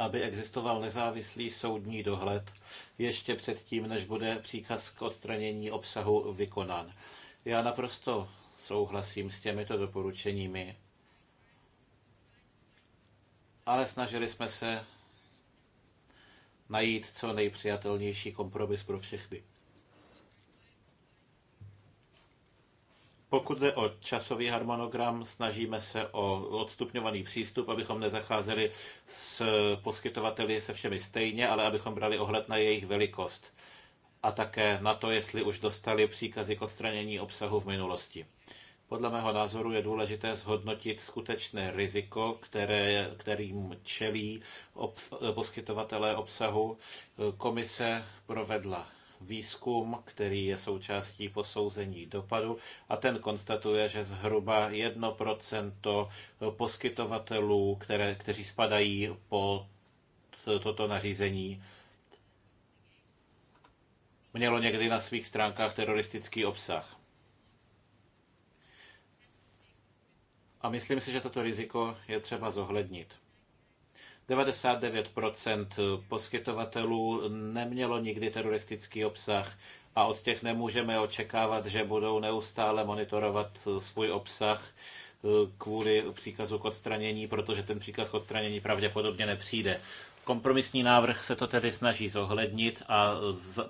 aby existoval nezávislý soudní dohled ještě předtím, než bude příkaz k odstranění obsahu vykonán. Já naprosto souhlasím s těmito doporučeními, ale snažili jsme se najít co nejpřijatelnější kompromis pro všechny. Pokud jde o časový harmonogram, snažíme se o odstupňovaný přístup, abychom nezacházeli s poskytovateli se všemi stejně, ale abychom brali ohled na jejich velikost a také na to, jestli už dostali příkazy k odstranění obsahu v minulosti. Podle mého názoru je důležité zhodnotit skutečné riziko, které, kterým čelí obs- poskytovatelé obsahu. Komise provedla výzkum, který je součástí posouzení dopadu a ten konstatuje, že zhruba 1% poskytovatelů, které, kteří spadají pod toto nařízení, mělo někdy na svých stránkách teroristický obsah. A myslím si, že toto riziko je třeba zohlednit. 99% eh, poskytovatelů nemělo nikdy teroristický obsah a od těch nemůžeme očekávat, že budou neustále monitorovat eh, svůj obsah eh, kvůli příkazu k odstranění, protože ten příkaz k odstranění pravděpodobně nepřijde. Kompromisní návrh se to tedy snaží zohlednit a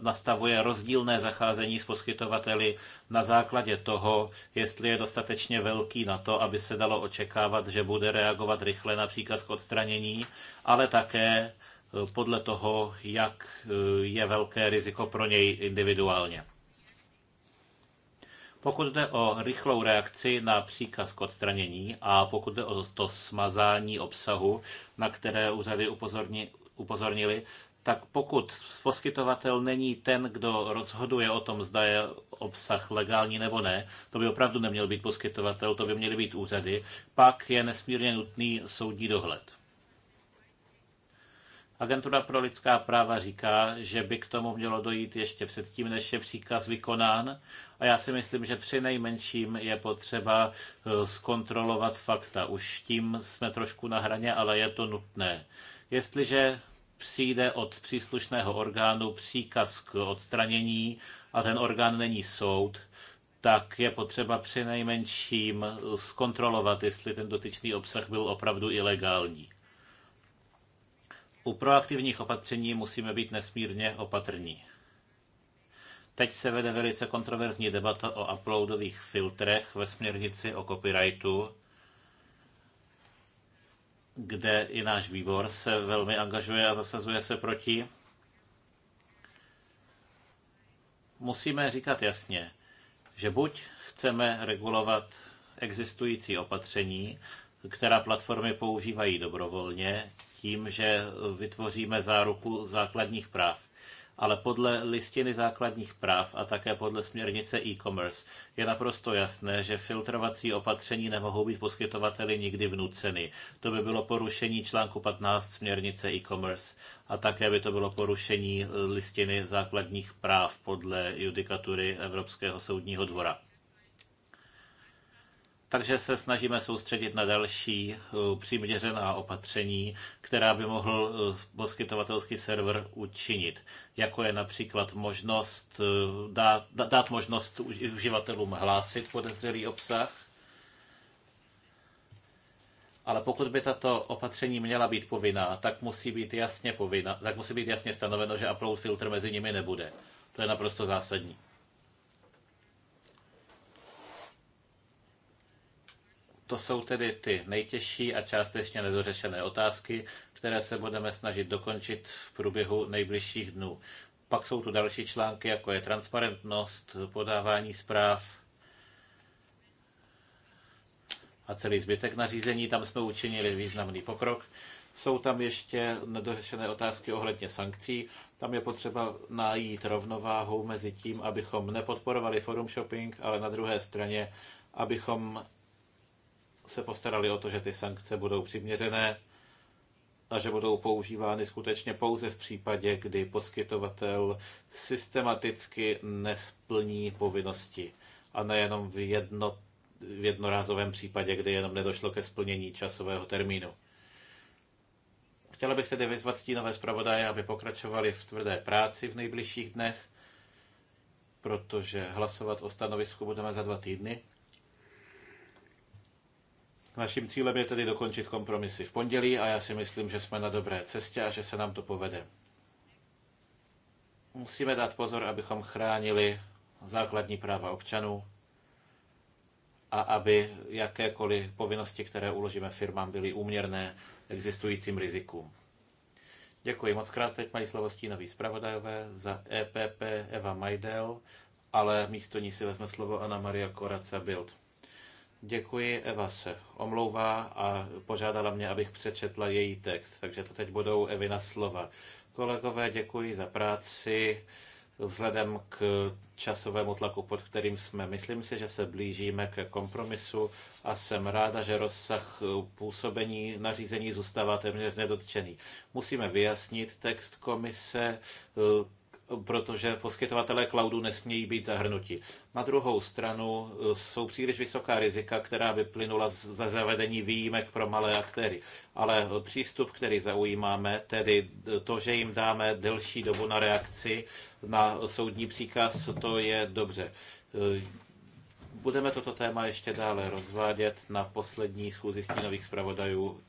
nastavuje rozdílné zacházení s poskytovateli na základě toho, jestli je dostatečně velký na to, aby se dalo očekávat, že bude reagovat rychle na příkaz k odstranění, ale také eh, podle toho, jak eh, je velké riziko pro něj individuálně. Pokud jde o rychlou reakci na příkaz k odstranění a pokud jde o to smazání obsahu, na které úřady upozorni, upozornili, tak pokud poskytovatel není ten, kdo rozhoduje o tom, zda je obsah legální nebo ne, to by opravdu neměl být poskytovatel, to by měly být úřady, pak je nesmírně nutný soudní dohled. Agentura pro lidská práva říká, že by k tomu mělo dojít ještě předtím, než je příkaz vykonán. A já si myslím, že při nejmenším je potřeba eh, zkontrolovat fakta. Už tím jsme trošku na hraně, ale je to nutné. Jestliže přijde od příslušného orgánu příkaz k odstranění a ten orgán není soud, tak je potřeba při nejmenším eh, zkontrolovat, jestli ten dotyčný obsah byl opravdu ilegální. U proaktivních opatření musíme být nesmírně opatrní. Teď se vede velice kontroverzní debata o uploadových filtrech ve směrnici o copyrightu, kde i náš výbor se velmi angažuje a zasazuje se proti. Musíme říkat jasně, že buď chceme regulovat existující opatření, která platformy používají dobrovolně, tím, že vytvoříme záruku základních práv ale podle listiny základních práv a také podle směrnice e-commerce je naprosto jasné, že filtrovací opatření nemohou být poskytovateli nikdy vnuceny. To by bylo porušení článku 15 směrnice e-commerce a také by to bylo porušení listiny základních práv podle judikatury Evropského soudního dvora takže se snažíme soustředit na další eh, přiměřená opatření, která by mohl eh, poskytovatelský server učinit, jako je například možnost eh, dát, dát možnost uživatelům hlásit podezřelý obsah, ale pokud by tato opatření měla být povinná, tak musí být jasně povinná, tak musí být jasně stanoveno, že upload filtr mezi nimi nebude. To je naprosto zásadní. To jsou tedy ty nejtěžší a částečně nedořešené otázky, které se budeme snažit dokončit v průběhu nejbližších dnů. Pak jsou tu další články, jako je transparentnost, podávání zpráv a celý zbytek nařízení. Tam jsme učinili významný pokrok. Jsou tam ještě nedořešené otázky ohledně sankcí. Tam je potřeba najít rovnováhu mezi tím, abychom nepodporovali forum shopping, ale na druhé straně, abychom se postarali o to, že ty sankce budou přiměřené a že budou používány skutečně pouze v případě, kdy poskytovatel systematicky nesplní povinnosti a nejenom v, jedno, v jednorázovém případě, kdy jenom nedošlo ke splnění časového termínu. Chtěla bych tedy vyzvat stínové zpravodaje, aby pokračovali v tvrdé práci v nejbližších dnech, protože hlasovat o stanovisku budeme za dva týdny. Naším cílem je tedy dokončit kompromisy v pondělí a já si myslím, že jsme na dobré cestě a že se nám to povede. Musíme dát pozor, abychom chránili základní práva občanů a aby jakékoliv povinnosti, které uložíme firmám, byly úměrné existujícím rizikům. Děkuji moc krát. Teď mají slovo stínový zpravodajové za EPP Eva Majdel, ale místo ní si vezme slovo Anna Maria Koraca Bild. Děkuji, Eva se omlouvá a požádala mě, abych přečetla její text, takže to teď budou Evina slova. Kolegové, děkuji za práci. Vzhledem k časovému tlaku, pod kterým jsme, myslím si, že se blížíme ke kompromisu a jsem ráda, že rozsah působení nařízení zůstává téměř nedotčený. Musíme vyjasnit text komise, protože poskytovatelé cloudu nesmějí být zahrnuti. Na druhou stranu eh, jsou příliš vysoká rizika, která by plynula ze zavedení výjimek pro malé aktéry. Ale eh, přístup, který zaujímáme, tedy eh, to, že jim dáme delší dobu na reakci na soudní příkaz, to je dobře. Budeme toto téma ještě dále rozvádět na poslední schůzi stínových zpravodajů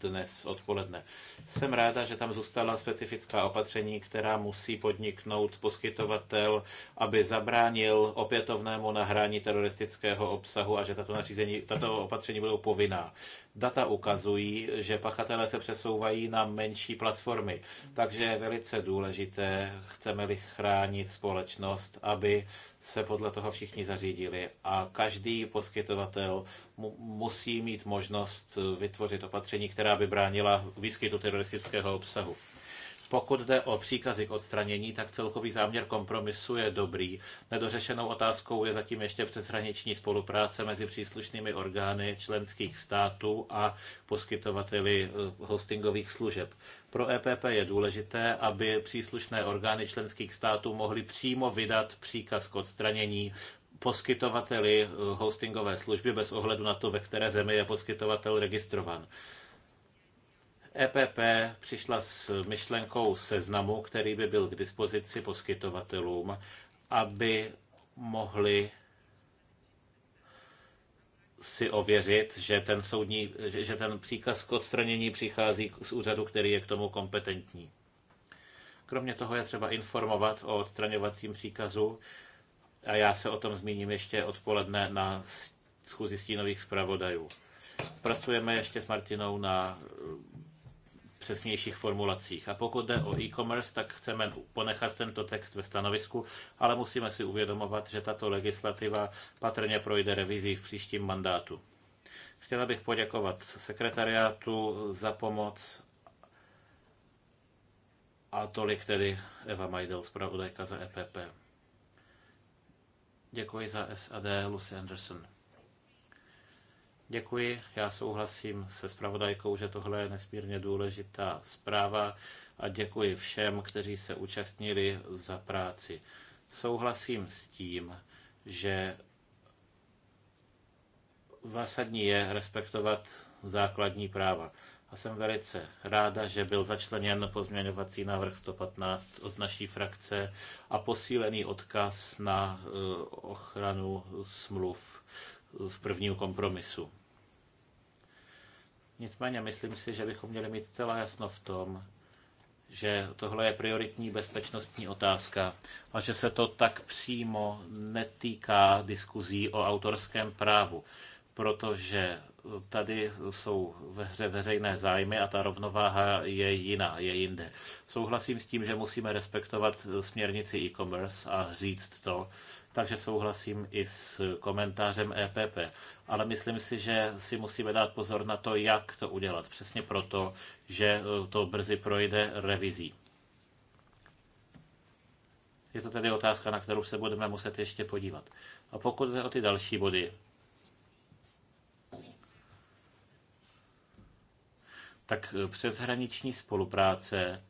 dnes odpoledne. Jsem ráda, že tam zůstala specifická opatření, která musí podniknout poskytovatel, aby zabránil opětovnému nahrání teroristického obsahu a že tato, nařízení, tato opatření budou povinná. Data ukazují, že pachatelé se přesouvají na menší platformy, takže je velice důležité, chceme-li chránit společnost, aby se podle toho všichni zařídili a každý poskytovatel mu musí mít možnost vytvořit vytvořit opatření, která by bránila výskytu teroristického obsahu. Pokud jde o příkazy k odstranění, tak celkový záměr kompromisu je dobrý. Nedořešenou otázkou je zatím ještě přeshraniční spolupráce mezi příslušnými orgány členských států a poskytovateli eh, hostingových služeb. Pro EPP je důležité, aby příslušné orgány členských států mohly přímo vydat příkaz k odstranění poskytovateli eh, hostingové služby bez ohledu na to, ve které zemi je poskytovatel registrovan. EPP přišla s myšlenkou seznamu, který by byl k dispozici poskytovatelům, aby mohli si ověřit, že ten, soudní, že ten příkaz k odstranění přichází z úřadu, který je k tomu kompetentní. Kromě toho je třeba informovat o odstraňovacím příkazu a já se o tom zmíním ještě odpoledne na schůzi stínových zpravodajů. Pracujeme ještě s Martinou na eh, přesnějších formulacích. A pokud jde o e-commerce, tak chceme ponechat tento text ve stanovisku, ale musíme si uvědomovat, že tato legislativa patrně projde revizí v příštím mandátu. Chtěla bych poděkovat sekretariátu za pomoc a tolik tedy Eva Majdel, zpravodajka za EPP. Děkuji za SAD, Lucy Anderson. Děkuji, já souhlasím se spravodajkou, že tohle je nesmírně důležitá zpráva a děkuji všem, kteří se účastnili za práci. Souhlasím s tím, že zásadní je respektovat základní práva. A jsem velice ráda, že byl začleněn pozměňovací návrh 115 od naší frakce a posílený odkaz na eh, ochranu smluv v prvním kompromisu. Nicméně myslím si, že bychom měli mít celá jasno v tom, že tohle je prioritní bezpečnostní otázka a že se to tak přímo netýká diskuzí o autorském právu, protože tady jsou ve hře veřejné zájmy a ta rovnováha je jiná, je jinde. Souhlasím s tím, že musíme respektovat směrnici e-commerce a říct to, takže souhlasím i s komentářem EPP. Ale myslím si, že si musíme dát pozor na to, jak to udělat. Přesně proto, že eh, to brzy projde revizí. Je to tedy otázka, na kterou se budeme muset ještě podívat. A pokud jde o ty další body, tak eh, přeshraniční spolupráce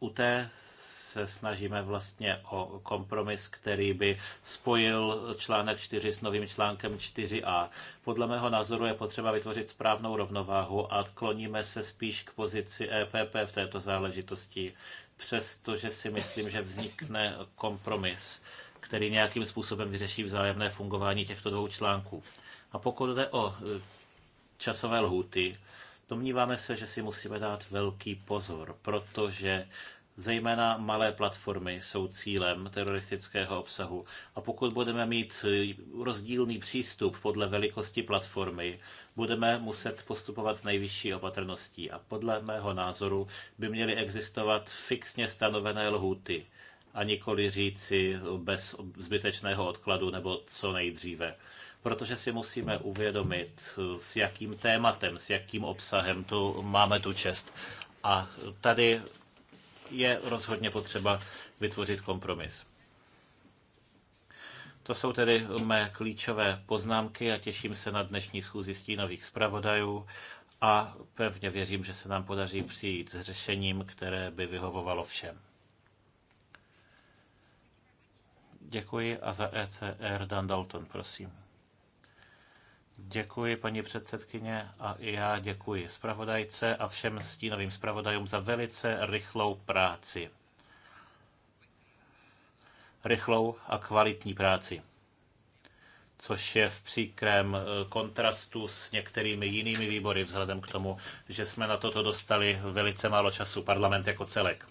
u té se snažíme vlastně o kompromis, který by spojil článek 4 s novým článkem 4a. Podle mého názoru je potřeba vytvořit správnou rovnováhu a kloníme se spíš k pozici EPP v této záležitosti, přestože si myslím, že vznikne kompromis, který nějakým způsobem vyřeší vzájemné fungování těchto dvou článků. A pokud jde o eh, časové lhuty, domníváme se, že si musíme dát velký pozor, protože Zejména malé platformy jsou cílem teroristického obsahu. A pokud budeme mít e, rozdílný přístup podle velikosti platformy, budeme muset postupovat s nejvyšší opatrností. A podle mého názoru by měly existovat fixně stanovené lhuty a nikoli říci bez zbytečného odkladu nebo co nejdříve protože si musíme uvědomit, s jakým tématem, s jakým obsahem tu máme tu čest. A tady je rozhodně potřeba vytvořit kompromis. To jsou tedy mé klíčové poznámky a těším se na dnešní schůzi stínových zpravodajů a pevně věřím, že se nám podaří přijít s řešením, které by vyhovovalo všem. Děkuji a za ECR Dan Dalton, prosím. Děkuji, paní předsedkyně, a i já děkuji zpravodajce a všem stínovým zpravodajům za velice rychlou práci. Rychlou a kvalitní práci což je v příkrém eh, kontrastu s některými jinými výbory, vzhledem k tomu, že jsme na toto dostali velice málo času, parlament jako celek.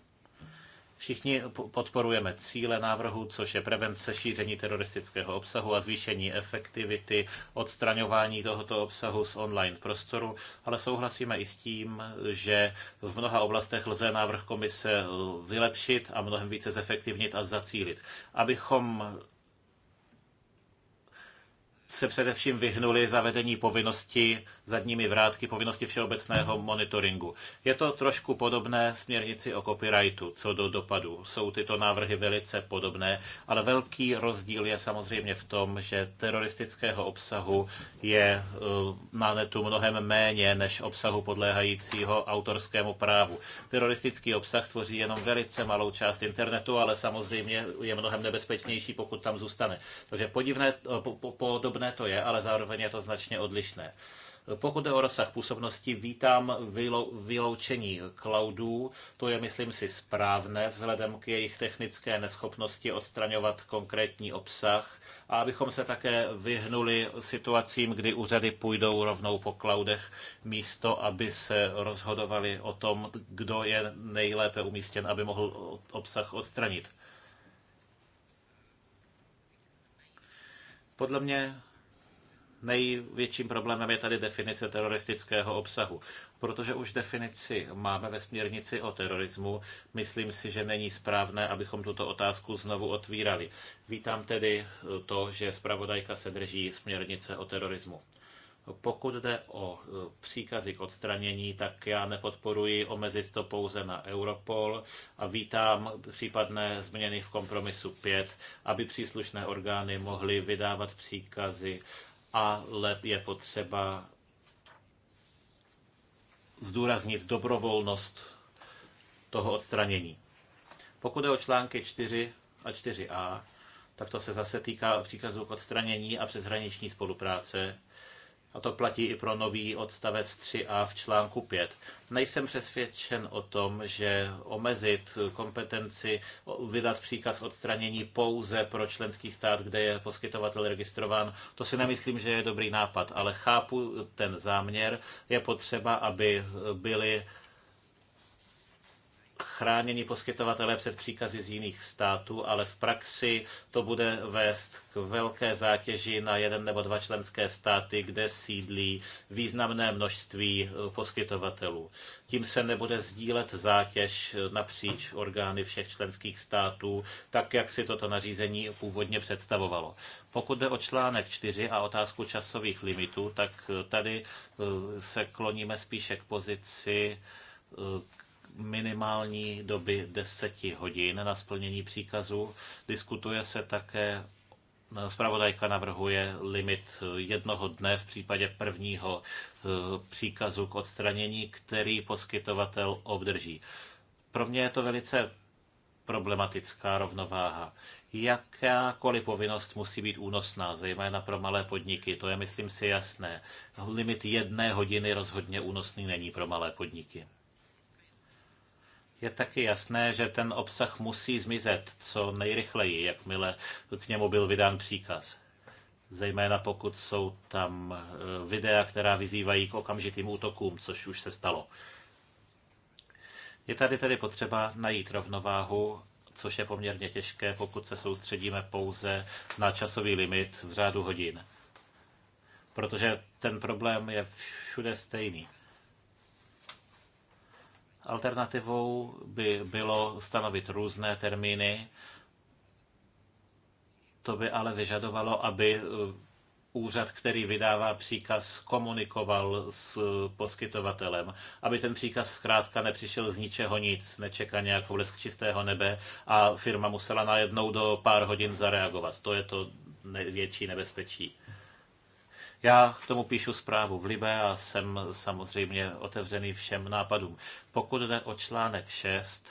Všichni podporujeme cíle návrhu, což je prevence šíření teroristického obsahu a zvýšení efektivity odstraňování tohoto obsahu z online prostoru, ale souhlasíme i s tím, že v mnoha oblastech lze návrh komise eh, vylepšit a mnohem více zefektivnit a zacílit. Abychom se především vyhnuli zavedení povinnosti zadními vrátky povinnosti všeobecného monitoringu. Je to trošku podobné směrnici o copyrightu, co do dopadu. Jsou tyto návrhy velice podobné, ale velký rozdíl je samozřejmě v tom, že teroristického obsahu je eh, na netu mnohem méně než obsahu podléhajícího autorskému právu. Teroristický obsah tvoří jenom velice malou část internetu, ale samozřejmě je mnohem nebezpečnější, pokud tam zůstane. Takže podivné, eh, podobné to je, ale zároveň je to značně odlišné. Pokud jde o rozsah působnosti, vítám vyloučení cloudů. To je, myslím si, správné vzhledem k jejich technické neschopnosti odstraňovat konkrétní obsah a abychom se také vyhnuli situacím, kdy úřady půjdou rovnou po cloudech místo, aby se rozhodovali o tom, kdo je nejlépe umístěn, aby mohl obsah odstranit. Podle mě Největším problémem je tady definice teroristického obsahu. Protože už definici máme ve směrnici o terorismu, myslím si, že není správné, abychom tuto otázku znovu otvírali. Vítám tedy to, že zpravodajka se drží směrnice o terorismu. Pokud jde o e, příkazy k odstranění, tak já nepodporuji omezit to pouze na Europol a vítám případné změny v kompromisu 5, aby příslušné orgány mohly vydávat příkazy ale je potřeba zdůraznit dobrovolnost toho odstranění. Pokud je o články 4 a 4a, tak to se zase týká příkazu k odstranění a přeshraniční spolupráce. A to platí i pro nový odstavec 3a v článku 5. Nejsem přesvědčen o tom, že omezit kompetenci vydat příkaz odstranění pouze pro členský stát, kde je poskytovatel registrován, to si nemyslím, že je dobrý nápad, ale chápu ten záměr. Je potřeba, aby byly chráněni poskytovatelé před příkazy z jiných států, ale v praxi to bude vést k velké zátěži na jeden nebo dva členské státy, kde sídlí významné množství eh, poskytovatelů. Tím se nebude sdílet zátěž eh, napříč orgány všech členských států, tak jak si toto nařízení původně představovalo. Pokud jde o článek 4 a otázku časových limitů, tak eh, tady se kloníme spíše k pozici, minimální doby 10 hodin na splnění příkazu. Diskutuje se také Spravodajka navrhuje limit jednoho dne v případě prvního eh, příkazu k odstranění, který poskytovatel obdrží. Pro mě je to velice problematická rovnováha. Jakákoliv povinnost musí být únosná, zejména pro malé podniky, to je, myslím si, jasné. Limit jedné hodiny rozhodně únosný není pro malé podniky je taky jasné, že ten obsah musí zmizet co nejrychleji, jakmile k němu byl vydán příkaz. Zejména pokud jsou tam eh, videa, která vyzývají k okamžitým útokům, což už se stalo. Je tady tedy potřeba najít rovnováhu, což je poměrně těžké, pokud se soustředíme pouze na časový limit v řádu hodin. Protože ten problém je všude stejný. Alternativou by bylo stanovit různé termíny. To by ale vyžadovalo, aby eh, úřad, který vydává příkaz, komunikoval s eh, poskytovatelem, aby ten příkaz zkrátka nepřišel z ničeho nic, nečekaně jako blesk čistého nebe a firma musela najednou do pár hodin zareagovat. To je to největší nebezpečí. Já k tomu píšu zprávu v Libe a jsem samozřejmě otevřený všem nápadům. Pokud jde o článek 6,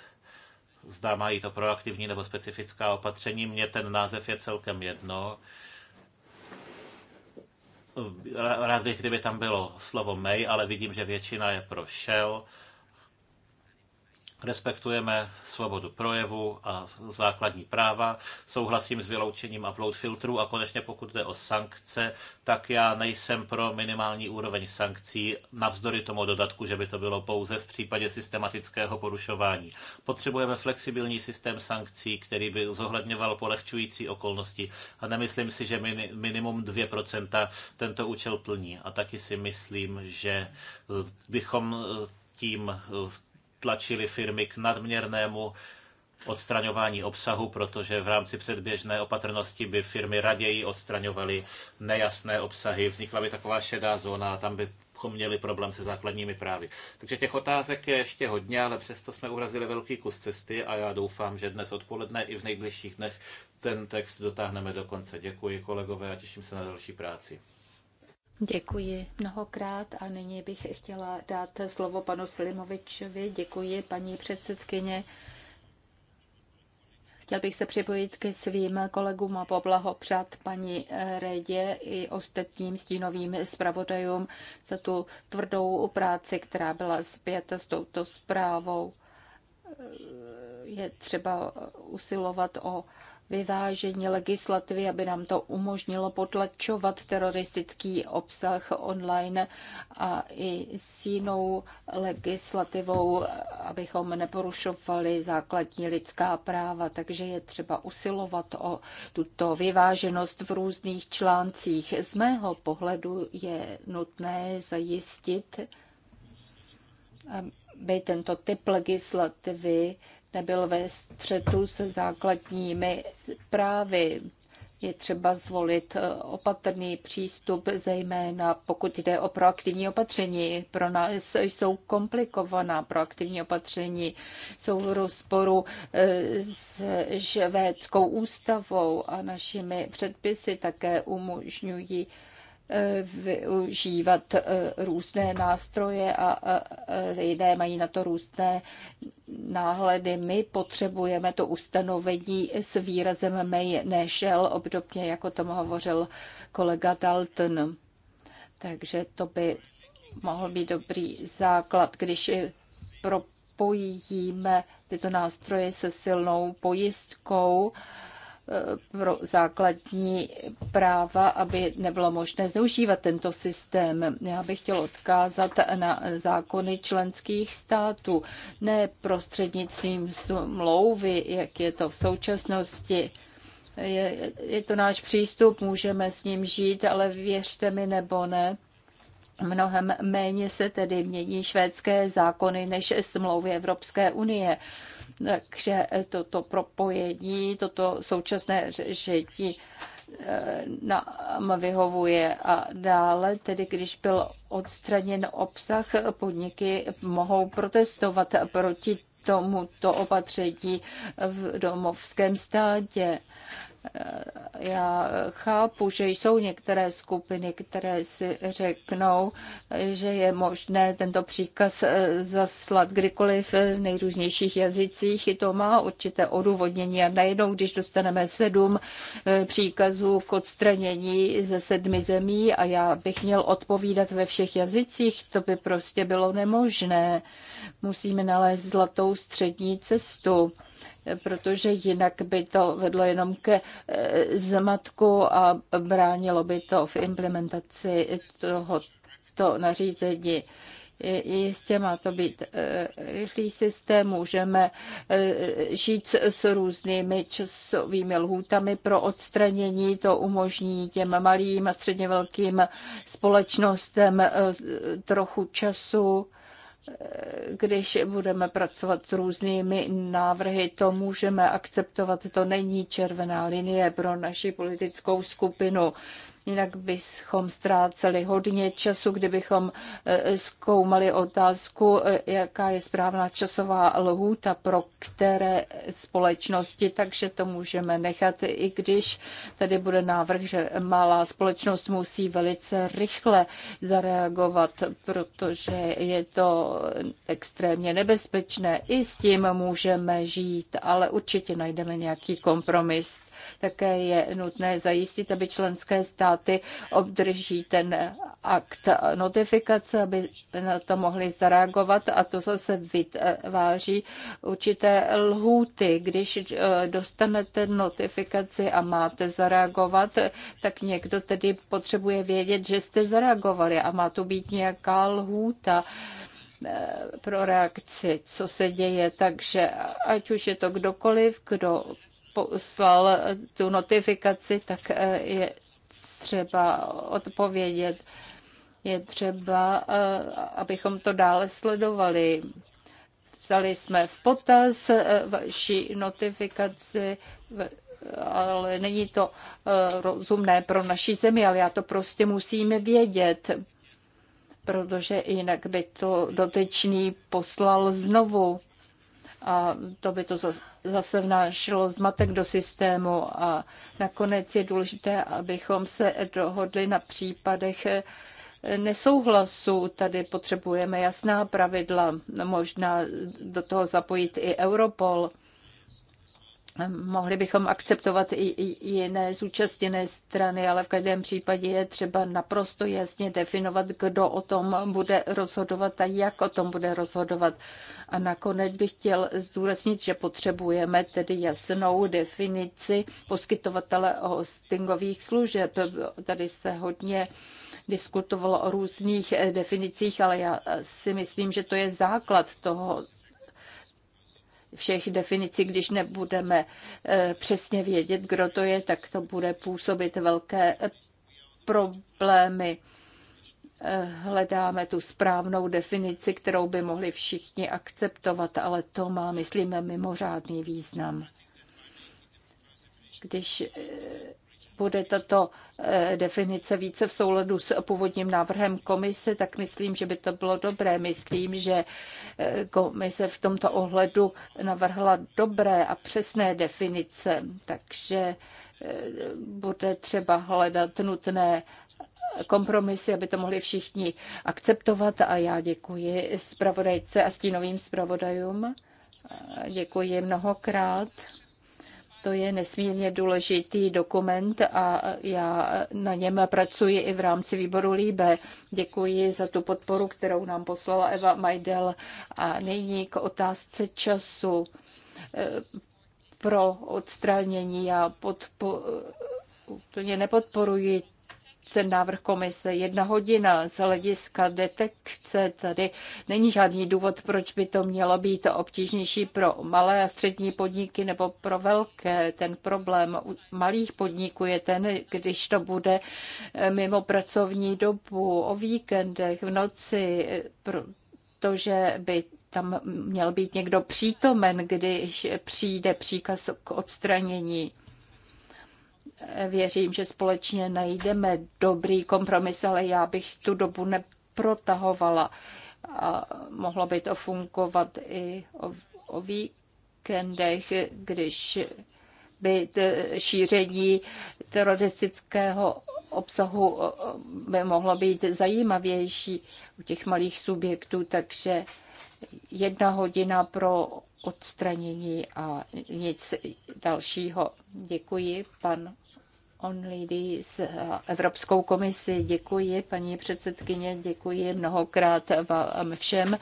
zda mají to proaktivní nebo specifická opatření, mně ten název je celkem jedno. Rád bych, kdyby tam bylo slovo May, ale vidím, že většina je pro Shell respektujeme svobodu projevu a základní práva, souhlasím s vyloučením upload filtru a konečně pokud jde o sankce, tak já nejsem pro minimální úroveň sankcí, navzdory tomu dodatku, že by to bylo pouze v případě systematického porušování. Potřebujeme flexibilní systém sankcí, který by zohledňoval polehčující okolnosti a nemyslím si, že minimum 2% tento účel plní. A taky si myslím, že eh, bychom eh, tím eh, tlačili firmy k nadměrnému odstraňování obsahu, protože v rámci předběžné opatrnosti by firmy raději odstraňovaly nejasné obsahy. Vznikla by taková šedá zóna a tam bychom měli problém se základními právy. Takže těch otázek je ještě hodně, ale přesto jsme urazili velký kus cesty a já doufám, že dnes odpoledne i v nejbližších dnech ten text dotáhneme do konce. Děkuji kolegové a těším se na další práci. Děkuji mnohokrát a nyní bych chtěla dát slovo panu Slimovičovi. Děkuji, paní předsedkyně. Chtěl bych se připojit ke svým kolegům a poblahopřát paní Redě i ostatním stínovým zpravodajům za tu tvrdou práci, která byla zpět s touto zprávou. Je třeba usilovat o vyvážení legislativy, aby nám to umožnilo potlačovat teroristický obsah online a i s jinou legislativou, abychom neporušovali základní lidská práva. Takže je třeba usilovat o tuto vyváženost v různých článcích. Z mého pohledu je nutné zajistit, aby tento typ legislativy nebyl ve střetu se základními právy. Je třeba zvolit eh, opatrný přístup, zejména pokud jde o proaktivní opatření. Pro nás jsou komplikovaná proaktivní opatření, jsou v rozporu eh, s švédskou ústavou a našimi předpisy také umožňují využívat eh, různé nástroje a lidé mají na to různé náhledy. My potřebujeme to ustanovení s výrazem mej nešel, obdobně jako tom hovořil kolega Dalton. Takže to by mohl být dobrý základ, když propojíme tyto nástroje se silnou pojistkou, pro základní práva, aby nebylo možné zneužívat tento systém. Já bych chtěl odkázat na zákony členských států, ne prostřednictvím smlouvy, jak je to v současnosti. Je, je to náš přístup, můžeme s ním žít, ale věřte mi nebo ne, mnohem méně se tedy mění švédské zákony než smlouvy Evropské unie. Takže eh, toto propojení, toto současné řešení eh, nám vyhovuje. A dále, tedy když byl odstraněn obsah, podniky mohou protestovat proti tomuto opatření v domovském státě. Já chápu, že jsou některé skupiny, které si řeknou, že je možné tento příkaz eh, zaslat kdykoliv v nejrůznějších jazycích. I to má určité odůvodnění. A najednou, když dostaneme sedm eh, příkazů k odstranění ze sedmi zemí a já bych měl odpovídat ve všech jazycích, to by prostě bylo nemožné. Musíme nalézt zlatou střední cestu protože jinak by to vedlo jenom ke eh, zmatku a bránilo by to v implementaci tohoto nařízení. Jistě má to být eh, rychlý systém, můžeme eh, žít s různými časovými lhůtami pro odstranění, to umožní těm malým a středně velkým společnostem trochu času když budeme pracovat s různými návrhy, to můžeme akceptovat. To není červená linie pro naši politickou skupinu. Jinak bychom ztráceli hodně času, kdybychom e, zkoumali otázku, e, jaká je správná časová lhůta pro které společnosti, takže to můžeme nechat, i když tady bude návrh, že malá společnost musí velice rychle zareagovat, protože je to extrémně nebezpečné. I s tím můžeme žít, ale určitě najdeme nějaký kompromis. Také je nutné zajistit, aby členské státy obdrží ten akt notifikace, aby na to mohli zareagovat a to zase vytváří určité lhůty. Když eh, dostanete notifikaci a máte zareagovat, tak někdo tedy potřebuje vědět, že jste zareagovali a má tu být nějaká lhůta eh, pro reakci, co se děje. Takže ať už je to kdokoliv, kdo poslal tu notifikaci, tak eh, je třeba odpovědět. Je třeba, eh, abychom to dále sledovali. Vzali jsme v potaz eh, vaši notifikaci, ale není to rozumné pro naši zemi, ale já to prostě musím vědět, protože jinak by to dotyčný poslal znovu a to by to zase vnášelo zmatek do systému a nakonec je důležité, abychom se dohodli na případech nesouhlasu. Tady potřebujeme jasná pravidla, možná do toho zapojit i Europol. Mohli bychom akceptovat i jiné zúčastněné strany, ale v každém případě je třeba naprosto jasně definovat, kdo o tom bude rozhodovat a jak o tom bude rozhodovat. A nakonec bych chtěl zdůraznit, že potřebujeme tedy jasnou definici poskytovatele hostingových služeb. Tady se hodně diskutovalo o různých definicích, ale já si myslím, že to je základ toho, všech definicí, když nebudeme eh, přesně vědět, kdo to je, tak to bude působit velké eh, problémy. Eh, hledáme tu správnou definici, kterou by mohli všichni akceptovat, ale to má, myslíme, mimořádný význam. Když bude tato eh, definice více v souladu s původním návrhem komise, tak myslím, že by to bylo dobré. Myslím, že eh, komise v tomto ohledu navrhla dobré a přesné definice, takže eh, bude třeba hledat nutné kompromisy, aby to mohli všichni akceptovat a já děkuji zpravodajce a stínovým zpravodajům. Děkuji mnohokrát. To je nesmírně důležitý dokument a já na něm pracuji i v rámci výboru Líbe. Děkuji za tu podporu, kterou nám poslala Eva Majdel. A nyní k otázce času e, pro odstranění. Já podpo- úplně nepodporuji ten návrh komise. Jedna hodina z hlediska detekce tady není žádný důvod, proč by to mělo být obtížnější pro malé a střední podniky nebo pro velké. Ten problém u malých podniků je ten, když to bude eh, mimo pracovní dobu, o víkendech, v noci, eh, protože by tam měl být někdo přítomen, když přijde příkaz k odstranění. Věřím, že společně najdeme dobrý kompromis, ale já bych tu dobu neprotahovala. A mohlo by to fungovat i o, o víkendech, když by šíření teroristického obsahu by mohlo být zajímavější u těch malých subjektů, takže jedna hodina pro odstranění a nic dalšího. Děkuji, pan Onlady s eh, Evropskou komisi. Děkuji, paní předsedkyně, děkuji mnohokrát vám všem,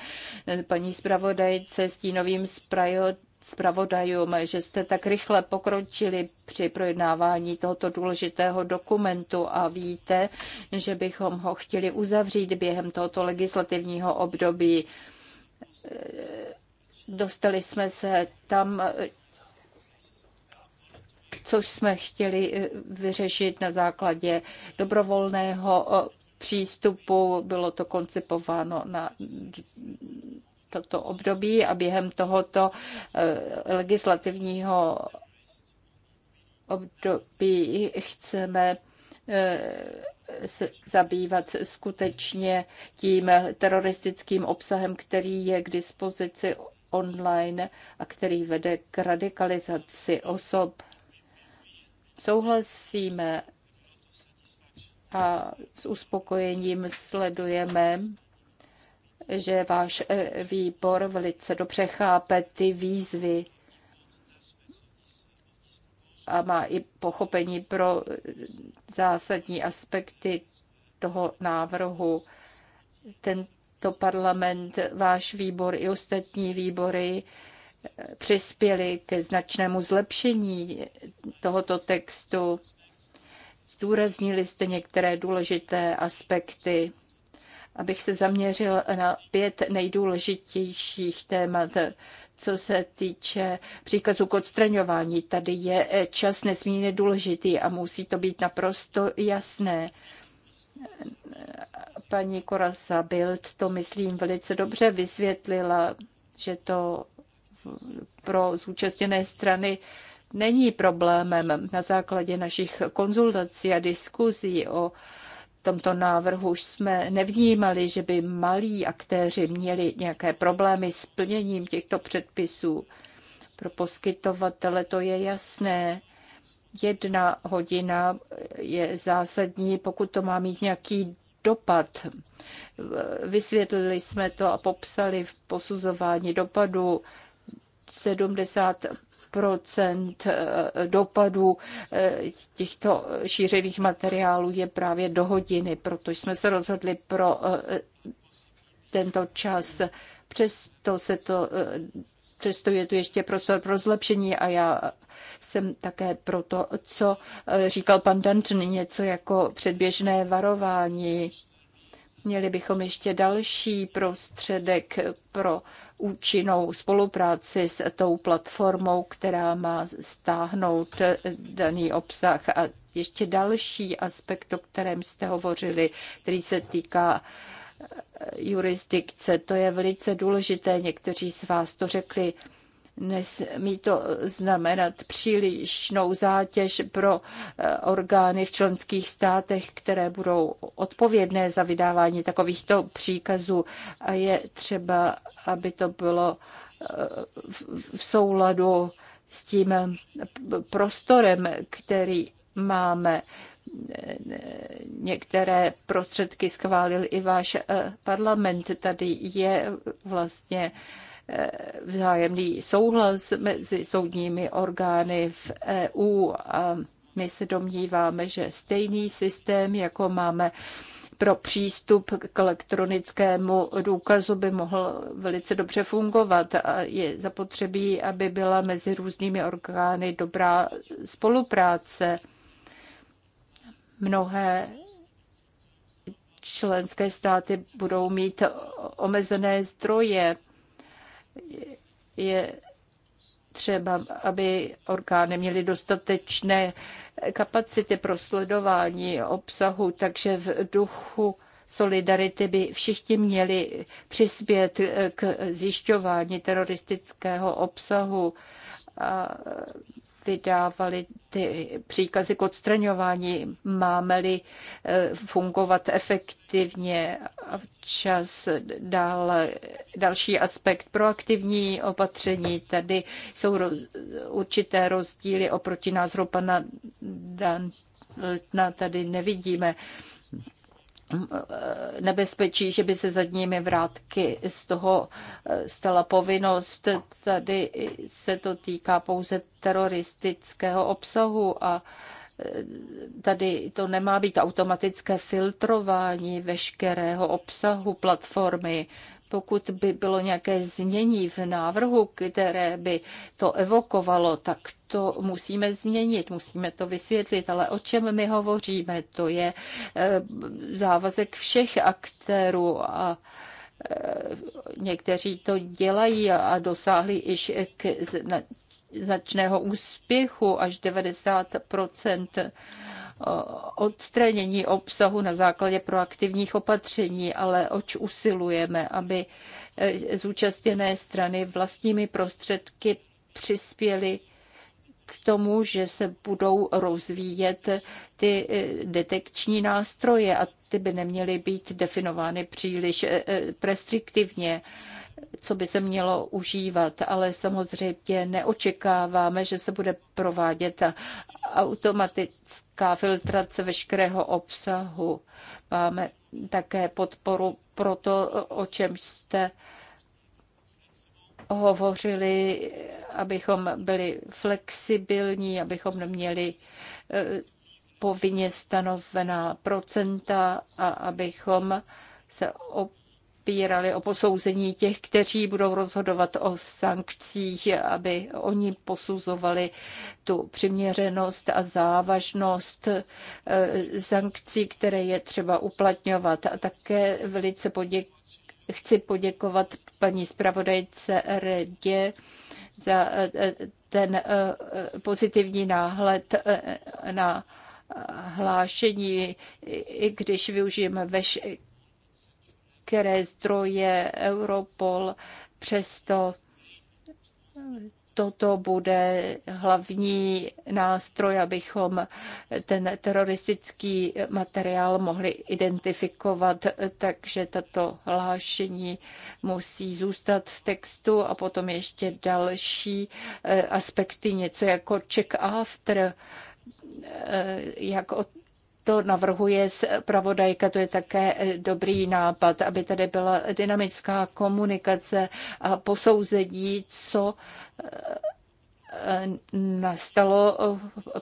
eh, paní zpravodajce, stínovým zpravodajům zpravodajům, že jste tak rychle pokročili při projednávání tohoto důležitého dokumentu a víte, že bychom ho chtěli uzavřít během tohoto legislativního období. Eh, dostali jsme se tam, což jsme chtěli eh, vyřešit na základě dobrovolného eh, přístupu. Bylo to koncipováno na toto období a během tohoto eh, legislativního období chceme zabývat skutečně tím teroristickým obsahem, který je k dispozici online a který vede k radikalizaci osob souhlasíme a s uspokojením sledujeme, že váš e, výbor velice dobře chápe ty výzvy a má i pochopení pro zásadní aspekty toho návrhu. Tento parlament, váš výbor i ostatní výbory přispěli ke značnému zlepšení tohoto textu. Zdůraznili jste některé důležité aspekty. Abych se zaměřil na pět nejdůležitějších témat, co se týče příkazu k odstraňování. Tady je čas nesmírně důležitý a musí to být naprosto jasné paní Korasa Bild to, myslím, velice dobře vysvětlila, že to pro zúčastněné strany není problémem. Na základě našich konzultací a diskuzí o tomto návrhu už jsme nevnímali, že by malí aktéři měli nějaké problémy s plněním těchto předpisů. Pro poskytovatele to je jasné. Jedna hodina je zásadní, pokud to má mít nějaký dopad. Vysvětlili jsme to a popsali v posuzování dopadu 70 procent dopadů eh, těchto šířených materiálů je právě do hodiny, proto jsme se rozhodli pro eh, tento čas. Přesto se to eh, přesto je tu ještě prostor pro zlepšení a já jsem také pro to, co říkal pan Danton, něco jako předběžné varování Měli bychom ještě další prostředek pro účinnou spolupráci s tou platformou, která má stáhnout daný obsah. A ještě další aspekt, o kterém jste hovořili, který se týká eh, jurisdikce, to je velice důležité. Někteří z vás to řekli. Nesmí to znamenat přílišnou zátěž pro eh, orgány v členských státech, které budou odpovědné za vydávání takovýchto příkazů. A je třeba, aby to bylo eh, v souladu s tím prostorem, který máme. Eh, některé prostředky schválil i váš parlament. Tady je vlastně uh, vzájemný souhlas mezi soudními orgány v EU a my se domníváme, že stejný systém, jako máme pro přístup k elektronickému důkazu by mohl velice dobře fungovat. A je zapotřebí, aby byla mezi různými orgány dobrá spolupráce. Mnohé členské státy budou mít omezené zdroje je třeba, aby orgány měly dostatečné kapacity pro sledování obsahu, takže v duchu solidarity by všichni měli přispět k zjišťování teroristického obsahu a vydávali ty příkazy k odstraňování, máme-li eh, fungovat efektivně a včas dál, další aspekt proaktivní opatření. Tady jsou roz, určité rozdíly oproti názoru pana Dantna, tady nevidíme nebezpečí, že by se zadními vrátky z toho eh, stala povinnost. Tady se to týká pouze teroristického obsahu a eh, tady to nemá být automatické filtrování veškerého obsahu platformy. Pokud by bylo nějaké změní v návrhu, které by to evokovalo, tak to musíme změnit, musíme to vysvětlit. Ale o čem my hovoříme? To je eh, závazek všech aktérů a eh, někteří to dělají a dosáhli již k značného úspěchu, až 90 odstranění obsahu na základě proaktivních opatření, ale oč usilujeme, aby e, zúčastněné strany vlastními prostředky přispěly k tomu, že se budou rozvíjet ty e, detekční nástroje a ty by neměly být definovány příliš e, restriktivně co by se mělo užívat, ale samozřejmě neočekáváme, že se bude provádět automatická filtrace veškerého obsahu. Máme také podporu pro to, o čem jste hovořili, abychom byli flexibilní, abychom neměli eh, povinně stanovená procenta a abychom se op opírali o posouzení těch, kteří budou rozhodovat o sankcích, aby oni posuzovali tu přiměřenost a závažnost eh, sankcí, které je třeba uplatňovat. A také velice poděk- chci poděkovat paní zpravodajce Redě za eh, ten eh, pozitivní náhled na hlášení, i když využijeme veškeré veškeré zdroje Europol, přesto toto bude hlavní nástroj, abychom ten teroristický materiál mohli identifikovat, takže tato hlášení musí zůstat v textu a potom ještě další eh, aspekty, něco jako check after, eh, jak od to navrhuje zpravodajka, to je také e, dobrý nápad, aby tady byla dynamická komunikace a posouzení, co e, nastalo eh,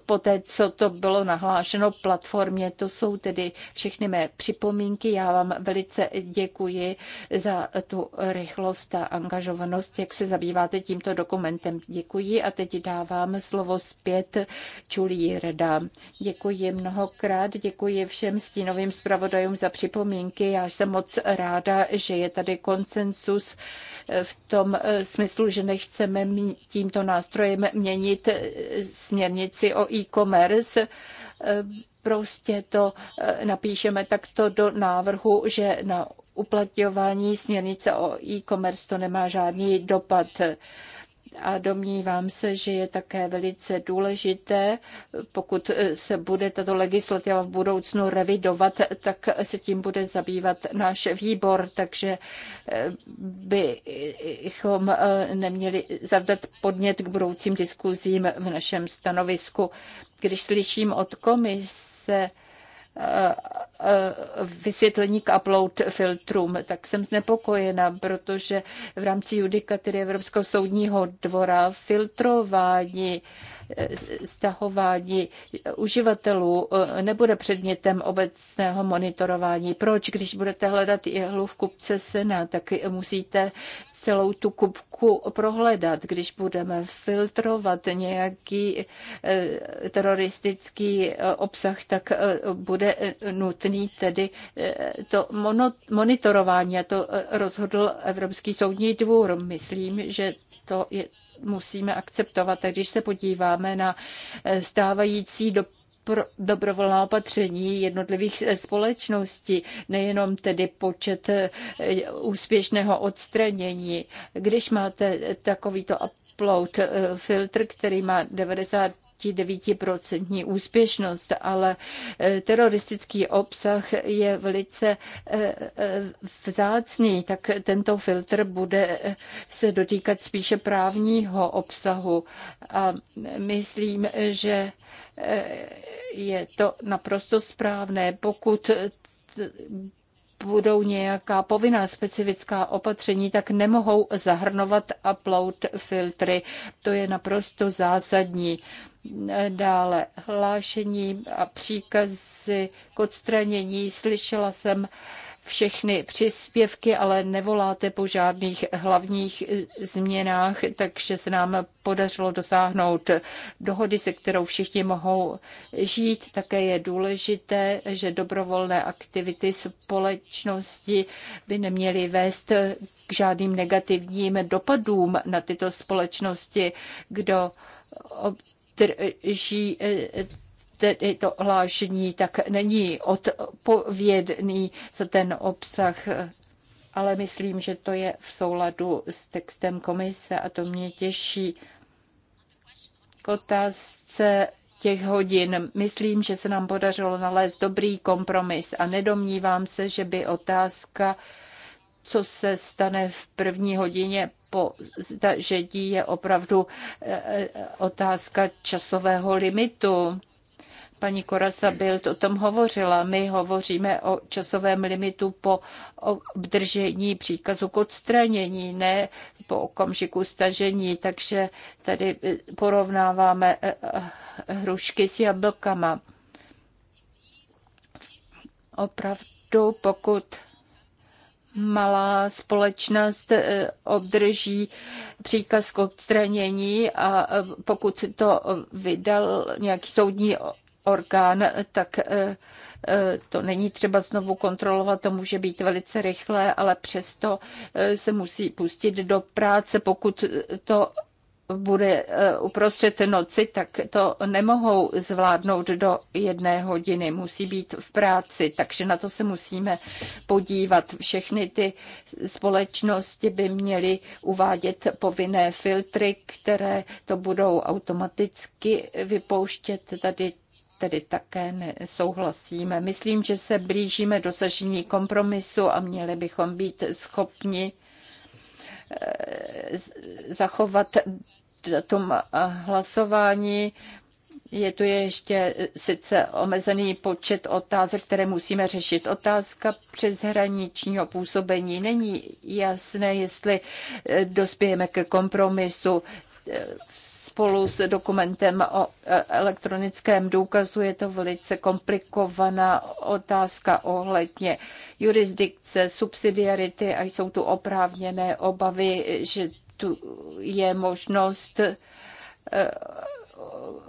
po té, co to bylo nahlášeno platformě. To jsou tedy všechny mé připomínky. Já vám velice děkuji za tu rychlost a angažovanost, jak se zabýváte tímto dokumentem. Děkuji a teď dávám slovo zpět Čulí Reda. Děkuji mnohokrát, děkuji všem stínovým zpravodajům za připomínky. Já jsem moc ráda, že je tady konsensus v tom eh, smyslu, že nechceme tímto nástrojem zájem měnit eh, směrnici o e-commerce. Eh, prostě to eh, napíšeme takto do návrhu, že na uplatňování směrnice o e-commerce to nemá žádný dopad a domnívám se, že je také velice důležité, pokud se bude tato legislativa v budoucnu revidovat, tak se tím bude zabývat náš výbor, takže eh, bychom eh, neměli zavdat podnět k budoucím diskuzím v našem stanovisku. Když slyším od komise, vysvětlení k upload filtrům, tak jsem znepokojena, protože v rámci judikatury Evropského soudního dvora filtrování stahování uživatelů eh, nebude předmětem obecného monitorování. Proč, když budete hledat jehlu v kupce sena, tak musíte celou tu kupku prohledat. Když budeme filtrovat nějaký eh, teroristický eh, obsah, tak bude nutný tedy to monitorování. A to rozhodl Evropský soudní dvůr. Myslím, že to je musíme akceptovat. A když se podíváme na eh, stávající do pro dobrovolná opatření jednotlivých eh, společností, nejenom tedy počet eh, úspěšného odstranění. Když máte takovýto upload filtr, který má 90 99% úspěšnost, ale eh, teroristický obsah je velice eh, eh, vzácný, tak tento filtr bude se dotýkat spíše právního obsahu. A myslím, že je to naprosto správné, pokud budou nějaká povinná specifická opatření, tak nemohou zahrnovat upload filtry. To je naprosto zásadní dále hlášení a příkazy k odstranění. Slyšela jsem všechny příspěvky, ale nevoláte po žádných hlavních změnách, takže se nám podařilo dosáhnout dohody, se kterou všichni mohou žít. Také je důležité, že dobrovolné aktivity společnosti by neměly vést k žádným negativním dopadům na tyto společnosti, kdo drží eh, tedy to hlášení, tak není odpovědný za ten obsah ale myslím, že to je v souladu s textem komise a to mě těší. K otázce těch hodin. Myslím, že se nám podařilo nalézt dobrý kompromis a nedomnívám se, že by otázka, co se stane v první hodině, po dí je opravdu e, e, otázka časového limitu. Paní Korasa Bild o tom hovořila. My hovoříme o časovém limitu po obdržení příkazu k odstranění, ne po okamžiku stažení, takže tady porovnáváme e, hrušky s jablkama. Opravdu, pokud malá společnost eh, obdrží příkaz k odstranění a eh, pokud to vydal nějaký soudní orgán, tak eh, to není třeba znovu kontrolovat, to může být velice rychlé, ale přesto se musí pustit do práce, pokud to bude eh, uprostřed noci, tak to nemohou zvládnout do jedné hodiny, musí být v práci, takže na to se musíme podívat. Všechny ty společnosti by měly uvádět povinné filtry, které to budou automaticky vypouštět tady tedy také nesouhlasíme. Myslím, že se blížíme dosažení kompromisu a měli bychom být schopni Eh, zachovat datum hlasování. Je tu ještě sice omezený počet otázek, které musíme řešit. Otázka přeshraničního působení. Není jasné, jestli eh, dospějeme ke kompromisu s eh, spolu s dokumentem o e, elektronickém důkazu je to velice komplikovaná otázka ohledně jurisdikce, subsidiarity a jsou tu oprávněné obavy, že tu je možnost e,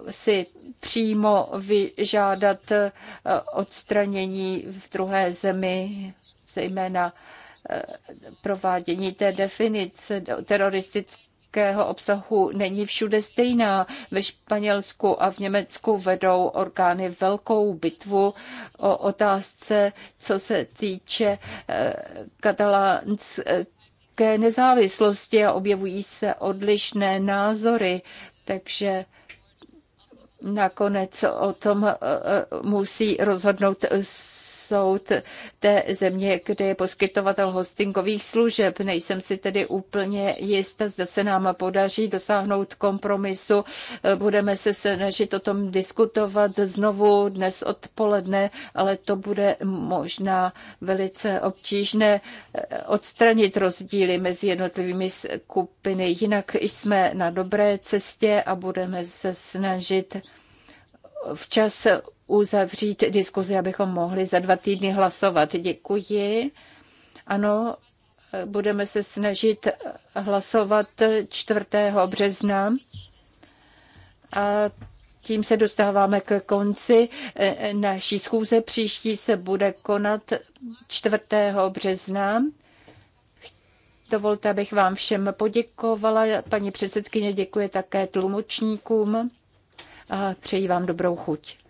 si přímo vyžádat e, odstranění v druhé zemi, zejména provádění té definice teroristické jakého obsahu není všude stejná. Ve Španělsku a v Německu vedou orgány velkou bitvu o otázce, co se týče eh, katalánské nezávislosti a objevují se odlišné názory. Takže nakonec o tom eh, eh, musí rozhodnout soud té země, kde je poskytovatel hostingových služeb. Nejsem si tedy úplně jistá, zda se nám podaří dosáhnout kompromisu. Budeme se snažit o tom diskutovat znovu dnes odpoledne, ale to bude možná velice obtížné odstranit rozdíly mezi jednotlivými skupiny. Jinak jsme na dobré cestě a budeme se snažit včas uzavřít diskuzi, abychom mohli za dva týdny hlasovat. Děkuji. Ano, budeme se snažit hlasovat 4. března. A tím se dostáváme k konci e, e, naší schůze. Příští se bude konat 4. března. Dovolte, abych vám všem poděkovala. Paní předsedkyně děkuje také tlumočníkům a přeji vám dobrou chuť.